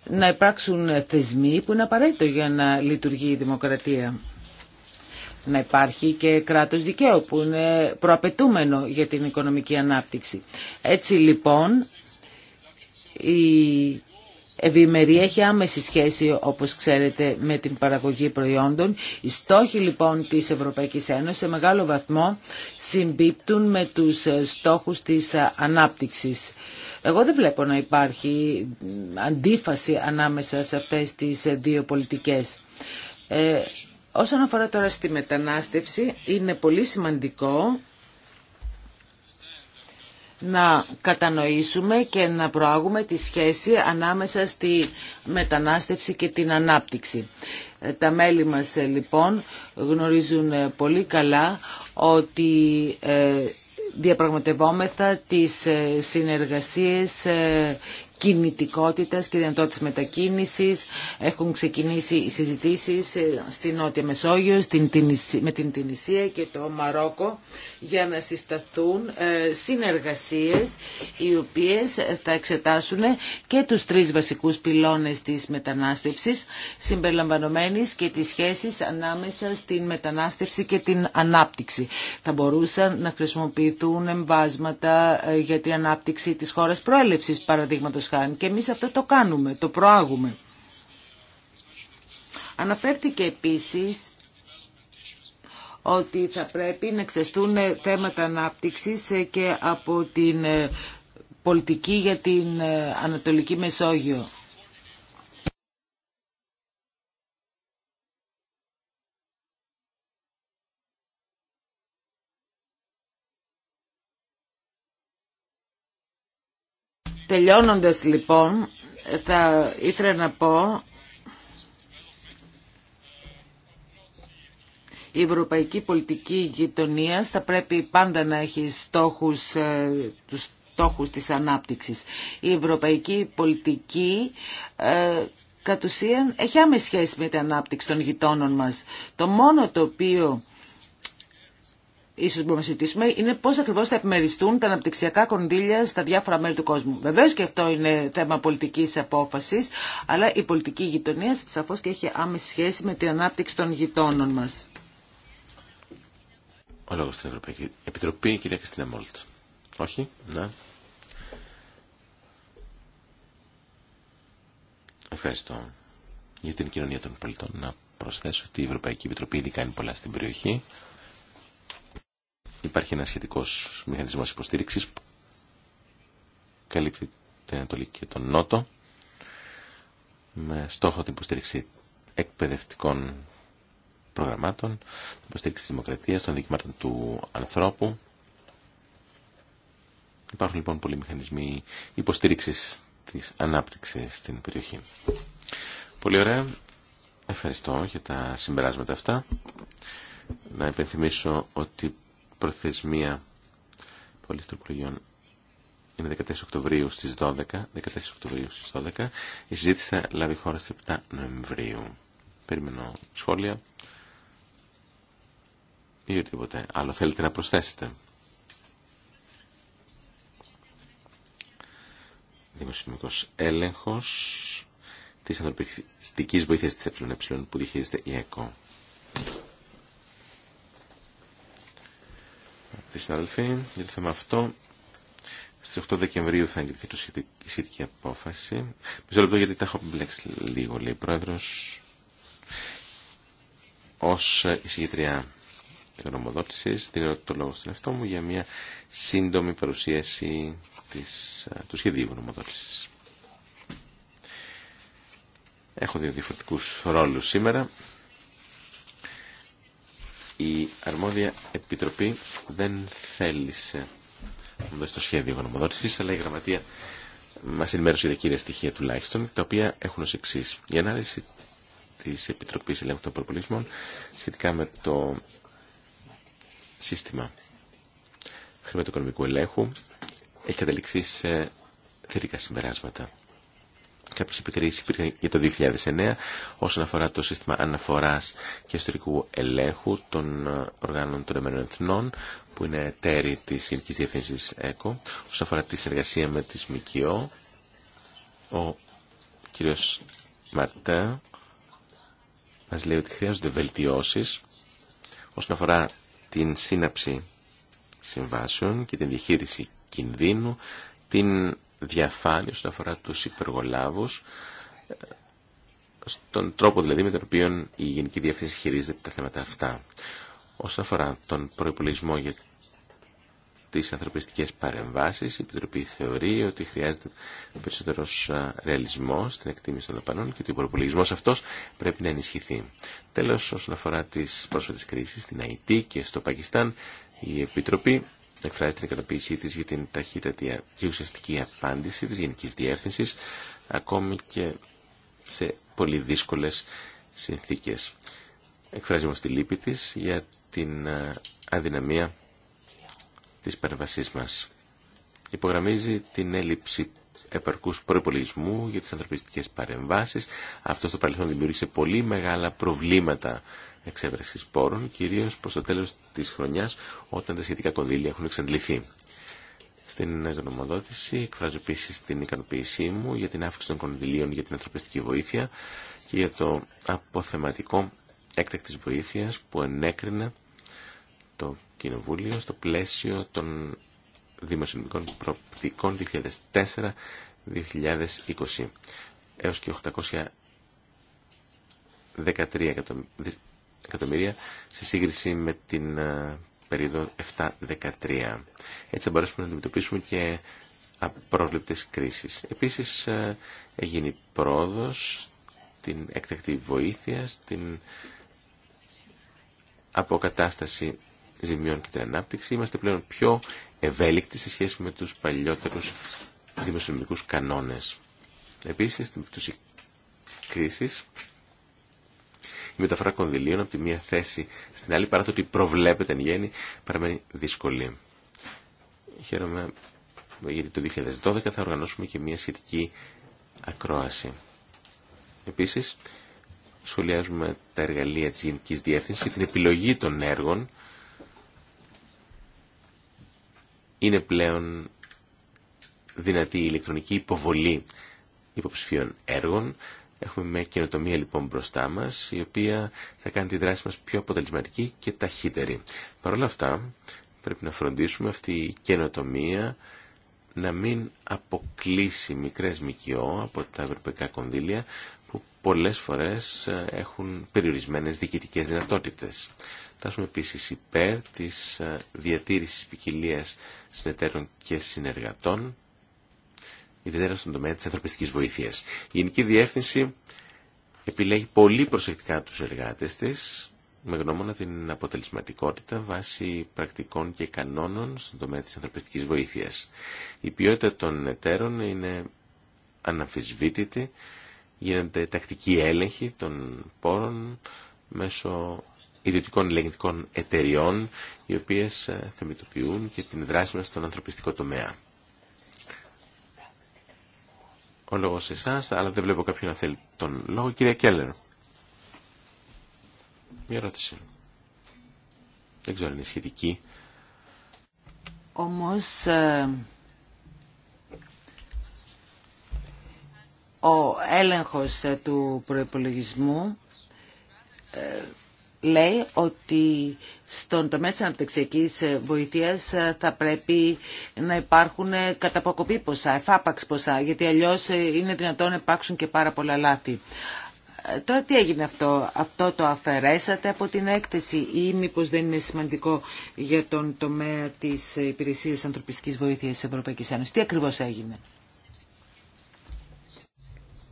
[SPEAKER 5] να υπάρξουν θεσμοί που είναι απαραίτητο για να λειτουργεί η δημοκρατία. Να υπάρχει και κράτος δικαίου που είναι προαπαιτούμενο για την οικονομική ανάπτυξη. Έτσι λοιπόν η ευημερία έχει άμεση σχέση όπως ξέρετε με την παραγωγή προϊόντων. Οι στόχοι λοιπόν της Ευρωπαϊκής Ένωσης σε μεγάλο βαθμό συμπίπτουν με τους ε, στόχους της ε, ανάπτυξης. Εγώ δεν βλέπω να υπάρχει αντίφαση ανάμεσα σε αυτές τις ε, δύο πολιτικές. Ε, όσον αφορά τώρα στη μετανάστευση, είναι πολύ σημαντικό να κατανοήσουμε και να προάγουμε τη σχέση ανάμεσα στη μετανάστευση και την ανάπτυξη. Ε, τα μέλη μας ε, λοιπόν γνωρίζουν ε, πολύ καλά ότι διαπραγματευόμεθα τις συνεργασίες κινητικότητας και δυνατότητας μετακίνησης. Έχουν ξεκινήσει οι συζητήσεις ε, στη Νότια Μεσόγειο, με την Τινησία και το Μαρόκο για να συσταθούν ε, συνεργασίες οι οποίες θα εξετάσουν και τους τρεις βασικούς πυλώνες της μετανάστευσης συμπεριλαμβανομένης και τις σχέσεις ανάμεσα στην μετανάστευση και την ανάπτυξη. Θα μπορούσαν να χρησιμοποιηθούν εμβάσματα ε, για την ανάπτυξη της χώρας προέλευσης, παραδείγματος και εμείς αυτό το κάνουμε, το προάγουμε. Αναφέρθηκε επίσης ότι θα πρέπει να ξεστούν θέματα ανάπτυξης και από την πολιτική για την Ανατολική Μεσόγειο. Τελειώνοντας λοιπόν, θα ήθελα να πω η ευρωπαϊκή πολιτική γειτονία θα πρέπει πάντα να έχει στόχους, ε, τους στόχους της ανάπτυξης. Η ευρωπαϊκή πολιτική ε, κατ' ουσίαν έχει άμεση σχέση με την ανάπτυξη των γειτόνων μας. Το μόνο το οποίο ίσως μπορούμε να συζητήσουμε είναι πώ ακριβώ θα επιμεριστούν τα αναπτυξιακά κονδύλια στα διάφορα μέρη του κόσμου. Βεβαίω και αυτό είναι θέμα πολιτικής απόφασης, αλλά η πολιτική γειτονία σαφώς και έχει άμεση σχέση με την ανάπτυξη των γειτόνων μας.
[SPEAKER 4] Ο στην Ευρωπαϊκή Επιτροπή, κυρία Μόλτ. Όχι, ναι. Ευχαριστώ για την κοινωνία των πολιτών. Να προσθέσω ότι η Ευρωπαϊκή Επιτροπή ήδη κάνει πολλά στην περιοχή. Υπάρχει ένα σχετικό μηχανισμό υποστήριξης που καλύπτει την Ανατολική και τον Νότο με στόχο την υποστήριξη εκπαιδευτικών προγραμμάτων, την υποστήριξη τη δημοκρατίας, των δικαιωμάτων του ανθρώπου. Υπάρχουν λοιπόν πολλοί μηχανισμοί υποστήριξης της ανάπτυξης στην περιοχή. Πολύ ωραία. Ευχαριστώ για τα συμπεράσματα αυτά. Να υπενθυμίσω ότι προθεσμία πολλής τροπολογιών είναι 14 Οκτωβρίου στις 12, 14 Οκτωβρίου στις 12. Η συζήτηση θα λάβει χώρα στις 7 Νοεμβρίου. Περιμένω σχόλια ή οτιδήποτε άλλο θέλετε να προσθέσετε. Δημοσιονομικός έλεγχος της ανθρωπιστικής βοήθειας της ΕΕ που διαχειρίζεται η ΕΚΟ. συναδελφοί, για το θέμα αυτό. Στις 8 Δεκεμβρίου θα εγκριθεί το σχετική, η σχετική απόφαση. Μισό λεπτό γιατί τα έχω μπλέξει λίγο, λέει ο Πρόεδρος. Ως εισηγητριά γνωμοδότησης, δίνω το λόγο στον εαυτό μου για μια σύντομη παρουσίαση της, του σχεδίου γνωμοδότησης. Έχω δύο διαφορετικούς ρόλους σήμερα η αρμόδια επιτροπή δεν θέλησε να δώσει το σχέδιο γνωμοδότηση, αλλά η γραμματεία μα ενημέρωσε για κύρια στοιχεία τουλάχιστον, τα οποία έχουν ω εξή. Η ανάλυση τη Επιτροπή Ελέγχου των Προπολισμών σχετικά με το σύστημα χρηματοοικονομικού ελέγχου έχει καταληξεί σε θετικά συμπεράσματα κάποιες επικρίσεις υπήρχαν για το 2009 όσον αφορά το σύστημα αναφοράς και ιστορικού ελέγχου των ε, οργάνων των ΕΕ που είναι τέρη της Γενικής Διευθύνσης ΕΚΟ όσον αφορά τη συνεργασία με τη ΜΚΟ ο κ. Μαρτά μας λέει ότι χρειάζονται βελτιώσεις όσον αφορά την σύναψη συμβάσεων και την διαχείριση κινδύνου, την διαφάνεια όσον αφορά τους υπεργολάβους, στον τρόπο δηλαδή με τον οποίο η Γενική Διεύθυνση χειρίζεται τα θέματα αυτά. Όσον αφορά τον προπολογισμό για τις ανθρωπιστικές παρεμβάσεις, η Επιτροπή θεωρεί ότι χρειάζεται περισσότερος ρεαλισμός στην εκτίμηση των δαπανών και ότι ο προπολογισμό αυτός πρέπει να ενισχυθεί. Τέλος, όσον αφορά τις πρόσφατες κρίσεις στην Αϊτή και στο Πακιστάν, η Επιτροπή εκφράζει την ικανοποίησή τη για την ταχύτατη και ουσιαστική απάντηση τη γενική διεύθυνση ακόμη και σε πολύ δύσκολε συνθήκες. Εκφράζει όμω τη λύπη τη για την ε, αδυναμία της παρεμβασή μα, Υπογραμμίζει την έλλειψη επαρκούς προπολογισμού για τις ανθρωπιστικές παρεμβάσει. Αυτό στο παρελθόν δημιούργησε πολύ μεγάλα προβλήματα εξέβρεση πόρων, κυρίω προ το τέλο τη χρονιά, όταν τα σχετικά κονδύλια έχουν εξαντληθεί. Στην γνωμοδότηση εκφράζω επίση την ικανοποίησή μου για την αύξηση των κονδυλίων για την ανθρωπιστική βοήθεια και για το αποθεματικό έκτακτη βοήθεια που ενέκρινε το Κοινοβούλιο στο πλαίσιο των δημοσιονομικών προοπτικών 2004-2020 έως και 813 εκατομμύρια εκατομμύρια σε σύγκριση με την ε, περίοδο 7-13. Έτσι θα μπορέσουμε να αντιμετωπίσουμε και απρόβλεπτες κρίσεις. Επίσης ε, έγινε πρόοδος την εκτακτή βοήθεια, στην αποκατάσταση ζημιών και την ανάπτυξη. Είμαστε πλέον πιο ευέλικτοι σε σχέση με τους παλιότερους δημοσιονομικούς κανόνες. Επίσης, στην πτώση κρίσης, η μεταφορά κονδυλίων από τη μία θέση στην άλλη, παρά το ότι προβλέπεται εν γέννη, παραμένει δύσκολη. Χαίρομαι γιατί το 2012 θα οργανώσουμε και μία σχετική ακρόαση. Επίσης, σχολιάζουμε τα εργαλεία της Γενικής Διεύθυνσης και την επιλογή των έργων είναι πλέον δυνατή η ηλεκτρονική υποβολή υποψηφίων έργων Έχουμε μια καινοτομία λοιπόν μπροστά μα, η οποία θα κάνει τη δράση μας πιο αποτελεσματική και ταχύτερη. Παρ' όλα αυτά, πρέπει να φροντίσουμε αυτή η καινοτομία να μην αποκλείσει μικρέ ΜΚΟ από τα ευρωπαϊκά κονδύλια, που πολλές φορές ε, έχουν περιορισμένες διοικητικές δυνατότητες. Τάσουμε επίση υπέρ τη ε, διατήρηση ποικιλία συνεταίρων και συνεργατών, ιδιαίτερα στον τομέα της ανθρωπιστικής βοήθειας. Η Γενική Διεύθυνση επιλέγει πολύ προσεκτικά τους εργάτες τη, με γνώμονα την αποτελεσματικότητα βάσει πρακτικών και κανόνων στον τομέα της ανθρωπιστικής βοήθειας. Η ποιότητα των εταίρων είναι αναμφισβήτητη, γίνεται τακτική έλεγχη των πόρων μέσω ιδιωτικών ελεγχτικών εταιριών οι οποίες ε, θεμητοποιούν και την δράση μας στον ανθρωπιστικό τομέα ο λόγο σε εσά, αλλά δεν βλέπω κάποιον να θέλει τον λόγο. Κυρία Κέλλερ. Μια ερώτηση. Δεν ξέρω αν είναι σχετική.
[SPEAKER 5] Όμως... Ε, ο έλεγχος του προϋπολογισμού ε, λέει ότι στον τομέα της αναπτυξιακής βοήθειας ε, θα πρέπει να υπάρχουν ε, καταποκοπή ποσά, εφάπαξ ποσά, γιατί αλλιώς ε, είναι δυνατόν να υπάρξουν και πάρα πολλά λάθη. Τώρα τι έγινε αυτό, αυτό το αφαιρέσατε από την έκθεση ή μήπως δεν είναι σημαντικό για τον τομέα της υπηρεσίας ανθρωπιστικής βοήθειας της Ευρωπαϊκής Ένωσης. Τι ακριβώς έγινε.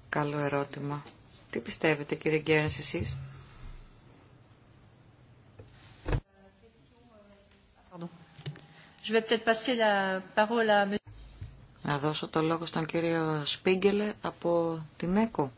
[SPEAKER 2] Καλό ερώτημα. Τι πιστεύετε κύριε Γκέρνης εσείς.
[SPEAKER 1] Je
[SPEAKER 2] Να δώσω το λόγο στον κύριο Σπίγκελε από την ΕΚΟ.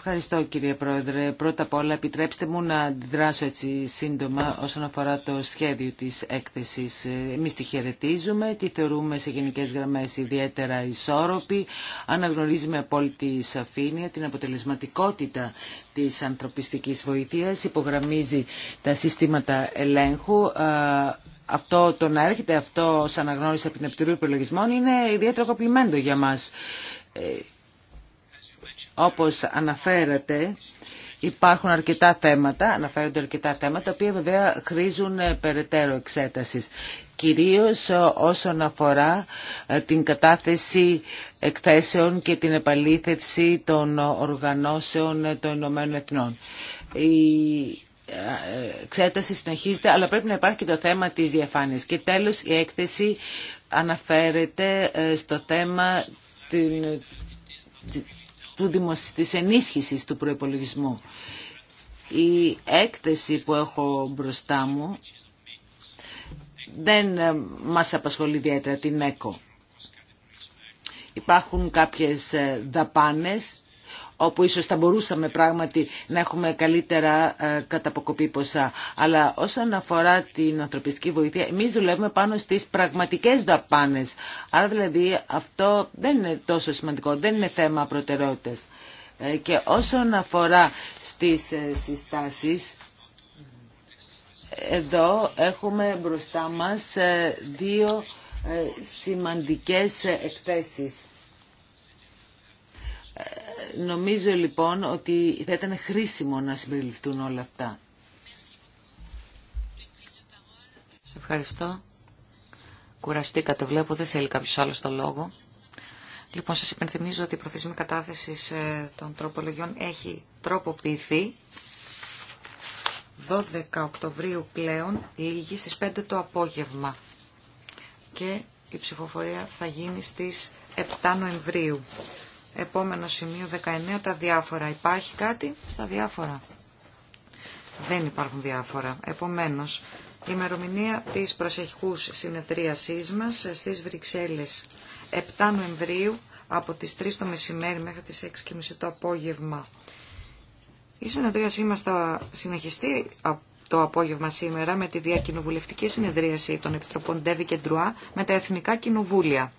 [SPEAKER 5] Ευχαριστώ κύριε Πρόεδρε. Πρώτα απ' όλα επιτρέψτε μου να αντιδράσω έτσι σύντομα όσον αφορά το σχέδιο της έκθεσης. Εμείς τη χαιρετίζουμε, τη θεωρούμε σε γενικές γραμμές ιδιαίτερα ισόρροπη. Αναγνωρίζουμε απόλυτη σαφήνεια την αποτελεσματικότητα της ανθρωπιστικής βοήθειας, υπογραμμίζει τα συστήματα ελέγχου, αυτό το να έρχεται αυτό σαν αναγνώριση από την Επιτροπή Προλογισμών είναι ιδιαίτερο κοπλιμέντο για μας ε, όπως αναφέρατε, υπάρχουν αρκετά θέματα, αναφέρονται αρκετά θέματα, τα οποία βέβαια χρήζουν ε, περαιτέρω εξέτασης. Κυρίως ε, όσον αφορά ε, την κατάθεση εκθέσεων και την επαλήθευση των οργανώσεων των Ηνωμένων Εθνών. Η εξέταση συνεχίζεται, αλλά πρέπει να υπάρχει και το θέμα της διαφάνειας. Και τέλος, η έκθεση αναφέρεται στο θέμα του δημοσ... της ενίσχυσης του προϋπολογισμού. Η έκθεση που έχω μπροστά μου δεν ε, μας απασχολεί ιδιαίτερα την ΕΚΟ. Υπάρχουν κάποιες ε, δαπάνες όπου ίσως θα μπορούσαμε πράγματι να έχουμε καλύτερα ε, καταποκοπή ποσά. Αλλά όσον αφορά την ανθρωπιστική βοήθεια, εμείς δουλεύουμε πάνω στις πραγματικές δαπάνες. Άρα δηλαδή αυτό δεν είναι τόσο σημαντικό, δεν είναι θέμα προτεραιότητας. Ε, και όσον αφορά στις ε, συστάσεις, εδώ έχουμε μπροστά μας δύο σημαντικές εκθέσεις. Νομίζω λοιπόν ότι θα ήταν χρήσιμο να συμπεριληφθούν όλα αυτά.
[SPEAKER 2] Σας ευχαριστώ. Κουραστήκατε, βλέπω, δεν θέλει κάποιος άλλος το λόγο. Λοιπόν, σας υπενθυμίζω ότι η προθεσμή κατάθεσης ε, των τροπολογιών έχει τροποποιηθεί. 12 Οκτωβρίου πλέον, λίγη στις 5 το απόγευμα. Και η ψηφοφορία θα γίνει στις 7 Νοεμβρίου. Επόμενο σημείο 19, τα διάφορα. Υπάρχει κάτι στα διάφορα. Δεν υπάρχουν διάφορα. Επομένως, η ημερομηνία της προσεχικούς συνεδρίασής μας στις Βρυξέλλες 7 Νοεμβρίου από τις 3 το μεσημέρι μέχρι τις 6.30 το απόγευμα. Η συνεδρίασή μας θα συνεχιστεί το απόγευμα σήμερα με τη διακοινοβουλευτική συνεδρίαση των Επιτροπών Ντέβη και Ντρουά με τα Εθνικά Κοινοβούλια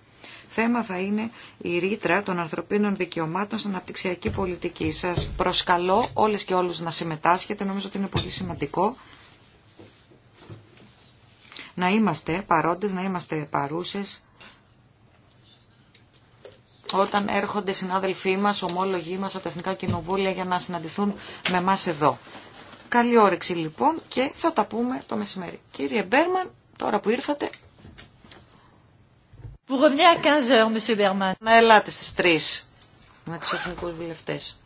[SPEAKER 2] θέμα θα είναι η ρήτρα των ανθρωπίνων δικαιωμάτων στην αναπτυξιακή πολιτική. Σας προσκαλώ όλες και όλους να συμμετάσχετε, νομίζω ότι είναι πολύ σημαντικό να είμαστε παρόντες, να είμαστε παρούσες όταν έρχονται συνάδελφοί μας, ομόλογοι μας από τα Εθνικά Κοινοβούλια για να συναντηθούν με εμά εδώ. Καλή όρεξη λοιπόν και θα τα πούμε το μεσημέρι. Κύριε Μπέρμαν, τώρα που ήρθατε, Vous revenez à 15h, monsieur Berman. Να ελάτε στις 3 με τους εθνικούς βουλευτές.